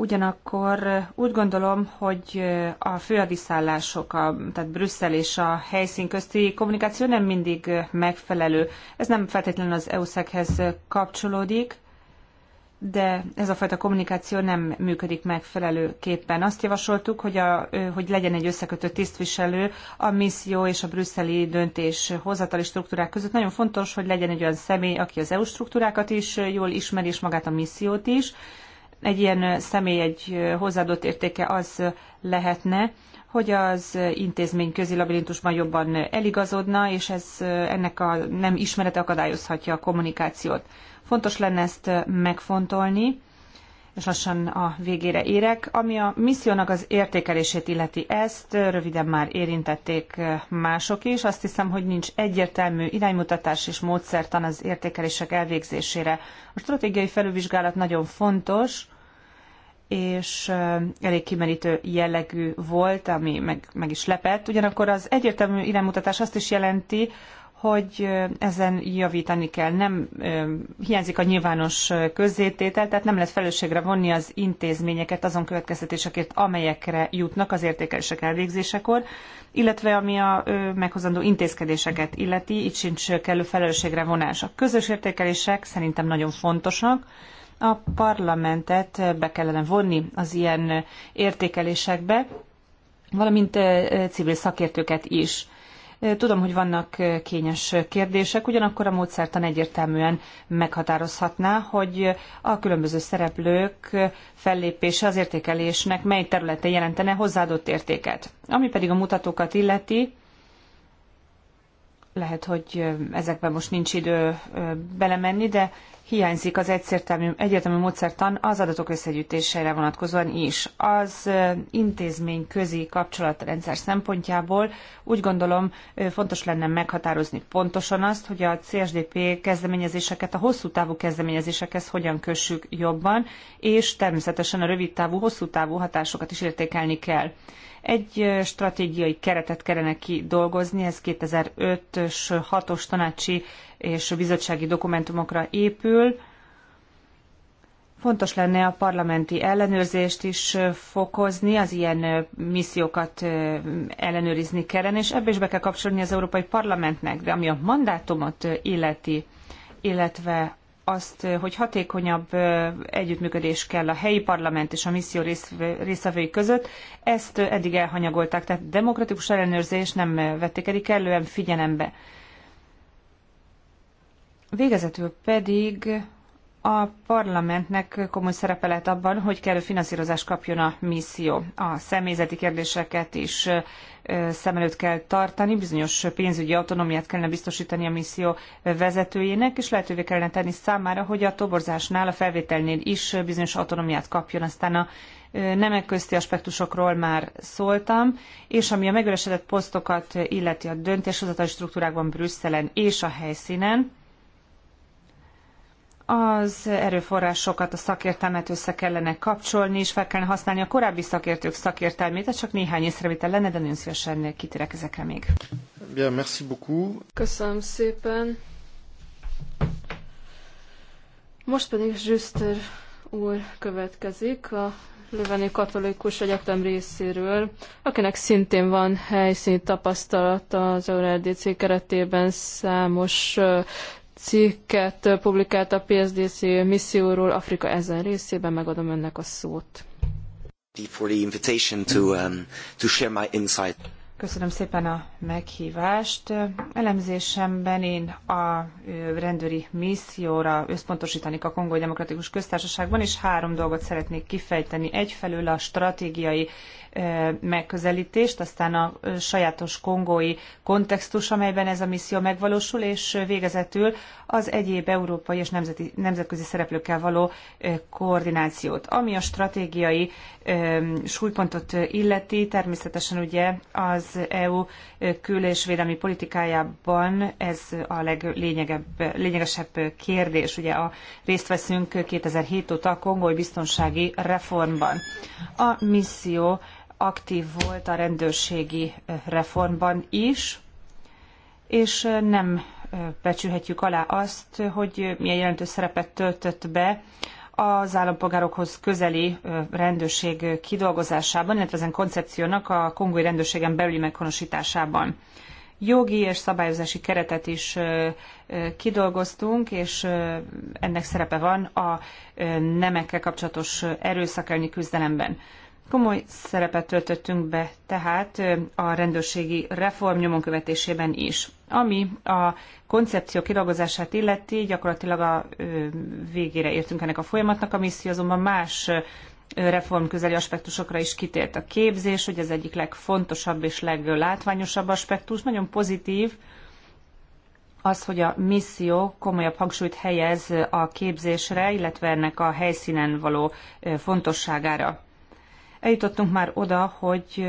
Ugyanakkor eh, úgy gondolom, hogy eh, a főadiszállások, a, tehát Brüsszel és a helyszín közti kommunikáció nem mindig eh, megfelelő. Ez nem feltétlenül az eu hez kapcsolódik, de ez a fajta kommunikáció nem működik megfelelőképpen. Azt javasoltuk, hogy, a, hogy legyen egy összekötő tisztviselő a misszió és a brüsszeli döntés hozatali struktúrák között. Nagyon fontos, hogy legyen egy olyan személy, aki az EU struktúrákat is jól ismeri, és magát a missziót is, egy ilyen személy egy hozzáadott értéke az lehetne, hogy az intézmény közilabirintusban jobban eligazodna, és ez ennek a nem ismerete akadályozhatja a kommunikációt. Fontos lenne ezt megfontolni, és lassan a végére érek. Ami a missziónak az értékelését illeti ezt, röviden már érintették mások is. Azt hiszem, hogy nincs egyértelmű iránymutatás és módszertan az értékelések elvégzésére. A stratégiai felülvizsgálat nagyon fontos, és elég kimerítő jellegű volt, ami meg, meg is lepett. Ugyanakkor az egyértelmű iránymutatás azt is jelenti, hogy ezen javítani kell. Nem hiányzik a nyilvános közzététel, tehát nem lehet felelősségre vonni az intézményeket azon következtetésekért, amelyekre jutnak az értékelések elvégzésekor, illetve ami a meghozandó intézkedéseket illeti, itt sincs kellő felelősségre vonás. A közös értékelések szerintem nagyon fontosak, a parlamentet be kellene vonni az ilyen értékelésekbe, valamint civil szakértőket is Tudom, hogy vannak eh, kényes kérdések, ugyanakkor a módszertan egyértelműen meghatározhatná, hogy a különböző szereplők fellépése az értékelésnek mely területe jelentene hozzáadott értéket. Ami pedig a mutatókat illeti, lehet, hogy eh, ezekben most nincs idő eh, belemenni, de hiányzik az egyértelmű, egyértelmű módszertan az adatok összegyűjtésére vonatkozóan is. Az intézmény közi kapcsolatrendszer szempontjából úgy gondolom fontos lenne meghatározni pontosan azt, hogy a CSDP kezdeményezéseket a hosszú távú kezdeményezésekhez hogyan kössük jobban, és természetesen a rövid távú, hosszú távú hatásokat is értékelni kell. Egy stratégiai keretet kellene kidolgozni, ez 2005-ös hatos tanácsi és bizottsági dokumentumokra épül. Fontos lenne a parlamenti ellenőrzést is fokozni, az ilyen missziókat ellenőrizni kellene, és ebbe is be kell kapcsolni az Európai Parlamentnek, de ami a mandátumot illeti, illetve azt, eh, hogy hatékonyabb eh, együttműködés kell a helyi parlament és a misszió részvevői között. Ezt eh, eddig elhanyagolták, tehát demokratikus ellenőrzés nem vették eddig kellően figyelembe. Végezetül pedig a parlamentnek komoly szerepe lehet abban, hogy kellő finanszírozást kapjon a misszió. A személyzeti kérdéseket is szem előtt kell tartani, bizonyos pénzügyi autonómiát kellene biztosítani a misszió vezetőjének, és lehetővé kellene tenni számára, hogy a toborzásnál, a felvételnél is bizonyos autonómiát kapjon. Aztán a nemek közti aspektusokról már szóltam, és ami a megöresedett posztokat illeti a döntéshozatali struktúrákban, Brüsszelen és a helyszínen, az erőforrásokat, a szakértelmet össze kellene kapcsolni, és fel kellene használni a korábbi szakértők szakértelmét, ez csak néhány észrevétel lenne, de nagyon szívesen kitérek ezekre még. Bien, merci beaucoup. Köszönöm szépen. Most pedig Zsüster úr következik a Löveni Katolikus Egyetem részéről, akinek szintén van helyszíni tapasztalata az ORDC keretében számos cikket publikált a PSDC misszióról Afrika ezen részében, megadom önnek a szót. Um, Köszönöm szépen a meghívást. Elemzésemben én a rendőri misszióra összpontosítani a Kongói Demokratikus Köztársaságban, és három dolgot szeretnék kifejteni. Egyfelől a stratégiai megközelítést, aztán a sajátos kongói kontextus, amelyben ez a misszió megvalósul, és végezetül az egyéb európai és nemzeti, nemzetközi szereplőkkel való koordinációt. Ami a stratégiai súlypontot illeti, természetesen ugye az EU kül- és védelmi politikájában ez a leglényegesebb kérdés. Ugye a részt veszünk 2007 óta a kongói biztonsági reformban. A misszió aktív volt a rendőrségi reformban is, és nem becsülhetjük alá azt, hogy milyen jelentős szerepet töltött be az állampolgárokhoz közeli rendőrség kidolgozásában, illetve ezen koncepciónak a kongói rendőrségen belüli meghonosításában. Jogi és szabályozási keretet is kidolgoztunk, és ennek szerepe van a nemekkel kapcsolatos erőszak elleni küzdelemben. Komoly szerepet töltöttünk be tehát a rendőrségi reform nyomon követésében is. Ami a koncepció kidolgozását illeti, gyakorlatilag a végére értünk ennek a folyamatnak, a misszió azonban más közeli aspektusokra is kitért a képzés, hogy ez egyik legfontosabb és leglátványosabb aspektus. Nagyon pozitív az, hogy a misszió komolyabb hangsúlyt helyez a képzésre, illetve ennek a helyszínen való fontosságára eljutottunk már oda, hogy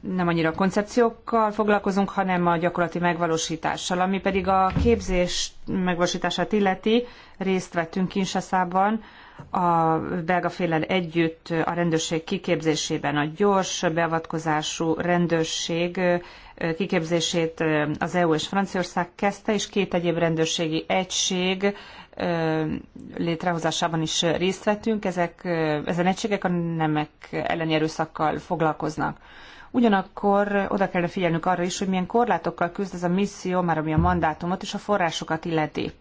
nem annyira a koncepciókkal foglalkozunk, hanem a gyakorlati megvalósítással. Ami pedig a képzés megvalósítását illeti, részt vettünk Kinsaszában a belga félel együtt a rendőrség kiképzésében a gyors beavatkozású rendőrség kiképzését az EU és Franciaország kezdte, és két egyéb rendőrségi egység létrehozásában is részt vettünk. Ezek, ezen egységek a nemek elleni erőszakkal foglalkoznak. Ugyanakkor oda kellene figyelnünk arra is, hogy milyen korlátokkal küzd ez a misszió, már ami a mandátumot és a forrásokat illeti.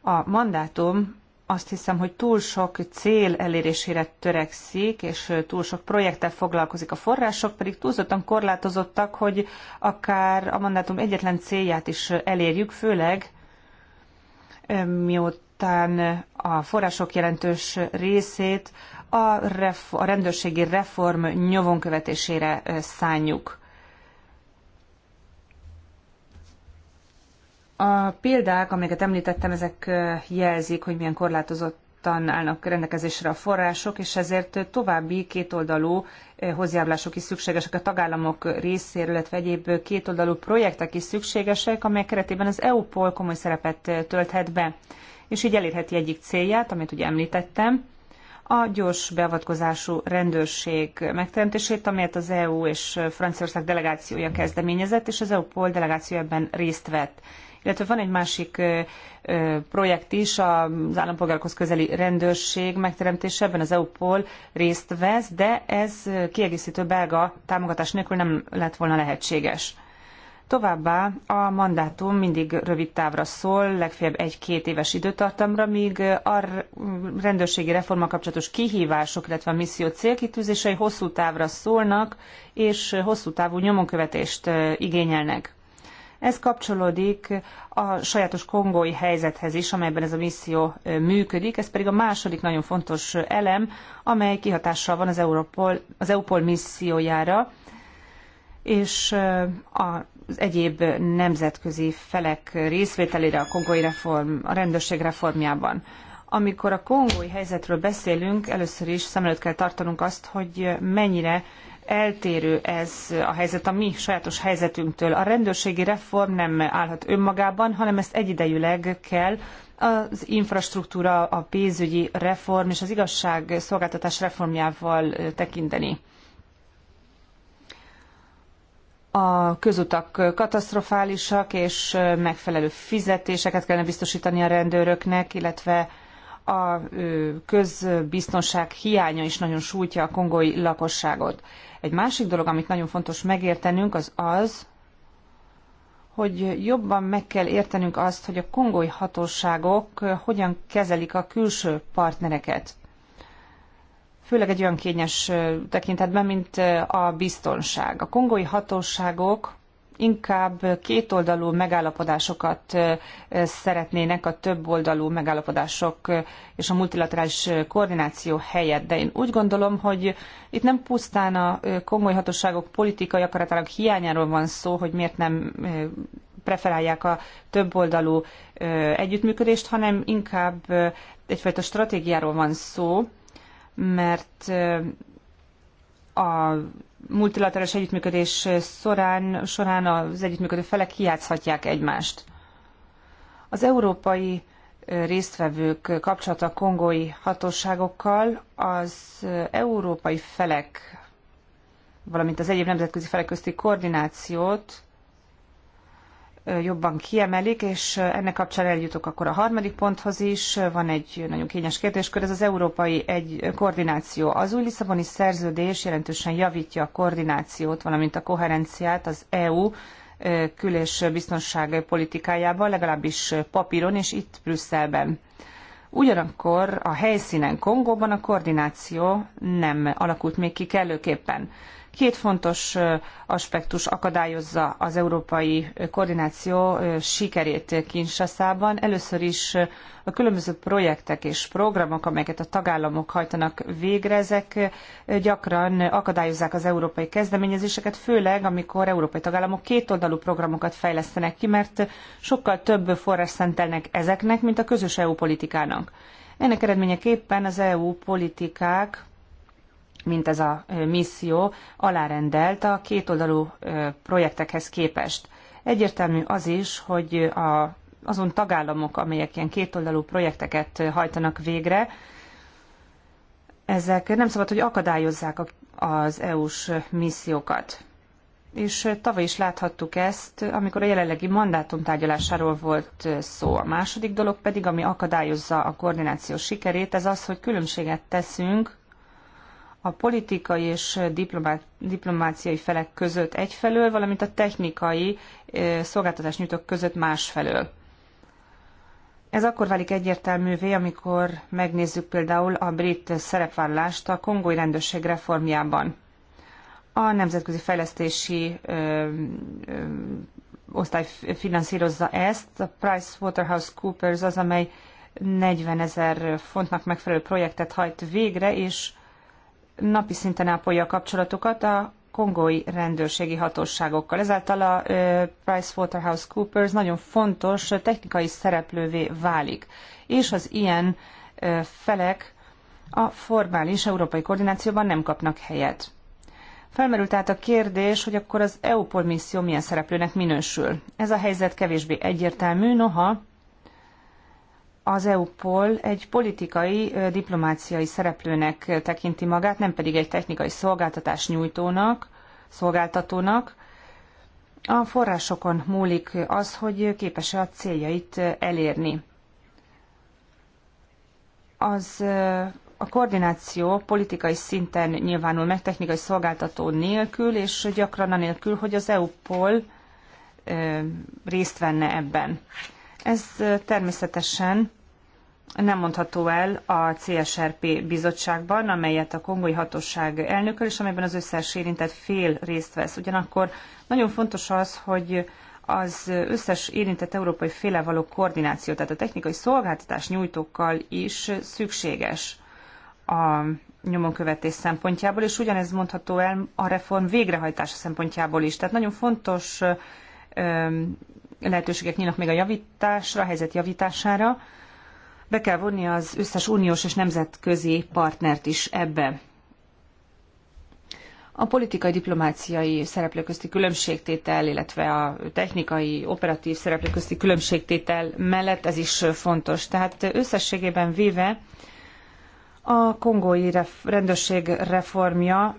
A mandátum azt hiszem, hogy túl sok cél elérésére törekszik, és túl sok projekttel foglalkozik. A források pedig túlzottan korlátozottak, hogy akár a mandátum egyetlen célját is elérjük, főleg miután a források jelentős részét a, ref, a rendőrségi reform nyomon követésére szánjuk. A példák, amelyeket említettem, ezek jelzik, hogy milyen korlátozottan állnak rendelkezésre a források, és ezért további kétoldalú hozzájárulások is szükségesek a tagállamok részéről, illetve egyéb kétoldalú projektek is szükségesek, amelyek keretében az EU-pol komoly szerepet tölthet be, és így elérheti egyik célját, amit ugye említettem, a gyors beavatkozású rendőrség megteremtését, amelyet az EU és Franciaország delegációja kezdeményezett, és az EU-pol delegáció ebben részt vett. Illetve van egy másik projekt is, az állampolgárokhoz közeli rendőrség megteremtése, ebben az EUPOL részt vesz, de ez kiegészítő belga támogatás nélkül nem lett volna lehetséges. Továbbá a mandátum mindig rövid távra szól, legfeljebb egy-két éves időtartamra, míg a rendőrségi reforma kapcsolatos kihívások, illetve a misszió célkitűzései hosszú távra szólnak, és hosszú távú nyomonkövetést igényelnek. Ez kapcsolódik a sajátos kongói helyzethez is, amelyben ez a misszió működik. Ez pedig a második nagyon fontos elem, amely kihatással van az, Europol, az EUPOL missziójára, és az egyéb nemzetközi felek részvételére a kongói reform, a rendőrség reformjában. Amikor a kongói helyzetről beszélünk, először is szem előtt kell tartanunk azt, hogy mennyire eltérő ez a helyzet a mi sajátos helyzetünktől. A rendőrségi reform nem állhat önmagában, hanem ezt egyidejűleg kell az infrastruktúra, a pénzügyi reform és az igazságszolgáltatás reformjával tekinteni. A közutak katasztrofálisak, és megfelelő fizetéseket kellene biztosítani a rendőröknek, illetve a közbiztonság hiánya is nagyon sújtja a kongói lakosságot. Egy másik dolog, amit nagyon fontos megértenünk, az az, hogy jobban meg kell értenünk azt, hogy a kongói hatóságok hogyan kezelik a külső partnereket. Főleg egy olyan kényes tekintetben, mint a biztonság. A kongói hatóságok inkább kétoldalú megállapodásokat szeretnének a többoldalú megállapodások és a multilaterális koordináció helyett. De én úgy gondolom, hogy itt nem pusztán a komoly hatóságok politikai akaratának hiányáról van szó, hogy miért nem preferálják a többoldalú együttműködést, hanem inkább egyfajta stratégiáról van szó, mert a multilaterális együttműködés során, során az együttműködő felek kiátszhatják egymást. Az európai résztvevők kapcsolata a kongói hatóságokkal az európai felek, valamint az egyéb nemzetközi felek közti koordinációt jobban kiemelik, és ennek kapcsán eljutok akkor a harmadik ponthoz is. Van egy nagyon kényes kérdéskör, ez az európai egy koordináció. Az új Lisszaboni szerződés jelentősen javítja a koordinációt, valamint a koherenciát az EU kül- és biztonságpolitikájában, legalábbis papíron és itt Brüsszelben. Ugyanakkor a helyszínen Kongóban a koordináció nem alakult még ki kellőképpen. Két fontos aspektus akadályozza az európai koordináció sikerét Kinsaszában. Először is a különböző projektek és programok, amelyeket a tagállamok hajtanak végre, ezek gyakran akadályozzák az európai kezdeményezéseket, főleg amikor európai tagállamok kétoldalú programokat fejlesztenek ki, mert sokkal több forrás szentelnek ezeknek, mint a közös EU politikának. Ennek eredményeképpen az EU politikák mint ez a misszió, alárendelt a kétoldalú projektekhez képest. Egyértelmű az is, hogy a, azon tagállamok, amelyek ilyen kétoldalú projekteket hajtanak végre, ezek nem szabad, hogy akadályozzák az EU-s missziókat. És tavaly is láthattuk ezt, amikor a jelenlegi mandátum tárgyalásáról volt szó. A második dolog pedig, ami akadályozza a koordináció sikerét, ez az, hogy különbséget teszünk a politikai és diplomáciai felek között egyfelől, valamint a technikai szolgáltatás nyújtók között másfelől. Ez akkor válik egyértelművé, amikor megnézzük például a brit szerepvállalást a kongói rendőrség reformjában. A Nemzetközi Fejlesztési ö, ö, Osztály finanszírozza ezt, a PricewaterhouseCoopers az, amely 40 ezer fontnak megfelelő projektet hajt végre, és napi szinten ápolja a kapcsolatokat a kongói rendőrségi hatóságokkal. Ezáltal a PricewaterhouseCoopers nagyon fontos technikai szereplővé válik, és az ilyen felek a formális európai koordinációban nem kapnak helyet. Felmerült tehát a kérdés, hogy akkor az EUPOL misszió milyen szereplőnek minősül. Ez a helyzet kevésbé egyértelmű, noha az EU-pol egy politikai, diplomáciai szereplőnek tekinti magát, nem pedig egy technikai szolgáltatás nyújtónak, szolgáltatónak. A forrásokon múlik az, hogy képes-e a céljait elérni. Az a koordináció politikai szinten nyilvánul meg technikai szolgáltató nélkül, és gyakran anélkül, hogy az EU-pol részt venne ebben. Ez természetesen nem mondható el a CSRP bizottságban, amelyet a kongói hatóság elnököl, és amelyben az összes érintett fél részt vesz. Ugyanakkor nagyon fontos az, hogy az összes érintett európai féle való koordináció, tehát a technikai szolgáltatás nyújtókkal is szükséges a nyomonkövetés szempontjából, és ugyanez mondható el a reform végrehajtása szempontjából is. Tehát nagyon fontos lehetőségek nyílnak még a javításra, a helyzet javítására. Be kell vonni az összes uniós és nemzetközi partnert is ebbe. A politikai diplomáciai szereplők közti különbségtétel, illetve a technikai, operatív szereplők közti különbségtétel mellett ez is fontos. Tehát összességében véve a kongói ref, rendőrség reformja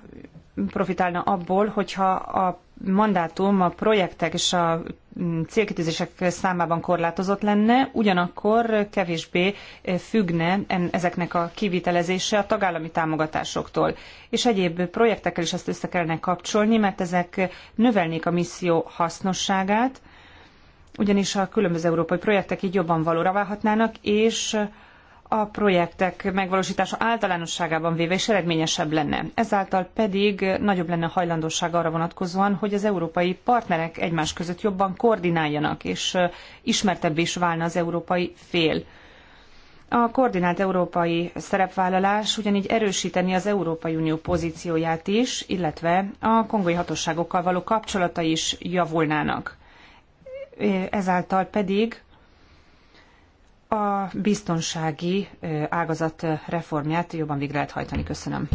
profitálna abból, hogyha a mandátum a projektek és a mm, célkitűzések számában korlátozott lenne, ugyanakkor kevésbé eh, függne ezeknek a kivitelezése a tagállami támogatásoktól. És egyéb projektekkel is ezt össze kellene kapcsolni, mert ezek növelnék a misszió hasznosságát, ugyanis a különböző európai projektek így jobban valóra válhatnának, és a projektek megvalósítása általánosságában véve is eredményesebb lenne. Ezáltal pedig nagyobb lenne a hajlandóság arra vonatkozóan, hogy az európai partnerek egymás között jobban koordináljanak, és ismertebb is válna az európai fél. A koordinált európai szerepvállalás ugyanígy erősíteni az Európai Unió pozícióját is, illetve a kongói hatóságokkal való kapcsolatai is javulnának. Ezáltal pedig a biztonsági ágazat reformját jobban végre lehet hajtani. Köszönöm.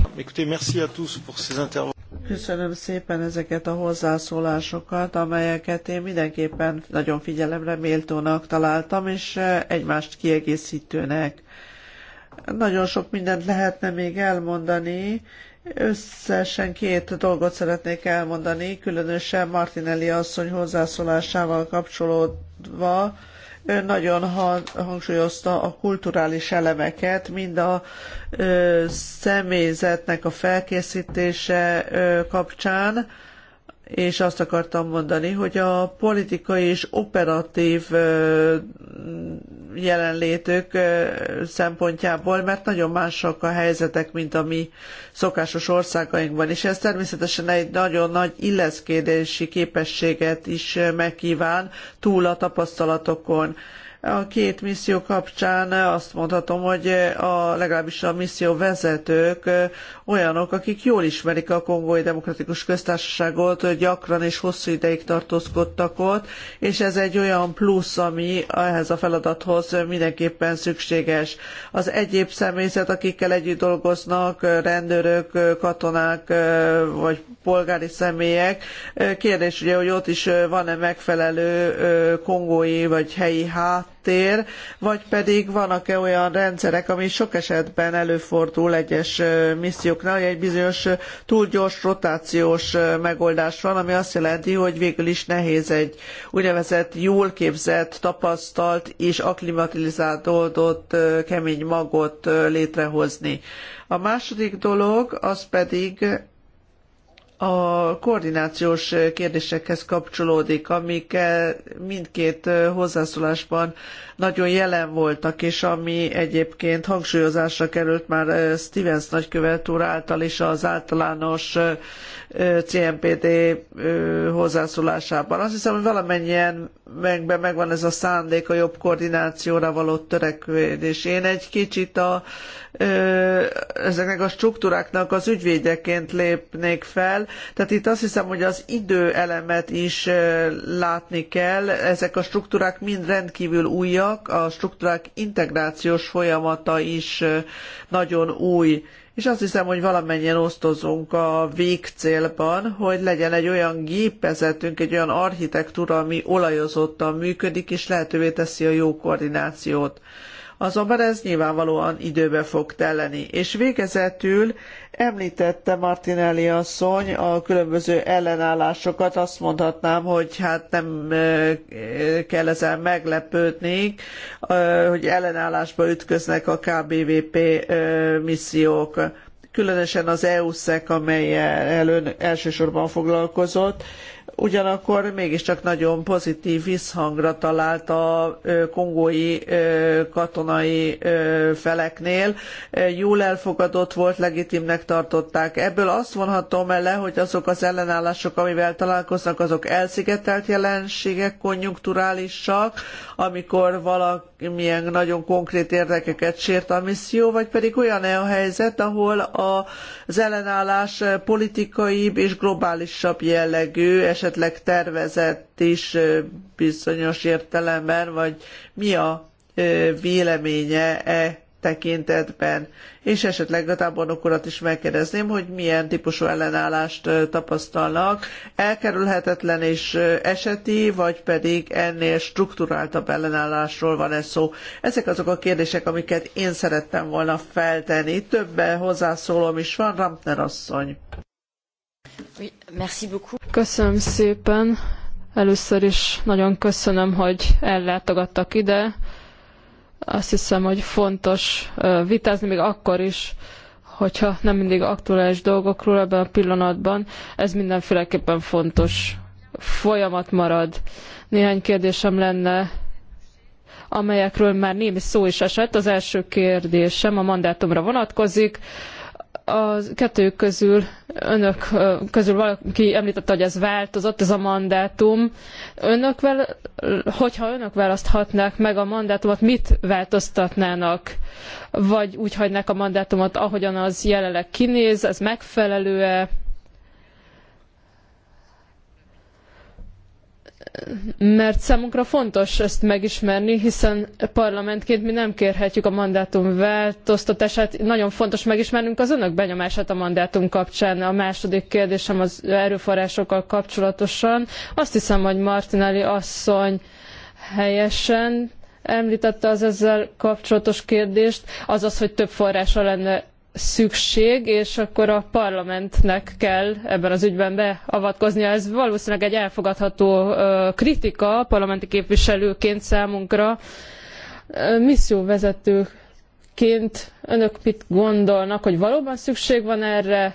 Köszönöm szépen ezeket a hozzászólásokat, amelyeket én mindenképpen nagyon figyelemre méltónak találtam, és egymást kiegészítőnek. Nagyon sok mindent lehetne még elmondani, Összesen két dolgot szeretnék elmondani, különösen Martinelli asszony hozzászólásával kapcsolódva Ön nagyon hangsúlyozta a kulturális elemeket, mind a személyzetnek a felkészítése kapcsán, és azt akartam mondani, hogy a politikai és operatív jelenlétük szempontjából, mert nagyon mások a helyzetek, mint a mi szokásos országainkban, és ez természetesen egy nagyon nagy illeszkedési képességet is megkíván túl a tapasztalatokon a két misszió kapcsán azt mondhatom, hogy a, legalábbis a misszió vezetők olyanok, akik jól ismerik a Kongói Demokratikus Köztársaságot, gyakran és hosszú ideig tartózkodtak ott, és ez egy olyan plusz, ami ehhez a feladathoz mindenképpen szükséges. Az egyéb személyzet, akikkel együtt dolgoznak, rendőrök, katonák vagy polgári személyek, kérdés ugye, hogy ott is van-e megfelelő kongói vagy helyi hát, háttér, vagy pedig vannak-e olyan rendszerek, ami sok esetben előfordul egyes misszióknál, hogy egy bizonyos túl gyors rotációs megoldás van, ami azt jelenti, hogy végül is nehéz egy úgynevezett jól képzett, tapasztalt és akklimatizálódott kemény magot létrehozni. A második dolog az pedig a koordinációs kérdésekhez kapcsolódik, amik mindkét hozzászólásban nagyon jelen voltak, és ami egyébként hangsúlyozásra került már Stevens nagykövet úr által is az általános CNPD hozzászólásában. Azt hiszem, hogy valamennyien megben megvan ez a szándék a jobb koordinációra való törekvés. Én egy kicsit a ezeknek a struktúráknak az ügyvédjeként lépnék fel. Tehát itt azt hiszem, hogy az időelemet is látni kell. Ezek a struktúrák mind rendkívül újak, a struktúrák integrációs folyamata is nagyon új és azt hiszem, hogy valamennyien osztozunk a végcélban, hogy legyen egy olyan gépezetünk, egy olyan architektúra, ami olajozottan működik, és lehetővé teszi a jó koordinációt azonban ez nyilvánvalóan időbe fog telleni. És végezetül említette Martinelli asszony a különböző ellenállásokat, azt mondhatnám, hogy hát nem kell ezen meglepődni, hogy ellenállásba ütköznek a KBVP missziók különösen az eu amely elő, elsősorban foglalkozott, ugyanakkor mégiscsak nagyon pozitív visszhangra talált a kongói katonai feleknél. Jól elfogadott volt, legitimnek tartották. Ebből azt vonhatom el le, hogy azok az ellenállások, amivel találkoznak, azok elszigetelt jelenségek, konjunkturálisak, amikor valamilyen nagyon konkrét érdekeket sért a misszió, vagy pedig olyan -e a helyzet, ahol az ellenállás politikaibb és globálisabb jellegű, esetleg esetleg tervezett is bizonyos értelemben, vagy mi a véleménye e tekintetben. És esetleg a tábornok urat is megkérdezném, hogy milyen típusú ellenállást tapasztalnak. Elkerülhetetlen és eseti, vagy pedig ennél strukturáltabb ellenállásról van ez szó. Ezek azok a kérdések, amiket én szerettem volna feltenni. Többen hozzászólom is van, Rampner asszony. Köszönöm szépen. Először is nagyon köszönöm, hogy ellátogattak ide. Azt hiszem, hogy fontos vitázni még akkor is, hogyha nem mindig aktuális dolgokról ebben a pillanatban. Ez mindenféleképpen fontos folyamat marad. Néhány kérdésem lenne, amelyekről már némi szó is esett. Az első kérdésem a mandátumra vonatkozik a kettő közül, önök közül valaki említette, hogy ez változott, ez a mandátum. Önök, vel, hogyha önök választhatnák meg a mandátumot, mit változtatnának? Vagy úgy hagynák a mandátumot, ahogyan az jelenleg kinéz, ez megfelelő-e? mert számunkra fontos ezt megismerni, hiszen parlamentként mi nem kérhetjük a mandátum változtatását. Nagyon fontos megismernünk az önök benyomását a mandátum kapcsán. A második kérdésem az erőforrásokkal kapcsolatosan. Azt hiszem, hogy Martinelli asszony helyesen említette az ezzel kapcsolatos kérdést, azaz, hogy több forrásra lenne szükség, és akkor a parlamentnek kell ebben az ügyben beavatkoznia. Ez valószínűleg egy elfogadható kritika parlamenti képviselőként számunkra. Misszióvezetőként önök mit gondolnak, hogy valóban szükség van erre,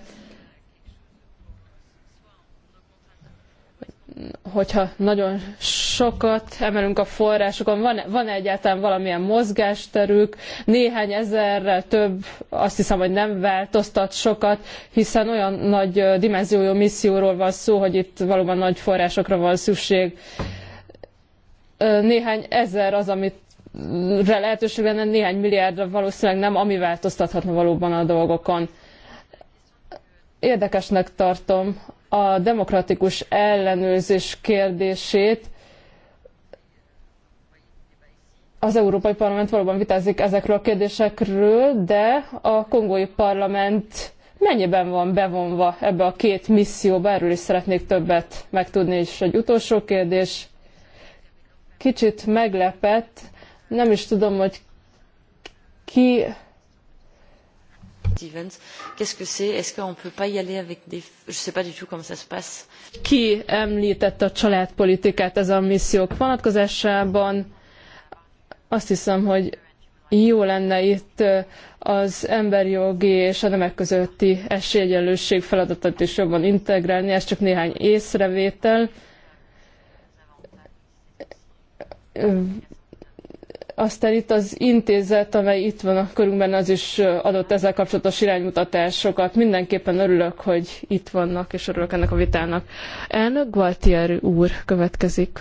hogyha nagyon sokat emelünk a forrásokon, van, van -e egyáltalán valamilyen mozgásterük, néhány ezerrel több, azt hiszem, hogy nem változtat sokat, hiszen olyan nagy dimenziójú misszióról van szó, hogy itt valóban nagy forrásokra van szükség. Néhány ezer az, amit lehetőség lenne, néhány milliárdra valószínűleg nem, ami változtathatna valóban a dolgokon. Érdekesnek tartom a demokratikus ellenőrzés kérdését, az Európai Parlament valóban vitázik ezekről a kérdésekről, de a kongói parlament mennyiben van bevonva ebbe a két misszióba, erről is szeretnék többet megtudni, és egy utolsó kérdés. Kicsit meglepett, nem is tudom, hogy ki Stevens. Qu'est-ce que c'est Est-ce qu'on peut pas y aller avec des... Je sais pas du tout comment ça se passe. Ki említette a családpolitikát ez a missziók vonatkozásában? Azt hiszem, hogy jó lenne itt az emberjogi és a nemek közötti esélyegyenlőség feladatot is jobban integrálni, ez csak néhány észrevétel. Aztán itt az intézet, amely itt van a körünkben, az is adott ezzel kapcsolatos iránymutatásokat. Mindenképpen örülök, hogy itt vannak, és örülök ennek a vitának. Elnök Gualtier úr következik.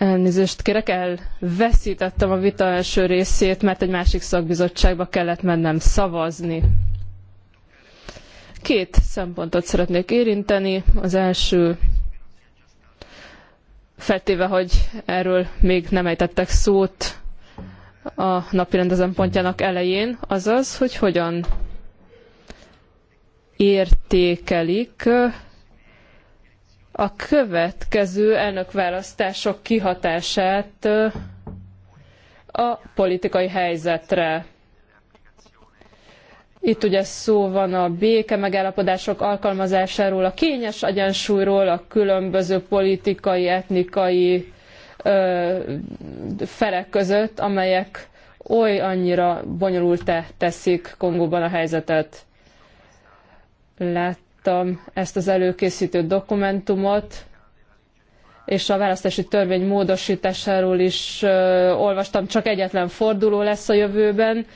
Elnézést kérek, elveszítettem a vita első részét, mert egy másik szakbizottságba kellett mennem szavazni. Két szempontot szeretnék érinteni. Az első, feltéve, hogy erről még nem ejtettek szót a napirend ezen pontjának elején, azaz, hogy hogyan értékelik a következő elnökválasztások kihatását a politikai helyzetre. Itt ugye szó van a béke megállapodások alkalmazásáról, a kényes egyensúlyról, a különböző politikai, etnikai ö, felek között, amelyek oly annyira bonyolultá teszik Kongóban a helyzetet. Lát, láttam ezt az előkészítő dokumentumot, és a választási törvény módosításáról is olvastam, csak egyetlen forduló lesz a jövőben.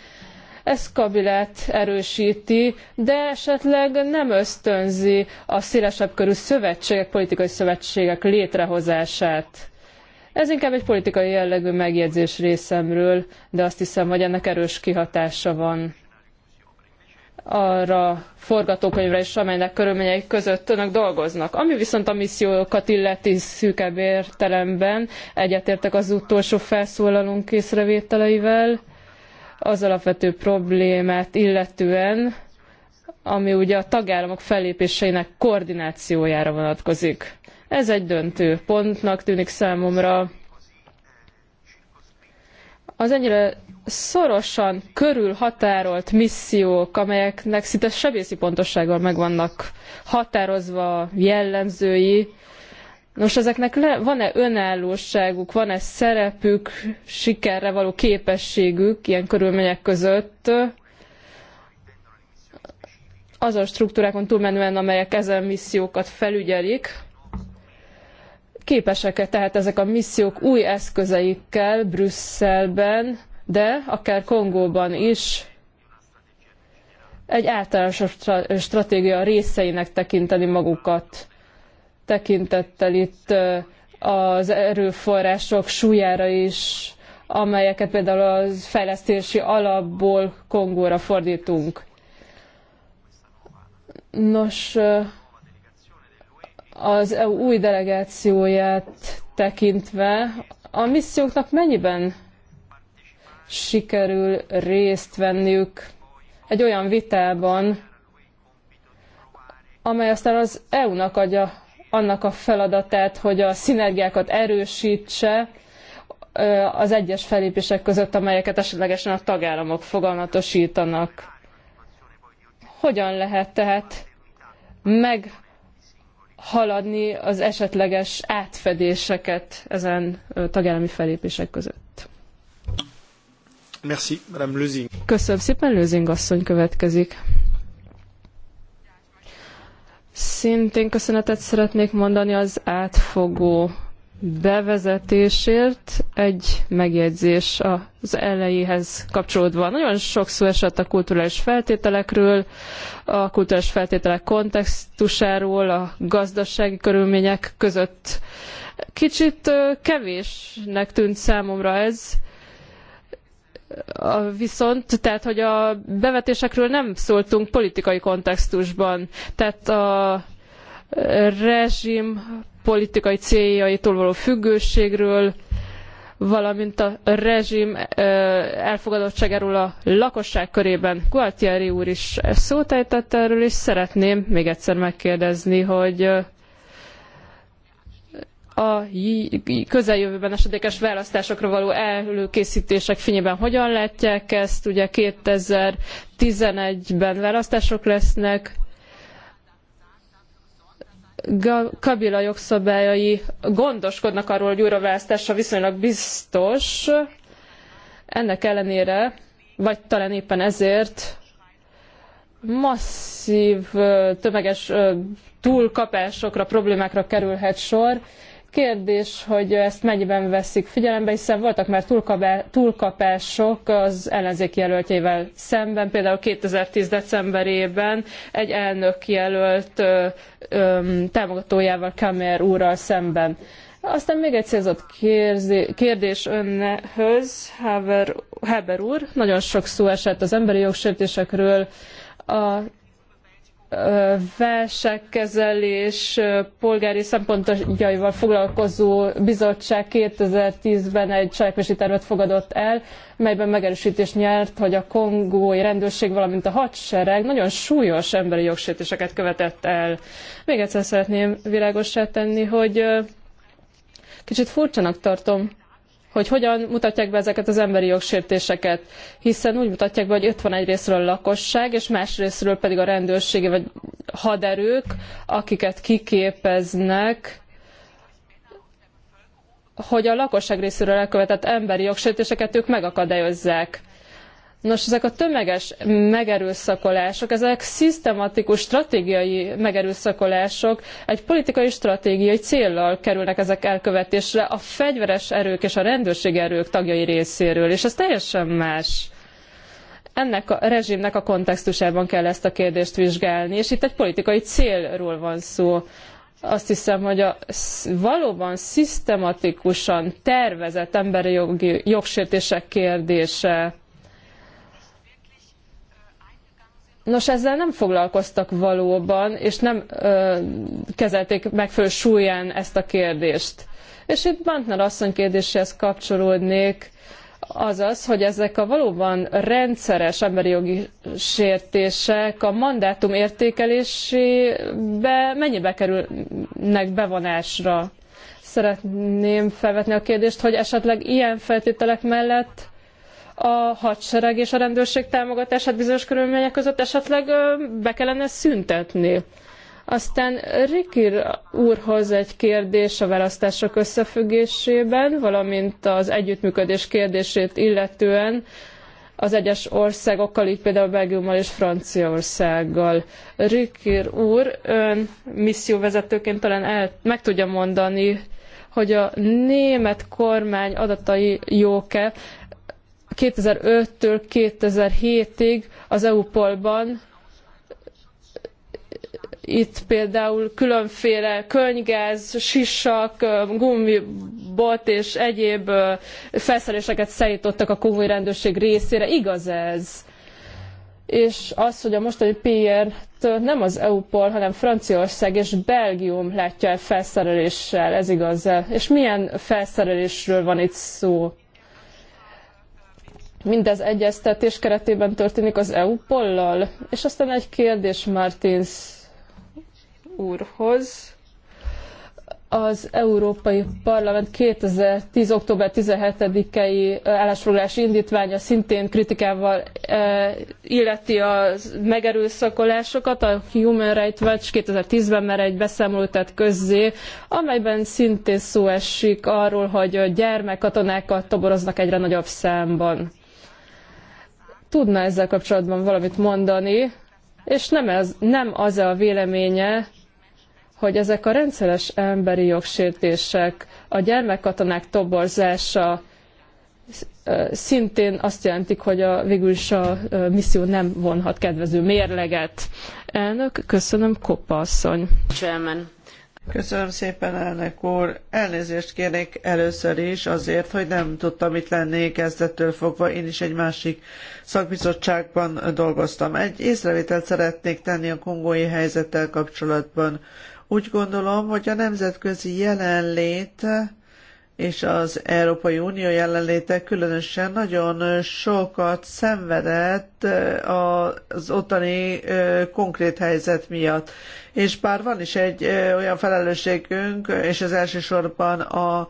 Ez Kabilát erősíti, de esetleg nem ösztönzi a szélesebb körű szövetségek, politikai szövetségek létrehozását. Ez inkább egy politikai jellegű megjegyzés részemről, de azt hiszem, hogy ennek erős kihatása van arra forgatókönyvre is, amelynek körülményei között önök dolgoznak. Ami viszont a missziókat illeti szűkebb értelemben, egyetértek az utolsó felszólalónk észrevételeivel, az alapvető problémát illetően, ami ugye a tagállamok fellépéseinek koordinációjára vonatkozik. Ez egy döntő pontnak tűnik számomra. Az ennyire szorosan körülhatárolt missziók, amelyeknek szinte sebészi pontossággal meg vannak határozva jellemzői. Nos, ezeknek van-e önállóságuk, van-e szerepük, sikerre való képességük ilyen körülmények között? azon struktúrákon túlmenően, amelyek ezen missziókat felügyelik, képesek-e tehát ezek a missziók új eszközeikkel Brüsszelben de akár Kongóban is egy általános stratégia részeinek tekinteni magukat. Tekintettel itt az erőforrások súlyára is, amelyeket például a fejlesztési alapból Kongóra fordítunk. Nos, az EU új delegációját tekintve a misszióknak mennyiben sikerül részt venniük egy olyan vitában, amely aztán az EU-nak adja annak a feladatát, hogy a szinergiákat erősítse az egyes felépések között, amelyeket esetlegesen a tagállamok fogalmatosítanak. Hogyan lehet tehát meghaladni az esetleges átfedéseket ezen tagállami felépések között? Merci, Madame Köszönöm szépen, asszony következik. Szintén köszönetet szeretnék mondani az átfogó bevezetésért egy megjegyzés az elejéhez kapcsolódva. Nagyon sok szó esett a kulturális feltételekről, a kulturális feltételek kontextusáról, a gazdasági körülmények között. Kicsit kevésnek tűnt számomra ez, viszont, tehát hogy a bevetésekről nem szóltunk politikai kontextusban, tehát a e, rezsim politikai céljaitól való függőségről, valamint a rezsim e, elfogadottságáról a lakosság körében. Gualtieri úr is szót ejtett erről, és szeretném még egyszer megkérdezni, hogy e, a közeljövőben esedékes választásokra való előkészítések fényében hogyan látják ezt? Ugye 2011-ben választások lesznek, Kabila jogszabályai gondoskodnak arról, hogy újraválasztása viszonylag biztos. Ennek ellenére, vagy talán éppen ezért masszív tömeges túlkapásokra, problémákra kerülhet sor, Kérdés, hogy ezt mennyiben veszik figyelembe, hiszen voltak már túlkapások az ellenzék jelöltjével szemben, például 2010. decemberében egy elnök jelölt ö, ö, támogatójával Kamer úrral szemben. Aztán még egy célzott kérdés önhöz, Haber, Haber úr. Nagyon sok szó esett az emberi jogsértésekről, a válságkezelés polgári szempontjaival foglalkozó bizottság 2010-ben egy cselekvési tervet fogadott el, melyben megerősítést nyert, hogy a kongói rendőrség, valamint a hadsereg nagyon súlyos emberi jogsértéseket követett el. Még egyszer szeretném világossá tenni, hogy kicsit furcsanak tartom hogy hogyan mutatják be ezeket az emberi jogsértéseket, hiszen úgy mutatják be, hogy ott van egyrésztről a lakosság, és részről pedig a rendőrségi vagy haderők, akiket kiképeznek, hogy a lakosság részéről elkövetett emberi jogsértéseket ők megakadályozzák. Nos, ezek a tömeges megerőszakolások, ezek szisztematikus stratégiai megerőszakolások egy politikai stratégiai céllal kerülnek ezek elkövetésre a fegyveres erők és a rendőrségi erők tagjai részéről, és ez teljesen más ennek a rezsimnek a kontextusában kell ezt a kérdést vizsgálni, és itt egy politikai célról van szó. Azt hiszem, hogy a valóban szisztematikusan tervezett emberi jogi jogsértések kérdése Nos, ezzel nem foglalkoztak valóban, és nem ö, kezelték megfelelő súlyán ezt a kérdést. És itt Bantner asszony kérdéséhez kapcsolódnék, azaz, hogy ezek a valóban rendszeres emberi jogi sértések a mandátum értékelésébe mennyibe kerülnek bevonásra? Szeretném felvetni a kérdést, hogy esetleg ilyen feltételek mellett a hadsereg és a rendőrség támogatását bizonyos körülmények között esetleg be kellene szüntetni. Aztán Rikir úrhoz egy kérdés a választások összefüggésében, valamint az együttműködés kérdését illetően az egyes országokkal, így például Belgiummal és Franciaországgal. Rikir úr, ön misszióvezetőként talán el, meg tudja mondani, hogy a német kormány adatai jók-e, 2005-től 2007-ig az eupol ban itt például különféle könygáz, sisak, gumibot és egyéb felszereléseket szállítottak a konvoi rendőrség részére. Igaz ez? És az, hogy a mostani PR-t nem az EU-pol, hanem Franciaország és Belgium látja el felszereléssel, ez igaz -e? És milyen felszerelésről van itt szó? Mindez egyeztetés keretében történik az EU-pollal? És aztán egy kérdés Martins úrhoz az Európai Parlament 2010. október 17-i állásfoglalási indítványa szintén kritikával illeti a megerőszakolásokat. A Human Rights Watch 2010-ben már egy beszámolót tett közzé, amelyben szintén szó esik arról, hogy gyermekkatonákat toboroznak egyre nagyobb számban tudna ezzel kapcsolatban valamit mondani, és nem, ez, nem az a véleménye, hogy ezek a rendszeres emberi jogsértések, a gyermekkatonák toborzása szintén azt jelentik, hogy a, végül is a misszió nem vonhat kedvező mérleget. Elnök, köszönöm, Koppa asszony. Chairman. Köszönöm szépen, elnök úr. Elnézést kérnék először is azért, hogy nem tudtam itt lenni kezdettől fogva. Én is egy másik szakbizottságban dolgoztam. Egy észrevételt szeretnék tenni a kongói helyzettel kapcsolatban. Úgy gondolom, hogy a nemzetközi jelenlét és az Európai Unió jelenléte különösen nagyon sokat szenvedett az ottani konkrét helyzet miatt. És bár van is egy olyan felelősségünk, és ez elsősorban a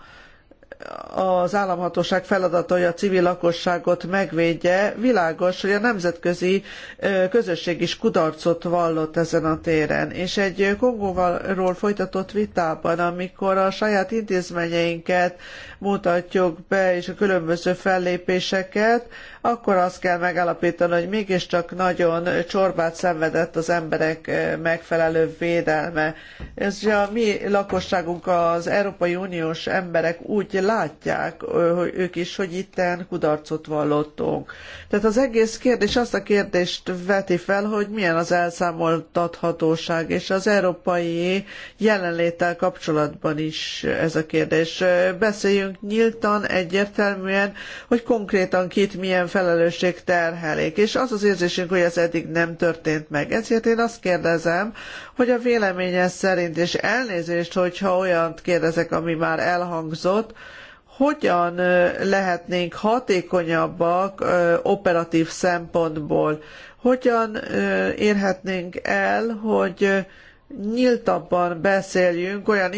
az államhatóság feladata, hogy a civil lakosságot megvédje, világos, hogy a nemzetközi közösség is kudarcot vallott ezen a téren. És egy Kongóval folytatott vitában, amikor a saját intézményeinket mutatjuk be, és a különböző fellépéseket, akkor azt kell megállapítani, hogy mégiscsak nagyon csorbát szenvedett az emberek eh, megfelelő védelme. Ez a mi lakosságunk, az Európai Uniós emberek úgy látják, hogy ők is, hogy itten kudarcot vallottunk. Tehát az egész kérdés azt a kérdést veti fel, hogy milyen az elszámoltathatóság, és az európai jelenléttel kapcsolatban is ez a kérdés. Beszéljünk nyíltan, egyértelműen, hogy konkrétan kit milyen felelősség terhelik, és az az érzésünk, hogy ez eddig nem történt meg. Ezért én azt kérdezem, hogy a véleménye szerint, és elnézést, hogyha olyant kérdezek, ami már elhangzott, hogyan lehetnénk hatékonyabbak operatív szempontból? Hogyan érhetnénk el, hogy nyíltabban beszéljünk olyan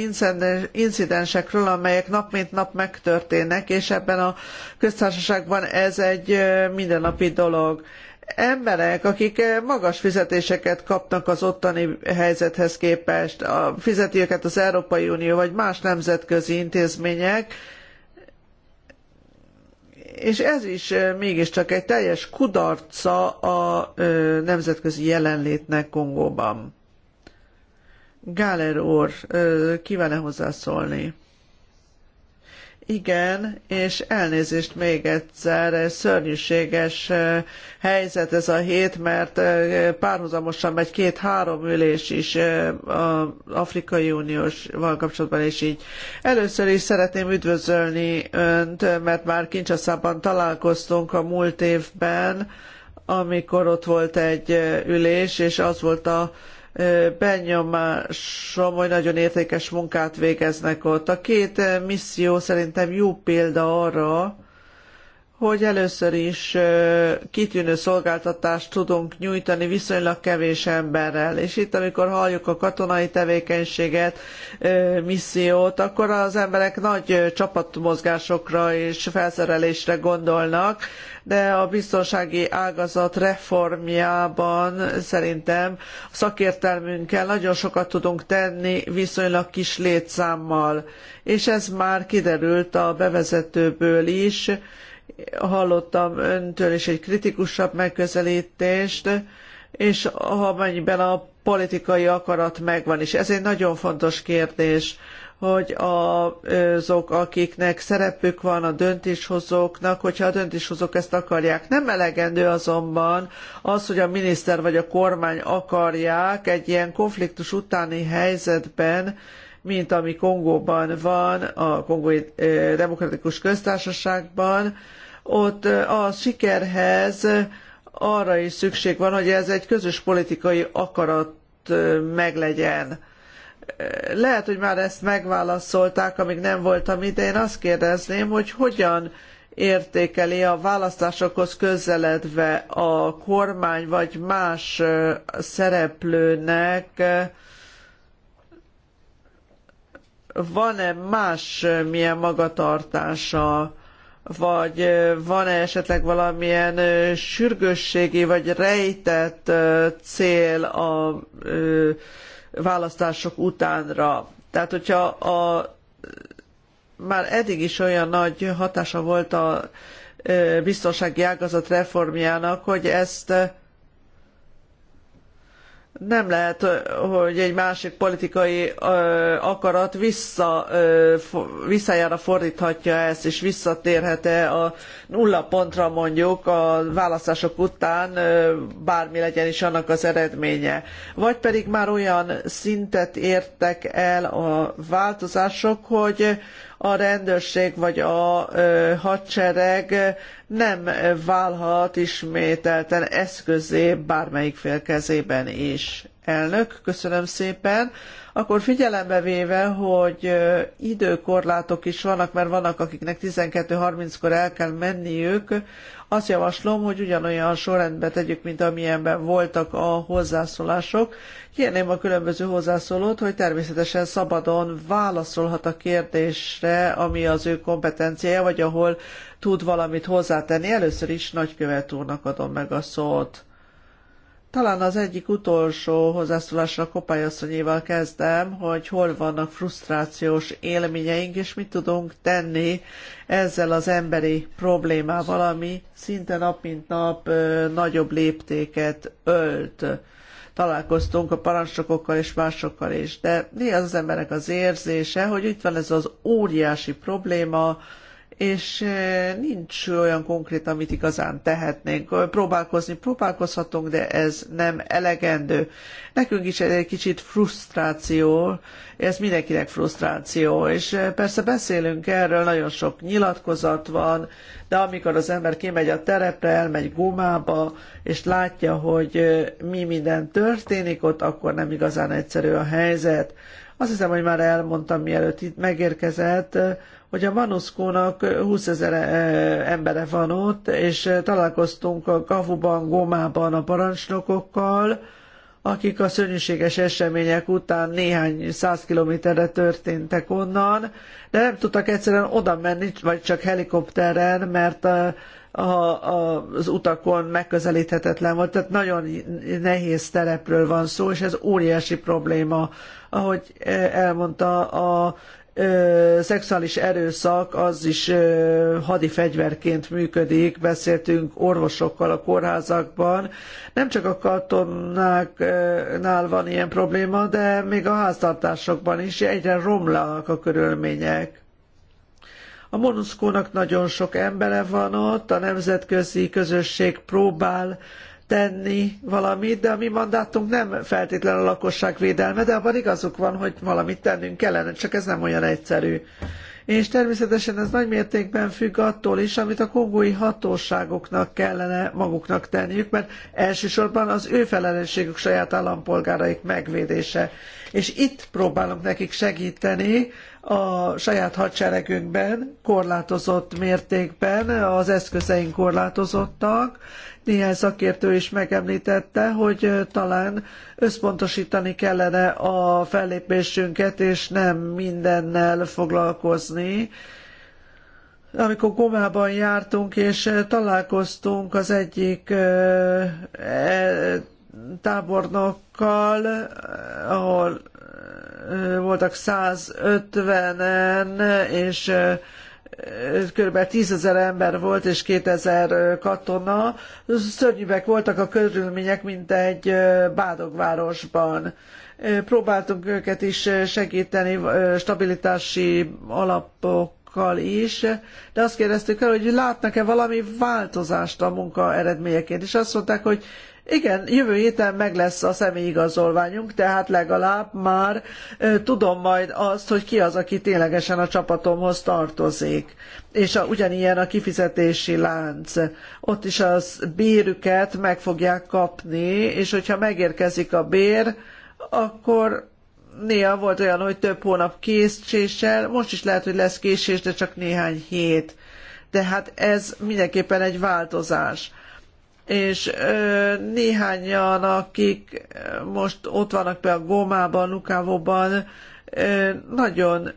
incidensekről, amelyek nap mint nap megtörténnek, és ebben a köztársaságban ez egy mindennapi dolog emberek, akik magas fizetéseket kapnak az ottani helyzethez képest, a, fizeti őket az Európai Unió vagy más nemzetközi intézmények, és ez is mégiscsak egy teljes kudarca a ö, nemzetközi jelenlétnek Kongóban. Gáler úr, kívánne hozzászólni? Igen, és elnézést még egyszer, szörnyűséges helyzet ez a hét, mert párhuzamosan megy két-három ülés is az Afrikai Uniós val kapcsolatban, és így először is szeretném üdvözölni önt, mert már Kincsaszában találkoztunk a múlt évben, amikor ott volt egy ülés, és az volt a benyomásom, hogy nagyon értékes munkát végeznek ott. A két misszió szerintem jó példa arra, hogy először is kitűnő szolgáltatást tudunk nyújtani viszonylag kevés emberrel. És itt, amikor halljuk a katonai tevékenységet, missziót, akkor az emberek nagy csapatmozgásokra és felszerelésre gondolnak, de a biztonsági ágazat reformjában szerintem a szakértelmünkkel nagyon sokat tudunk tenni viszonylag kis létszámmal. És ez már kiderült a bevezetőből is, hallottam öntől is egy kritikusabb megközelítést, és amennyiben a politikai akarat megvan is. Ez egy nagyon fontos kérdés, hogy azok, akiknek szerepük van a döntéshozóknak, hogyha a döntéshozók ezt akarják. Nem elegendő azonban az, hogy a miniszter vagy a kormány akarják egy ilyen konfliktus utáni helyzetben, mint ami Kongóban van, a Kongói eh, Demokratikus Köztársaságban, ott a sikerhez arra is szükség van, hogy ez egy közös politikai akarat meglegyen. Lehet, hogy már ezt megválaszolták, amíg nem voltam itt, de én azt kérdezném, hogy hogyan értékeli a választásokhoz közeledve a kormány vagy más szereplőnek van-e más milyen magatartása? vagy van-e esetleg valamilyen sürgősségi vagy rejtett cél a választások utánra. Tehát, hogyha a, már eddig is olyan nagy hatása volt a biztonsági ágazat reformjának, hogy ezt nem lehet, hogy egy másik politikai akarat vissza, visszajára fordíthatja ezt, és visszatérhet-e a nulla pontra mondjuk a választások után bármi legyen is annak az eredménye. Vagy pedig már olyan szintet értek el a változások, hogy a rendőrség vagy a hadsereg nem válhat ismételten eszközé bármelyik fél kezében is. Elnök, köszönöm szépen. Akkor figyelembe véve, hogy időkorlátok is vannak, mert vannak, akiknek 12.30-kor el kell menniük, azt javaslom, hogy ugyanolyan sorrendbe tegyük, mint amilyenben voltak a hozzászólások. Kérném a különböző hozzászólót, hogy természetesen szabadon válaszolhat a kérdésre, ami az ő kompetenciája, vagy ahol tud valamit hozzátenni. Először is nagykövet úrnak adom meg a szót. Talán az egyik utolsó hozzászólásra Kopály asszonyéval kezdem, hogy hol vannak frusztrációs élményeink, és mit tudunk tenni ezzel az emberi problémával, ami szinte nap mint nap ö, nagyobb léptéket ölt. Találkoztunk a parancsokokkal és másokkal is, de mi az az emberek az érzése, hogy itt van ez az óriási probléma, és nincs olyan konkrét, amit igazán tehetnénk. Próbálkozni próbálkozhatunk, de ez nem elegendő. Nekünk is egy kicsit frusztráció, ez mindenkinek frusztráció, és persze beszélünk erről, nagyon sok nyilatkozat van, de amikor az ember kimegy a terepre, elmegy gumába és látja, hogy mi minden történik ott, akkor nem igazán egyszerű a helyzet. Azt hiszem, hogy már elmondtam, mielőtt itt megérkezett, hogy a Manuszkónak 20 ezer eh, embere van ott, és eh, találkoztunk a Kavuban, Gomában a parancsnokokkal, akik a szörnyűséges események után néhány száz kilométerre történtek onnan, de nem tudtak egyszerűen oda menni, vagy csak helikopteren, mert a, eh, a, az utakon megközelíthetetlen volt. Tehát nagyon nehéz terepről van szó, és ez óriási probléma. Ahogy elmondta, a ö, szexuális erőszak az is ö, hadi fegyverként működik. Beszéltünk orvosokkal a kórházakban. Nem csak a katonáknál van ilyen probléma, de még a háztartásokban is egyre romlanak a körülmények. A MONUSCO-nak nagyon sok embere van ott, a nemzetközi közösség próbál tenni valamit, de a mi mandátunk nem feltétlenül a lakosság védelme, de abban igazuk van, hogy valamit tennünk kellene, csak ez nem olyan egyszerű. És természetesen ez nagy mértékben függ attól is, amit a kongói hatóságoknak kellene maguknak tenniük, mert elsősorban az ő felelősségük saját állampolgáraik megvédése. És itt próbálunk nekik segíteni, a saját hadseregünkben korlátozott mértékben, az eszközeink korlátozottak. Néhány szakértő is megemlítette, hogy talán összpontosítani kellene a fellépésünket, és nem mindennel foglalkozni. Amikor Gomában jártunk, és találkoztunk az egyik e, tábornokkal, ahol voltak 150-en, és kb. 10 ezer ember volt, és 2000 katona. Szörnyűek voltak a körülmények, mint egy Bádogvárosban. Próbáltunk őket is segíteni stabilitási alapok is, de azt kérdeztük el, hogy látnak-e valami változást a munka eredményeként, és azt mondták, hogy igen, jövő héten meg lesz a személyigazolványunk, tehát legalább már tudom majd azt, hogy ki az, aki ténylegesen a csapatomhoz tartozik. És a, ugyanilyen a kifizetési lánc. Ott is az bérüket meg fogják kapni, és hogyha megérkezik a bér, akkor néha volt olyan, hogy több hónap késéssel, most is lehet, hogy lesz késés, de csak néhány hét. Tehát ez mindenképpen egy változás és néhányan, akik most ott vannak például Gómában, Lukávóban, nagyon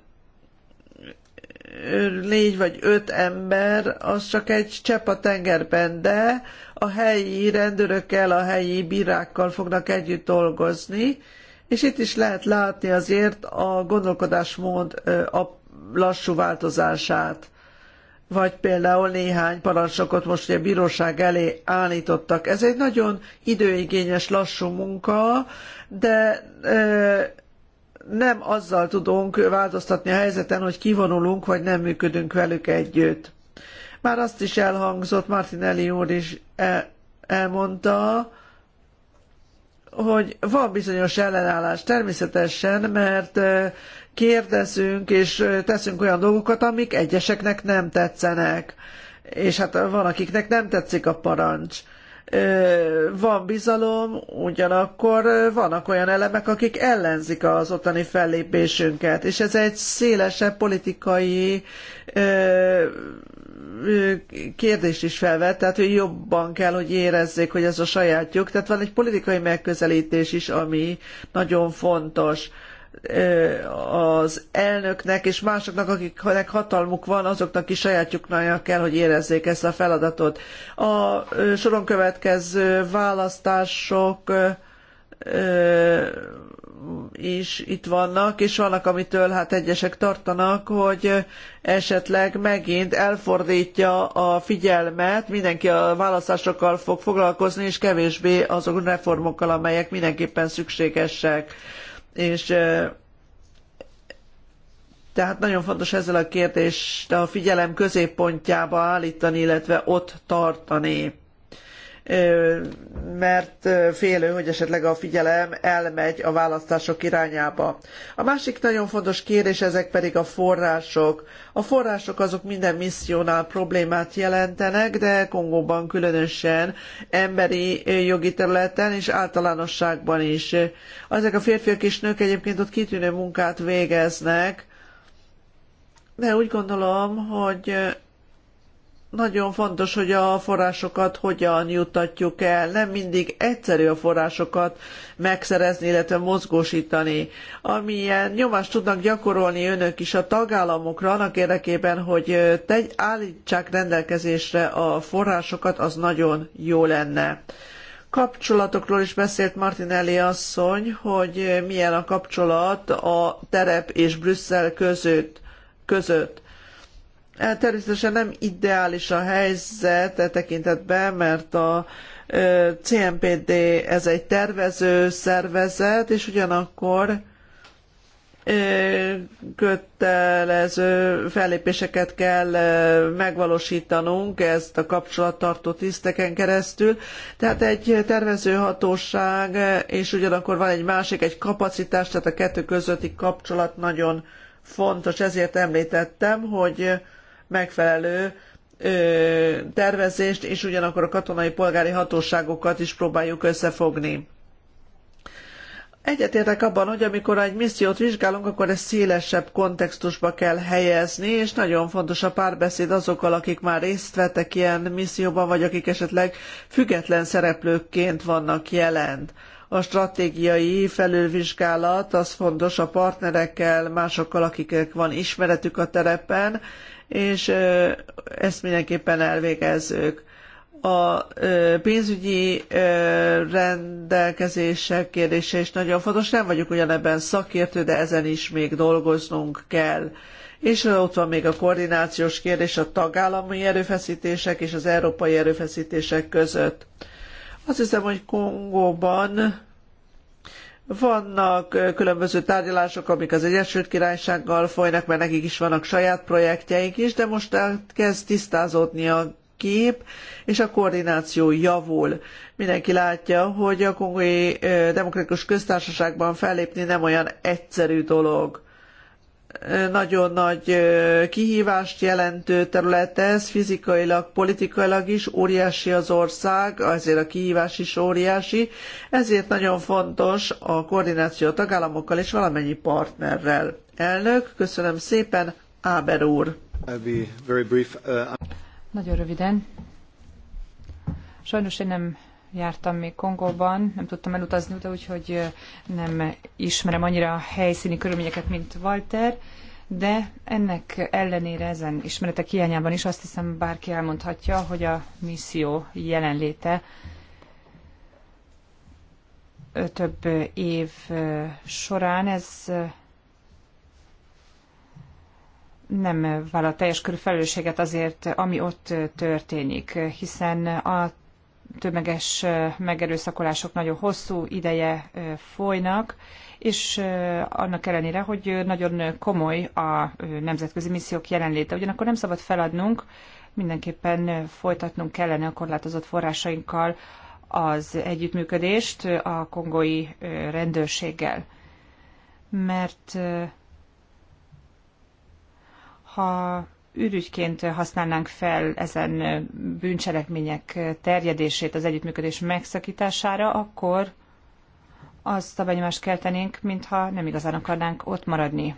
négy vagy öt ember, az csak egy csepp a tengerben, de a helyi rendőrökkel, a helyi bírákkal fognak együtt dolgozni, és itt is lehet látni azért a gondolkodásmód a lassú változását vagy például néhány parancsnokot most ugye bíróság elé állítottak. Ez egy nagyon időigényes, lassú munka, de nem azzal tudunk változtatni a helyzeten, hogy kivonulunk, vagy nem működünk velük együtt. Már azt is elhangzott, Martinelli úr is e, elmondta, hogy van bizonyos ellenállás természetesen, mert kérdezünk és teszünk olyan dolgokat, amik egyeseknek nem tetszenek. És hát van, akiknek nem tetszik a parancs van bizalom, ugyanakkor vannak olyan elemek, akik ellenzik az ottani fellépésünket, és ez egy szélesebb politikai kérdést is felvet, tehát hogy jobban kell, hogy érezzék, hogy ez a sajátjuk. Tehát van egy politikai megközelítés is, ami nagyon fontos az elnöknek és másoknak, akiknek hatalmuk van, azoknak is sajátjuknak kell, hogy érezzék ezt a feladatot. A soron következő választások is itt vannak, és vannak, amitől hát egyesek tartanak, hogy esetleg megint elfordítja a figyelmet, mindenki a választásokkal fog foglalkozni, és kevésbé azon reformokkal, amelyek mindenképpen szükségesek és tehát nagyon fontos ezzel a kérdést a figyelem középpontjába állítani, illetve ott tartani mert félő, hogy esetleg a figyelem elmegy a választások irányába. A másik nagyon fontos kérés ezek pedig a források. A források azok minden missziónál problémát jelentenek, de Kongóban különösen emberi jogi területen és általánosságban is. Ezek a férfiak és nők egyébként ott kitűnő munkát végeznek, de úgy gondolom, hogy nagyon fontos, hogy a forrásokat hogyan juttatjuk el. Nem mindig egyszerű a forrásokat megszerezni, illetve mozgósítani. Amilyen nyomást tudnak gyakorolni önök is a tagállamokra annak érdekében, hogy tegy, állítsák rendelkezésre a forrásokat, az nagyon jó lenne. Kapcsolatokról is beszélt Martinelli asszony, hogy milyen a kapcsolat a terep és Brüsszel között. között E, természetesen nem ideális a helyzet e tekintetben, mert a e, CMPD ez egy tervező szervezet, és ugyanakkor e, kötelező fellépéseket kell megvalósítanunk, ezt a kapcsolattartó tiszteken keresztül. Tehát egy tervezőhatóság, és ugyanakkor van egy másik, egy kapacitás, tehát a kettő közötti kapcsolat nagyon fontos. Ezért említettem, hogy megfelelő tervezést, és ugyanakkor a katonai polgári hatóságokat is próbáljuk összefogni. Egyetértek abban, hogy amikor egy missziót vizsgálunk, akkor ezt szélesebb kontextusba kell helyezni, és nagyon fontos a párbeszéd azokkal, akik már részt vettek ilyen misszióban, vagy akik esetleg független szereplőkként vannak jelen. A stratégiai felülvizsgálat az fontos a partnerekkel, másokkal, akiknek van ismeretük a terepen, és ezt mindenképpen elvégezzük. A pénzügyi rendelkezések kérdése is nagyon fontos. Nem vagyunk ugyanebben szakértő, de ezen is még dolgoznunk kell. És ott van még a koordinációs kérdés a tagállami erőfeszítések és az európai erőfeszítések között. Azt hiszem, hogy Kongóban vannak különböző tárgyalások, amik az Egyesült Királysággal folynak, mert nekik is vannak saját projektjeik is, de most kezd tisztázódni a kép, és a koordináció javul. Mindenki látja, hogy a kongói demokratikus köztársaságban fellépni nem olyan egyszerű dolog nagyon nagy kihívást jelentő terület ez, fizikailag, politikailag is óriási az ország, ezért a kihívás is óriási, ezért nagyon fontos a koordináció a tagállamokkal és valamennyi partnerrel. Elnök, köszönöm szépen, Áber úr. Uh, nagyon röviden. Sajnos én nem jártam még Kongóban, nem tudtam elutazni oda, úgyhogy nem ismerem annyira a helyszíni körülményeket, mint Walter, de ennek ellenére ezen ismeretek hiányában is azt hiszem bárki elmondhatja, hogy a misszió jelenléte több év során ez nem vállal teljes körű felelősséget azért, ami ott történik, hiszen a tömeges megerőszakolások nagyon hosszú ideje folynak, és annak ellenére, hogy nagyon komoly a nemzetközi missziók jelenléte. Ugyanakkor nem szabad feladnunk, mindenképpen folytatnunk kellene a korlátozott forrásainkkal az együttműködést a kongói rendőrséggel. Mert ha ürügyként használnánk fel ezen bűncselekmények terjedését az együttműködés megszakítására, akkor azt a benyomást keltenénk, mintha nem igazán akarnánk ott maradni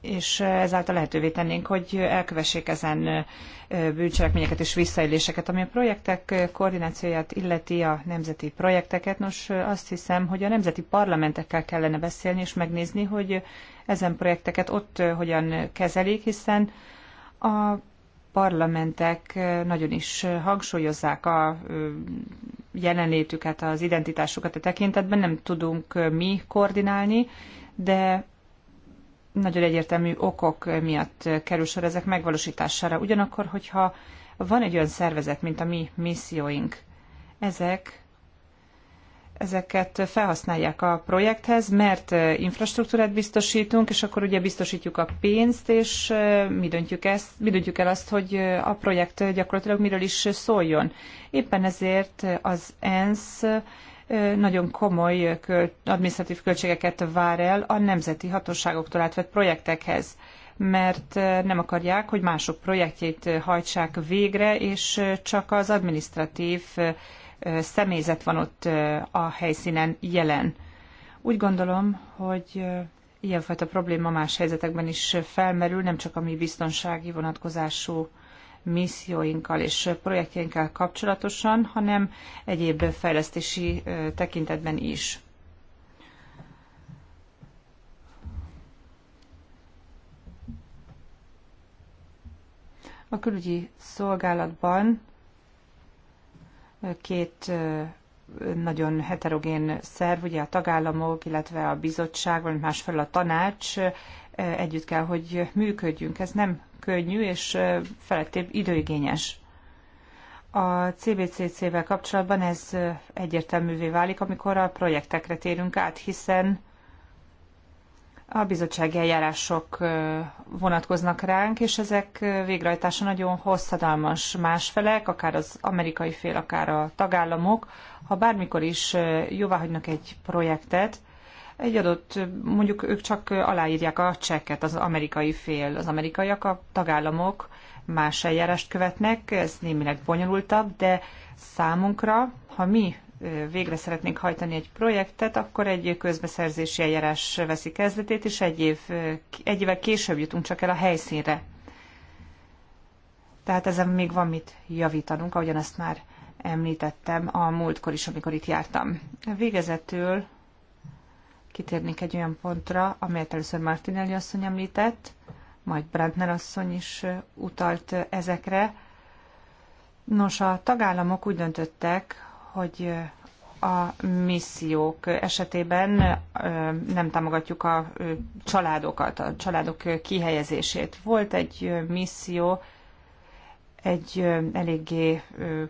és ezáltal lehetővé tennénk, hogy elkövessék ezen bűncselekményeket és visszaéléseket. Ami a projektek koordinációját illeti a nemzeti projekteket, nos azt hiszem, hogy a nemzeti parlamentekkel kellene beszélni és megnézni, hogy ezen projekteket ott hogyan kezelik, hiszen a parlamentek nagyon is hangsúlyozzák a jelenlétüket, az identitásukat a tekintetben, nem tudunk mi koordinálni, de nagyon egyértelmű okok miatt kerül sor ezek megvalósítására. Ugyanakkor, hogyha van egy olyan szervezet, mint a mi misszióink, ezek ezeket felhasználják a projekthez, mert infrastruktúrát biztosítunk, és akkor ugye biztosítjuk a pénzt, és mi döntjük, ezt, mi döntjük el azt, hogy a projekt gyakorlatilag miről is szóljon. Éppen ezért az ENSZ nagyon komoly adminisztratív költségeket vár el a nemzeti hatóságoktól átvett projektekhez mert nem akarják, hogy mások projektjét hajtsák végre, és csak az adminisztratív személyzet van ott a helyszínen jelen. Úgy gondolom, hogy ilyenfajta probléma más helyzetekben is felmerül, nem csak a mi biztonsági vonatkozású misszióinkkal és projektjeinkkel kapcsolatosan, hanem egyéb fejlesztési tekintetben is. A külügyi szolgálatban két nagyon heterogén szerv, ugye a tagállamok, illetve a bizottság, vagy másfelől a tanács együtt kell, hogy működjünk. Ez nem könnyű és felettébb időigényes. A CBCC-vel kapcsolatban ez egyértelművé válik, amikor a projektekre térünk át, hiszen a bizottsági eljárások vonatkoznak ránk, és ezek végrehajtása nagyon hosszadalmas másfelek, akár az amerikai fél, akár a tagállamok. Ha bármikor is jóváhagynak egy projektet, egy adott, mondjuk ők csak aláírják a csekket, az amerikai fél, az amerikaiak, a tagállamok más eljárást követnek, ez némileg bonyolultabb, de számunkra, ha mi végre szeretnénk hajtani egy projektet, akkor egy közbeszerzési eljárás veszi kezdetét, és egy, év, egy évvel később jutunk csak el a helyszínre. Tehát ezen még van mit javítanunk, ahogyan ezt már említettem a múltkor is, amikor itt jártam. Végezetül kitérnék egy olyan pontra, amelyet először Martinelli asszony említett, majd Brandner asszony is utalt ezekre. Nos, a tagállamok úgy döntöttek, hogy a missziók esetében nem támogatjuk a családokat, a családok kihelyezését. Volt egy misszió egy eléggé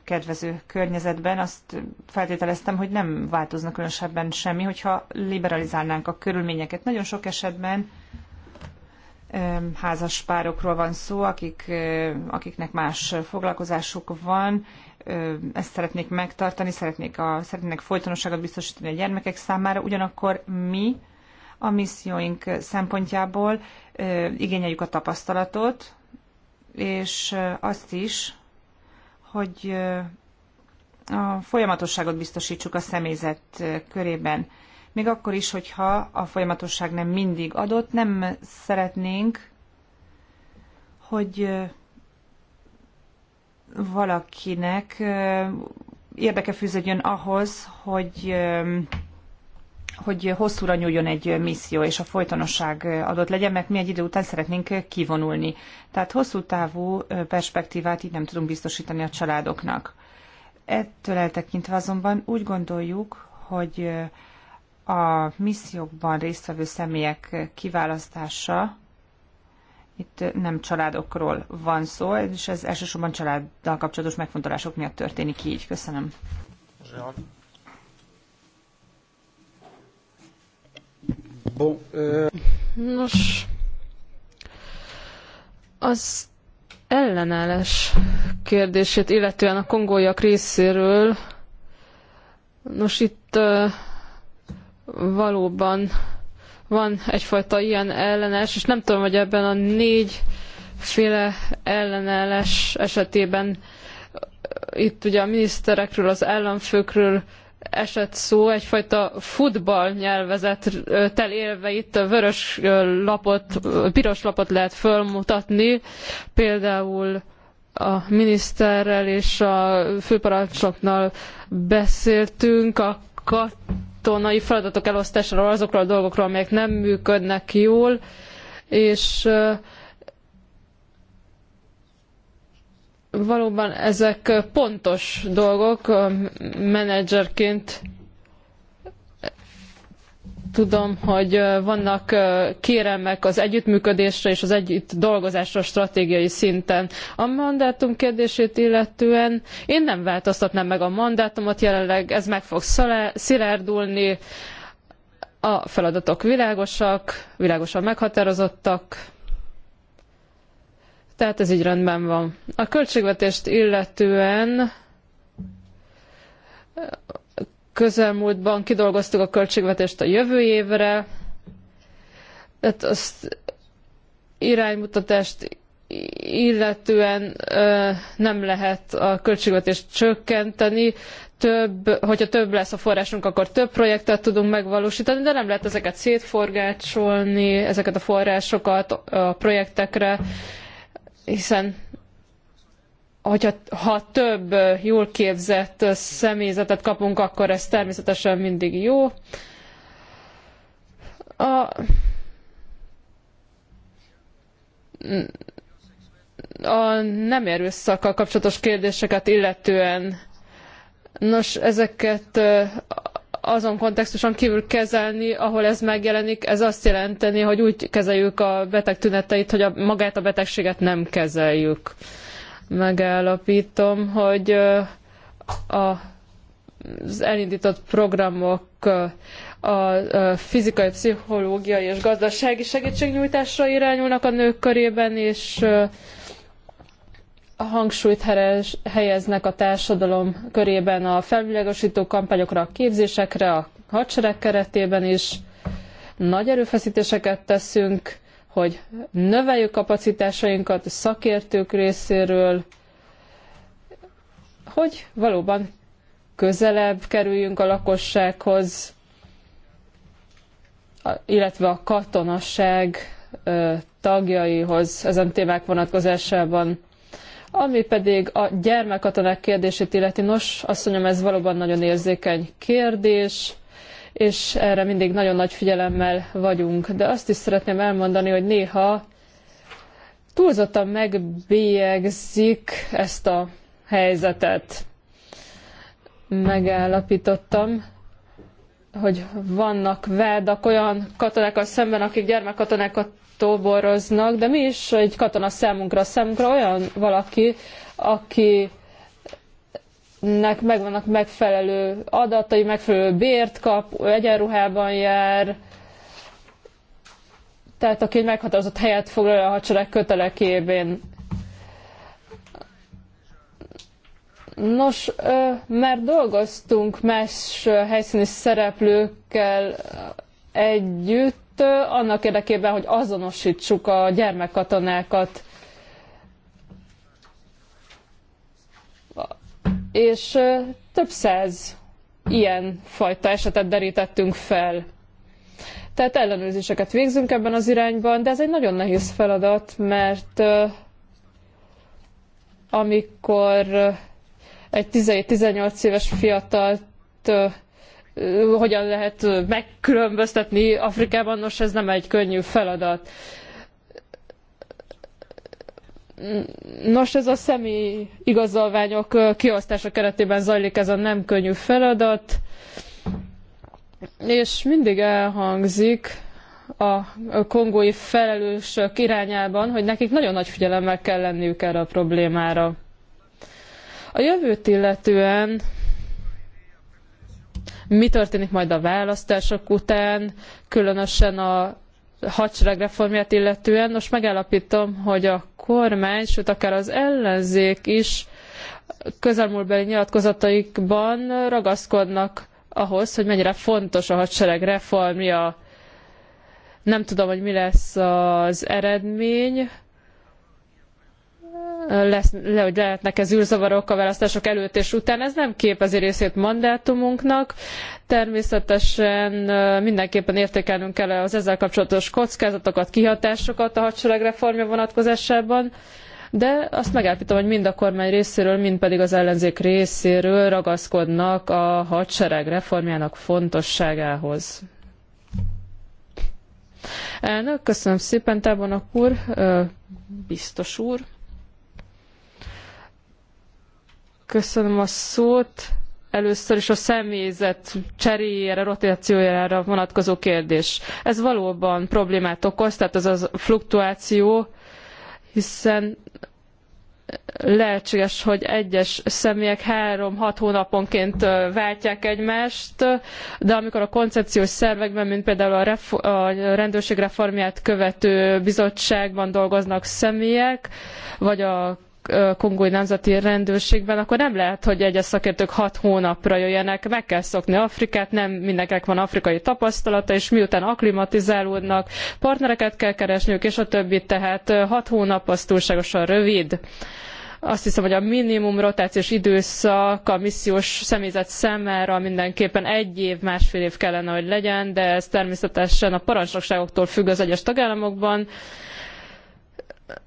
kedvező környezetben azt feltételeztem, hogy nem változna különösebben semmi, hogyha liberalizálnánk a körülményeket. Nagyon sok esetben házas párokról van szó, akik, akiknek más foglalkozásuk van, ezt szeretnék megtartani, szeretnék a, szeretnének folytonosságot biztosítani a gyermekek számára, ugyanakkor mi a misszióink szempontjából igényeljük a tapasztalatot, és azt is, hogy a folyamatosságot biztosítsuk a személyzet körében. Még akkor is, hogyha a folyamatosság nem mindig adott, nem szeretnénk, hogy valakinek érdeke fűződjön ahhoz, hogy hogy hosszúra nyúljon egy misszió, és a folytonosság adott legyen, mert mi egy idő után szeretnénk kivonulni. Tehát hosszú távú perspektívát így nem tudunk biztosítani a családoknak. Ettől eltekintve azonban úgy gondoljuk, hogy a missziókban résztvevő személyek kiválasztása, itt nem családokról van szó, és ez elsősorban családdal kapcsolatos megfontolások miatt történik így. Köszönöm. Bon, Nos, az ellenállás kérdését, illetően a kongóiak részéről, nos itt valóban van egyfajta ilyen ellenállás, és nem tudom, hogy ebben a négyféle ellenállás esetében itt ugye a miniszterekről, az államfőkről esett szó, egyfajta futball nyelvezettel élve itt a vörös lapot, piros lapot lehet fölmutatni, például a miniszterrel és a főparancsnoknal beszéltünk a katonai feladatok elosztásáról, azokról a dolgokról, amelyek nem működnek jól, és uh, valóban ezek pontos dolgok, menedzserként tudom, hogy vannak kérelmek az együttműködésre és az együtt dolgozásra stratégiai szinten. A mandátum kérdését illetően én nem változtatnám meg a mandátumot, jelenleg ez meg fog szilárdulni, a feladatok világosak, világosan meghatározottak, tehát ez így rendben van. A költségvetést illetően közelmúltban kidolgoztuk a költségvetést a jövő évre, tehát azt iránymutatást illetően ö, nem lehet a költségvetést csökkenteni. Több, hogyha több lesz a forrásunk, akkor több projektet tudunk megvalósítani, de nem lehet ezeket szétforgácsolni, ezeket a forrásokat a projektekre. Ö, hiszen hogyha ha több jól képzett személyzetet kapunk, akkor ez természetesen mindig jó. A, a nem erőszakkal kapcsolatos kérdéseket illetően Nos, ezeket azon kontextuson kívül kezelni, ahol ez megjelenik. Ez azt jelenteni, hogy úgy kezeljük a beteg tüneteit, hogy a, magát a betegséget nem kezeljük. Megállapítom, hogy a az elindított programok a fizikai, pszichológiai és gazdasági segítségnyújtásra irányulnak a nők körében, és hangsúlyt helyeznek a társadalom körében a felvilágosító kampányokra, a képzésekre, a hadsereg keretében is. Nagy erőfeszítéseket teszünk, hogy növeljük kapacitásainkat a szakértők részéről, hogy valóban közelebb kerüljünk a lakossághoz, illetve a katonaság tagjaihoz ezen témák vonatkozásában. Ami pedig a gyermekkatonák kérdését illeti, nos, asszonyom, ez valóban nagyon érzékeny kérdés, és erre mindig nagyon nagy figyelemmel vagyunk. De azt is szeretném elmondani, hogy néha túlzottan megbélyegzik ezt a helyzetet. Megállapítottam, hogy vannak vádak olyan katonákkal szemben, akik gyermekkatonákat toboroznak, de mi is egy katona számunkra, számunkra olyan valaki, aki nek megvannak megfelelő adatai, megfelelő bért kap, egyenruhában jár, tehát aki egy meghatározott helyet foglal a hadsereg kötelekében. Nos, mert dolgoztunk más helyszíni szereplőkkel együtt, annak érdekében, hogy azonosítsuk a gyermekkatonákat. És több száz ilyen fajta esetet derítettünk fel. Tehát ellenőrzéseket végzünk ebben az irányban, de ez egy nagyon nehéz feladat, mert amikor egy 17-18 éves fiatalt hogyan lehet megkülönböztetni Afrikában, nos ez nem egy könnyű feladat. Nos, ez a személy igazolványok kiosztása keretében zajlik ez a nem könnyű feladat, és mindig elhangzik a kongói felelősök irányában, hogy nekik nagyon nagy figyelemmel kell lenniük erre a problémára. A jövőt illetően mi történik majd a választások után, különösen a hadsereg reformját illetően. Most megállapítom, hogy a kormány, sőt akár az ellenzék is közelmúltbeli nyilatkozataikban ragaszkodnak ahhoz, hogy mennyire fontos a hadsereg reformja. Nem tudom, hogy mi lesz az eredmény, lesz, le, hogy lehetnek ez űrzavarok a választások előtt és után. Ez nem képezi részét mandátumunknak. Természetesen mindenképpen értékelnünk kell az ezzel kapcsolatos kockázatokat, kihatásokat a hadsereg reformja vonatkozásában de azt megállapítom, hogy mind a kormány részéről, mind pedig az ellenzék részéről ragaszkodnak a hadsereg reformjának fontosságához. Elnök, köszönöm szépen, tábornok úr, biztos úr. Köszönöm a szót. Először is a személyzet cseréjére, rotációjára vonatkozó kérdés. Ez valóban problémát okoz, tehát ez a fluktuáció, hiszen lehetséges, hogy egyes személyek három-hat hónaponként váltják egymást, de amikor a koncepciós szervekben, mint például a, a rendőrség reformját követő bizottságban dolgoznak személyek, vagy a kongói nemzeti rendőrségben, akkor nem lehet, hogy egyes szakértők hat hónapra jöjjenek, meg kell szokni Afrikát, nem mindenkinek van afrikai tapasztalata, és miután aklimatizálódnak, partnereket kell keresniük, és a többi, tehát hat hónap az túlságosan rövid azt hiszem, hogy a minimum rotációs időszak a missziós személyzet számára mindenképpen egy év, másfél év kellene, hogy legyen, de ez természetesen a parancsnokságoktól függ az egyes tagállamokban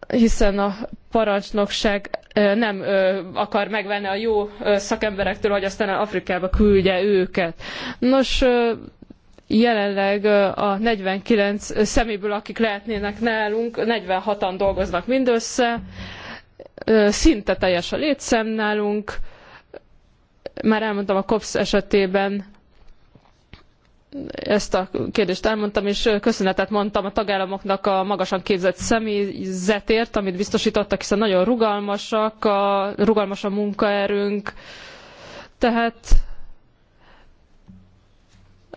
hiszen a parancsnokság nem akar megvenni a jó szakemberektől, hogy aztán Afrikába küldje őket. Nos, jelenleg a 49 szeméből, akik lehetnének nálunk, 46-an dolgoznak mindössze, szinte teljes a létszám nálunk, már elmondtam a COPS esetében ezt a kérdést elmondtam, és köszönetet mondtam a tagállamoknak a magasan képzett személyzetért, amit biztosítottak, hiszen nagyon rugalmasak, a, rugalmas a munkaerőnk, tehát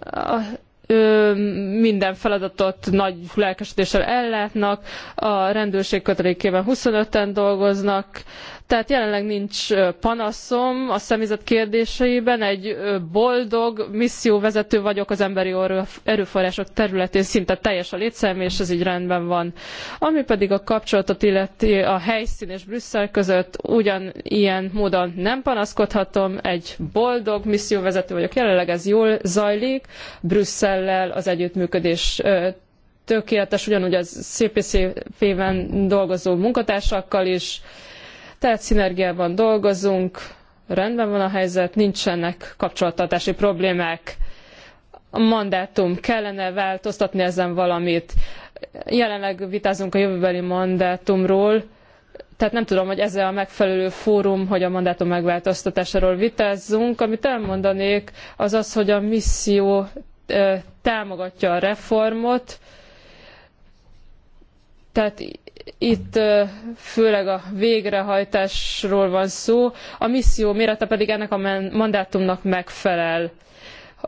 a, ö, minden feladatot nagy lelkesedéssel ellátnak, a rendőrség kötelékében 25-en dolgoznak, tehát jelenleg nincs panaszom a személyzet kérdéseiben, egy boldog misszióvezető vagyok az emberi erőforrások területén, szinte teljes a létszám, és ez így rendben van. Ami pedig a kapcsolatot illeti a helyszín és Brüsszel között, ugyanilyen módon nem panaszkodhatom, egy boldog misszióvezető vagyok, jelenleg ez jól zajlik, Brüsszellel az együttműködés tökéletes, ugyanúgy az CPC-ben dolgozó munkatársakkal is, tehát szinergiában dolgozunk, rendben van a helyzet, nincsenek kapcsolattartási problémák, a mandátum kellene változtatni ezen valamit. Jelenleg vitázunk a jövőbeli mandátumról, tehát nem tudom, hogy ez a megfelelő fórum, hogy a mandátum megváltoztatásáról vitázzunk. Amit elmondanék, az az, hogy a misszió támogatja a reformot, tehát itt főleg a végrehajtásról van szó, a misszió mérete pedig ennek a mandátumnak megfelel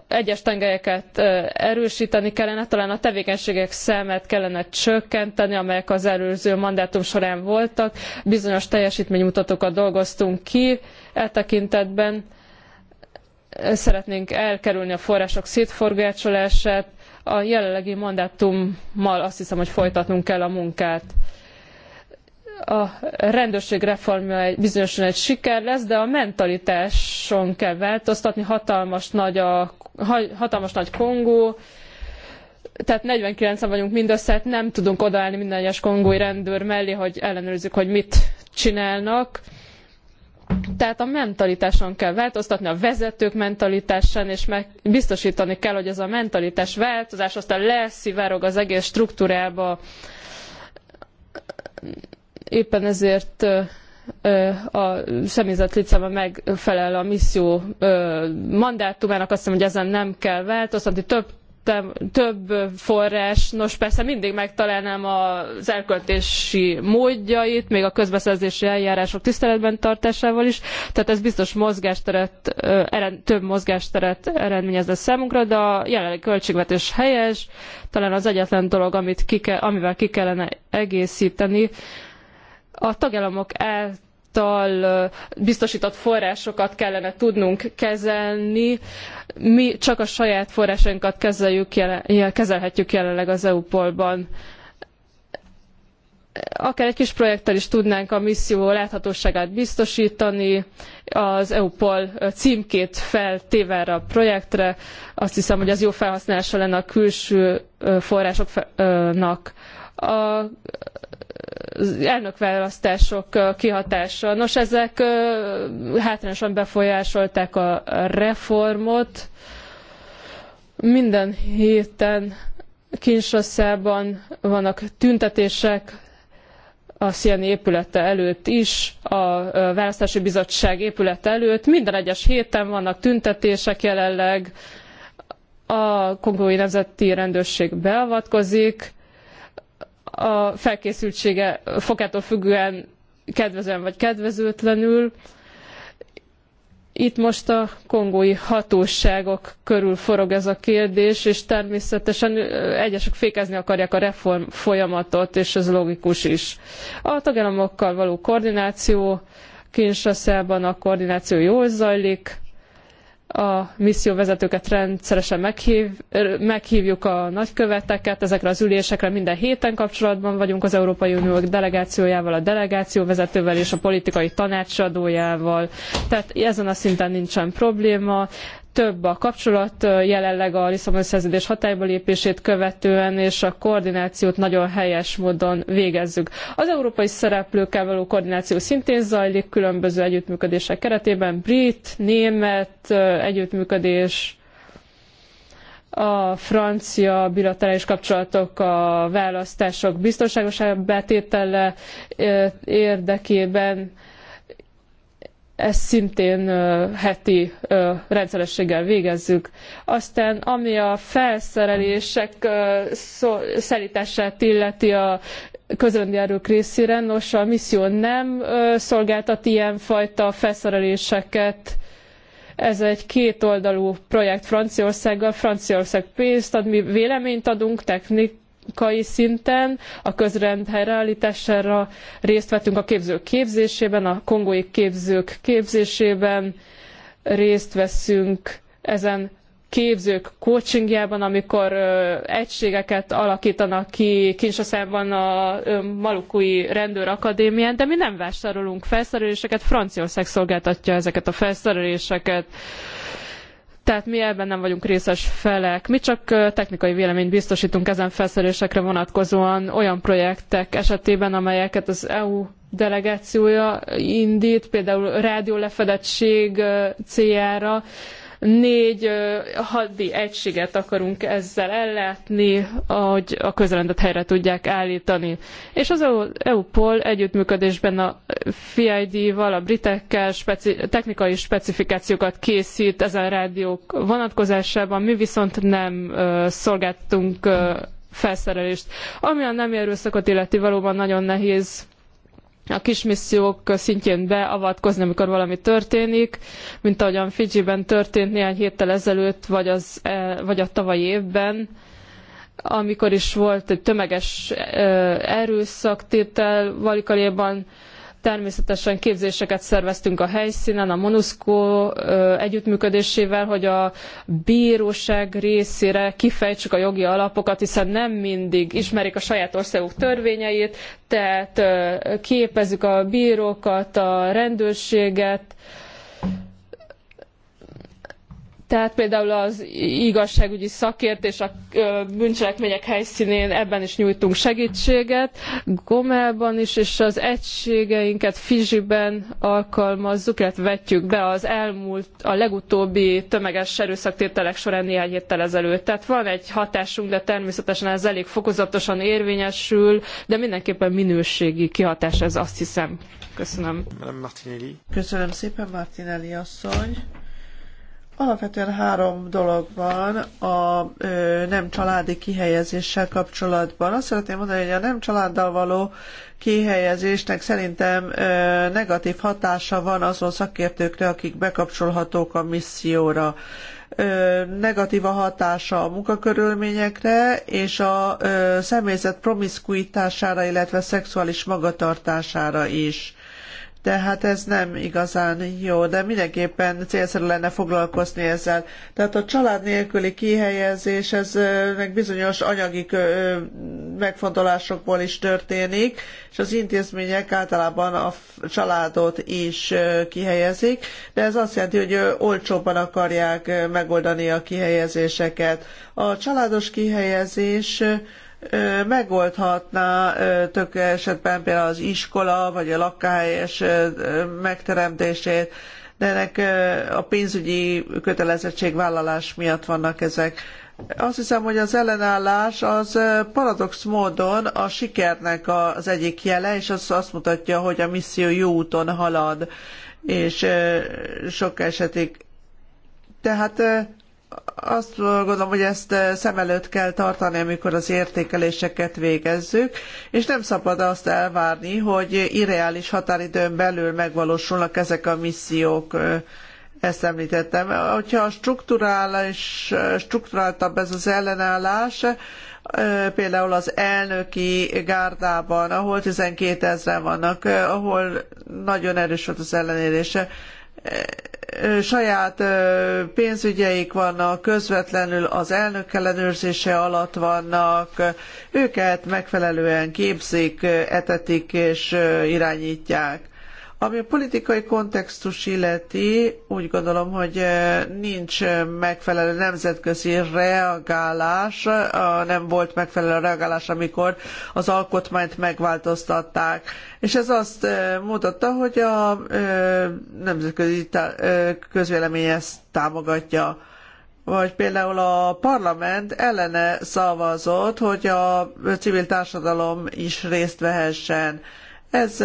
egyes tengelyeket erősíteni kellene, talán a tevékenységek számát kellene csökkenteni, amelyek az előző mandátum során voltak. Bizonyos teljesítménymutatókat dolgoztunk ki e tekintetben. Szeretnénk elkerülni a források szétforgácsolását. A jelenlegi mandátummal azt hiszem, hogy folytatnunk kell a munkát a rendőrség reformja egy, bizonyosan egy siker lesz, de a mentalitáson kell változtatni, hatalmas nagy, a, hatalmas nagy Kongó, tehát 49-en vagyunk mindössze, hát nem tudunk odaállni minden egyes kongói rendőr mellé, hogy ellenőrizzük, hogy mit csinálnak. Tehát a mentalitáson kell változtatni, a vezetők mentalitásán, és meg biztosítani kell, hogy ez a mentalitás változás aztán leszivárog az egész struktúrába Éppen ezért a személyzet létszáma megfelel a misszió mandátumának, azt hiszem, hogy ezen nem kell változtatni. Több több forrás, nos persze mindig megtalálnám az elköltési módjait, még a közbeszerzési eljárások tiszteletben tartásával is, tehát ez biztos mozgásteret, több mozgásteret eredményez lesz számunkra, de a jelenlegi költségvetés helyes, talán az egyetlen dolog, amit ki amivel ki kellene egészíteni, a tagállamok által biztosított forrásokat kellene tudnunk kezelni. Mi csak a saját forrásainkat kezeljük, kezelhetjük jelenleg az EU-polban akár egy kis projekttel is tudnánk a misszió láthatóságát biztosítani, az EUPOL címkét feltéve erre a projektre. Azt hiszem, hogy az jó felhasználása lenne a külső forrásoknak. A elnökválasztások kihatása. Nos, ezek hátrányosan befolyásolták a reformot. Minden héten kinshasa vannak tüntetések, a CNN épülete előtt is, a választási bizottság épülete előtt. Minden egyes héten vannak tüntetések jelenleg, a kongói nemzeti rendőrség beavatkozik, a felkészültsége fokától függően kedvezően vagy kedvezőtlenül. Itt most a kongói hatóságok körül forog ez a kérdés, és természetesen egyesek fékezni akarják a reform folyamatot, és ez logikus is. A tagállamokkal való koordináció, kinshasa a koordináció jól zajlik, a misszióvezetőket rendszeresen meghív, er, meghívjuk a nagyköveteket, ezekre az ülésekre minden héten kapcsolatban vagyunk az Európai Unió delegációjával, a delegációvezetővel és a politikai tanácsadójával. Tehát ezen a szinten nincsen probléma, több a kapcsolat jelenleg a Lisszaboni szerződés hatályba lépését követően, és a koordinációt nagyon helyes módon végezzük. Az európai szereplőkkel való koordináció szintén zajlik különböző együttműködések keretében, brit, német együttműködés, a francia bilaterális kapcsolatok a választások biztonságosabb betétele érdekében ezt szintén heti rendszerességgel végezzük. Aztán ami a felszerelések szállítását illeti a közrendi erők részére, nos a misszió nem szolgáltat ilyenfajta felszereléseket, ez egy kétoldalú projekt Franciaországgal, Franciaország pénzt ad, mi véleményt adunk, technik, kai szinten, a közrend helyreállítására részt vettünk a képzők képzésében, a kongói képzők képzésében részt veszünk ezen képzők coachingjában, amikor ö, egységeket alakítanak ki Kinsaszában a ö, Malukui rendőrakadémián, de mi nem vásárolunk felszereléseket, Franciaország szolgáltatja ezeket a felszereléseket. Ö, tehát mi ebben nem vagyunk részes felek. Mi csak technikai véleményt biztosítunk ezen felszerelésekre vonatkozóan olyan projektek esetében, amelyeket az EU delegációja indít, például rádiólefedettség céljára, négy haddi egységet akarunk ezzel ellátni, hogy a közrendet helyre tudják állítani. És az EUPOL e együttműködésben a FID-val, a britekkel speci- technikai specifikációkat készít ezen rádiók vonatkozásában, mi viszont nem szolgáltunk felszerelést. Ami a nem erőszakot illeti valóban nagyon nehéz a kismissziók szintjén beavatkozni, amikor valami történik, mint ahogyan Fidzsiben történt néhány héttel ezelőtt, vagy, az, e, vagy a tavalyi évben, amikor is volt egy tömeges e, erőszaktétel Valikaléban, Természetesen képzéseket szerveztünk a helyszínen, a MONUSCO együttműködésével, hogy a bíróság részére kifejtsük a jogi alapokat, hiszen nem mindig ismerik a saját országuk törvényeit, tehát képezzük a bírókat, a rendőrséget, tehát például az igazságügyi szakértés a bűncselekmények helyszínén ebben is nyújtunk segítséget. Gomelban is, és az egységeinket Fizsiben alkalmazzuk, illetve vetjük be az elmúlt, a legutóbbi tömeges erőszaktételek során néhány héttel ezelőtt. Tehát van egy hatásunk, de természetesen ez elég fokozatosan érvényesül, de mindenképpen minőségi kihatás ez azt hiszem. Köszönöm. Köszönöm szépen, Martinelli asszony. Alapvetően három dolog van a ö, nem családi kihelyezéssel kapcsolatban. Azt szeretném mondani, hogy a nem családdal való kihelyezésnek szerintem ö, negatív hatása van azon szakértőkre, akik bekapcsolhatók a misszióra. Ö, negatív a hatása a munkakörülményekre és a ö, személyzet promiszkuitására, illetve szexuális magatartására is hát ez nem igazán jó, de mindenképpen célszerű lenne foglalkozni ezzel. Tehát a család nélküli kihelyezés, ez meg bizonyos anyagi megfontolásokból is történik, és az intézmények általában a családot is kihelyezik, de ez azt jelenti, hogy olcsóbban akarják megoldani a kihelyezéseket. A családos kihelyezés megoldhatná tök esetben például az iskola vagy a lakályes megteremtését, de ennek a pénzügyi kötelezettségvállalás miatt vannak ezek. Azt hiszem, hogy az ellenállás az paradox módon a sikernek az egyik jele, és az azt mutatja, hogy a misszió jó úton halad, és sok esetig. Tehát azt gondolom, hogy ezt eh, szem előtt kell tartani, amikor az értékeléseket végezzük, és nem szabad azt elvárni, hogy irreális határidőn belül megvalósulnak ezek a missziók. Eh, ezt említettem. Hogyha strukturális, eh, strukturáltabb ez az ellenállás, például az elnöki gárdában, ahol 12 ezeren vannak, ahol nagyon erős volt az ellenérése, saját pénzügyeik vannak, közvetlenül az elnök ellenőrzése alatt vannak, őket megfelelően képzik, etetik és irányítják. Ami a politikai kontextus illeti, úgy gondolom, hogy eh, nincs eh, megfelelő nemzetközi reagálás, nem volt megfelelő reagálás, amikor az alkotmányt megváltoztatták. És ez azt eh, mutatta, hogy a nemzetközi közvélemény ezt támogatja vagy például a parlament ellene szavazott, hogy a civil társadalom is részt vehessen. Ez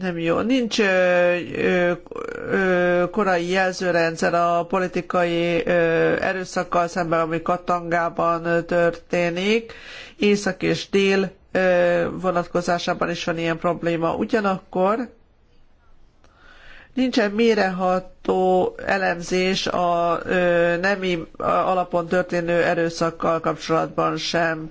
nem jó. Nincs ö, ö, ö, korai jelzőrendszer a politikai ö, erőszakkal szemben, ami Katangában történik. Észak és dél ö, vonatkozásában is van ilyen probléma. Ugyanakkor nincsen méreható elemzés a ö, nemi alapon történő erőszakkal kapcsolatban sem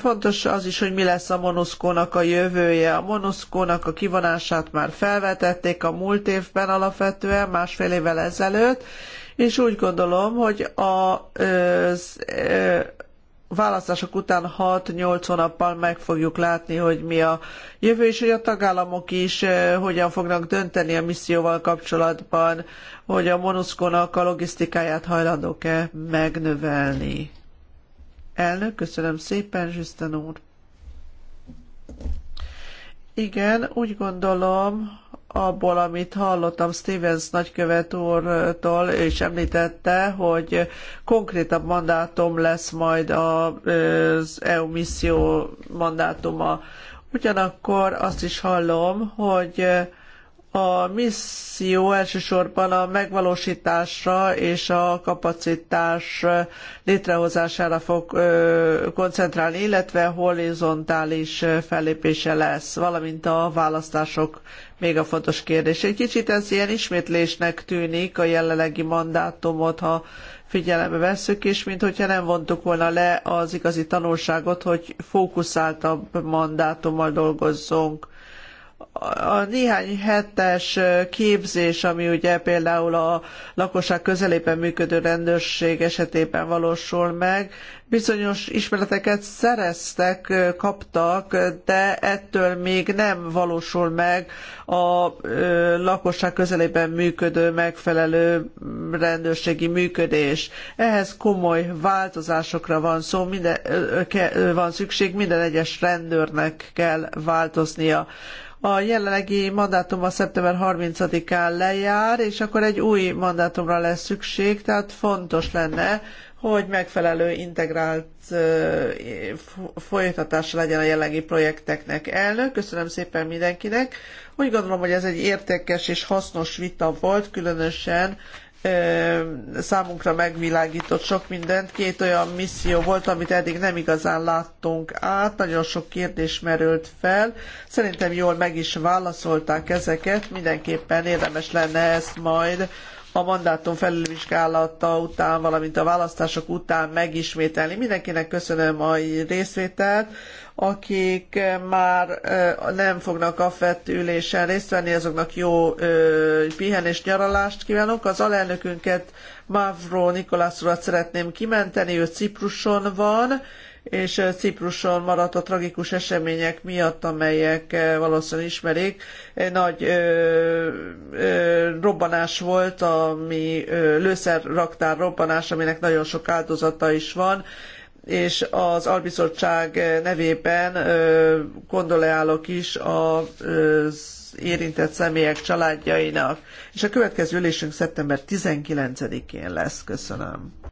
Fontos az is, hogy mi lesz a monoszkónak a jövője. A monoszkónak a kivonását már felvetették a múlt évben alapvetően, másfél évvel ezelőtt, és úgy gondolom, hogy a választások után 6-8 hónappal meg fogjuk látni, hogy mi a jövő, és hogy a tagállamok is hogyan fognak dönteni a misszióval kapcsolatban, hogy a monuszkónak a logisztikáját hajlandók-e megnövelni. Elnök, köszönöm szépen, Zsüszten úr. Igen, úgy gondolom, abból, amit hallottam Stevens nagykövet úrtól, és említette, hogy konkrétabb mandátum lesz majd az EU misszió mandátuma. Ugyanakkor azt is hallom, hogy a misszió elsősorban a megvalósításra és a kapacitás létrehozására fog koncentrálni, illetve horizontális fellépése lesz, valamint a választások még a fontos kérdés. Egy kicsit ez ilyen ismétlésnek tűnik a jelenlegi mandátumot, ha figyelembe vesszük, és minthogyha nem vontuk volna le az igazi tanulságot, hogy fókuszáltabb mandátummal dolgozzunk a néhány hetes képzés, ami ugye például a lakosság közelében működő rendőrség esetében valósul meg, bizonyos ismereteket szereztek, kaptak, de ettől még nem valósul meg a lakosság közelében működő megfelelő rendőrségi működés. Ehhez komoly változásokra van szó, minden, van szükség, minden egyes rendőrnek kell változnia a jelenlegi mandátum a szeptember 30-án lejár, és akkor egy új mandátumra lesz szükség, tehát fontos lenne, hogy megfelelő integrált folytatása legyen a jelenlegi projekteknek. Elnök, köszönöm szépen mindenkinek. Úgy gondolom, hogy ez egy értékes és hasznos vita volt, különösen számunkra megvilágított sok mindent. Két olyan misszió volt, amit eddig nem igazán láttunk át, nagyon sok kérdés merült fel. Szerintem jól meg is válaszolták ezeket, mindenképpen érdemes lenne ezt majd a mandátum felülvizsgálata után, valamint a választások után megismételni. Mindenkinek köszönöm a részvételt akik eh, már eh, nem fognak a FET ülésen részt venni, azoknak jó eh, pihenés nyaralást kívánok. Az alelnökünket Mavro Nikolász urat szeretném kimenteni, ő Cipruson van, és Cipruson maradt a tragikus események miatt, amelyek valószínűleg ismerik. Egy nagy ö, ö, robbanás volt, ami lőszerraktár robbanás, aminek nagyon sok áldozata is van, és az albizottság nevében gondoleálok is az érintett személyek családjainak. És a következő ülésünk szeptember 19-én lesz. Köszönöm.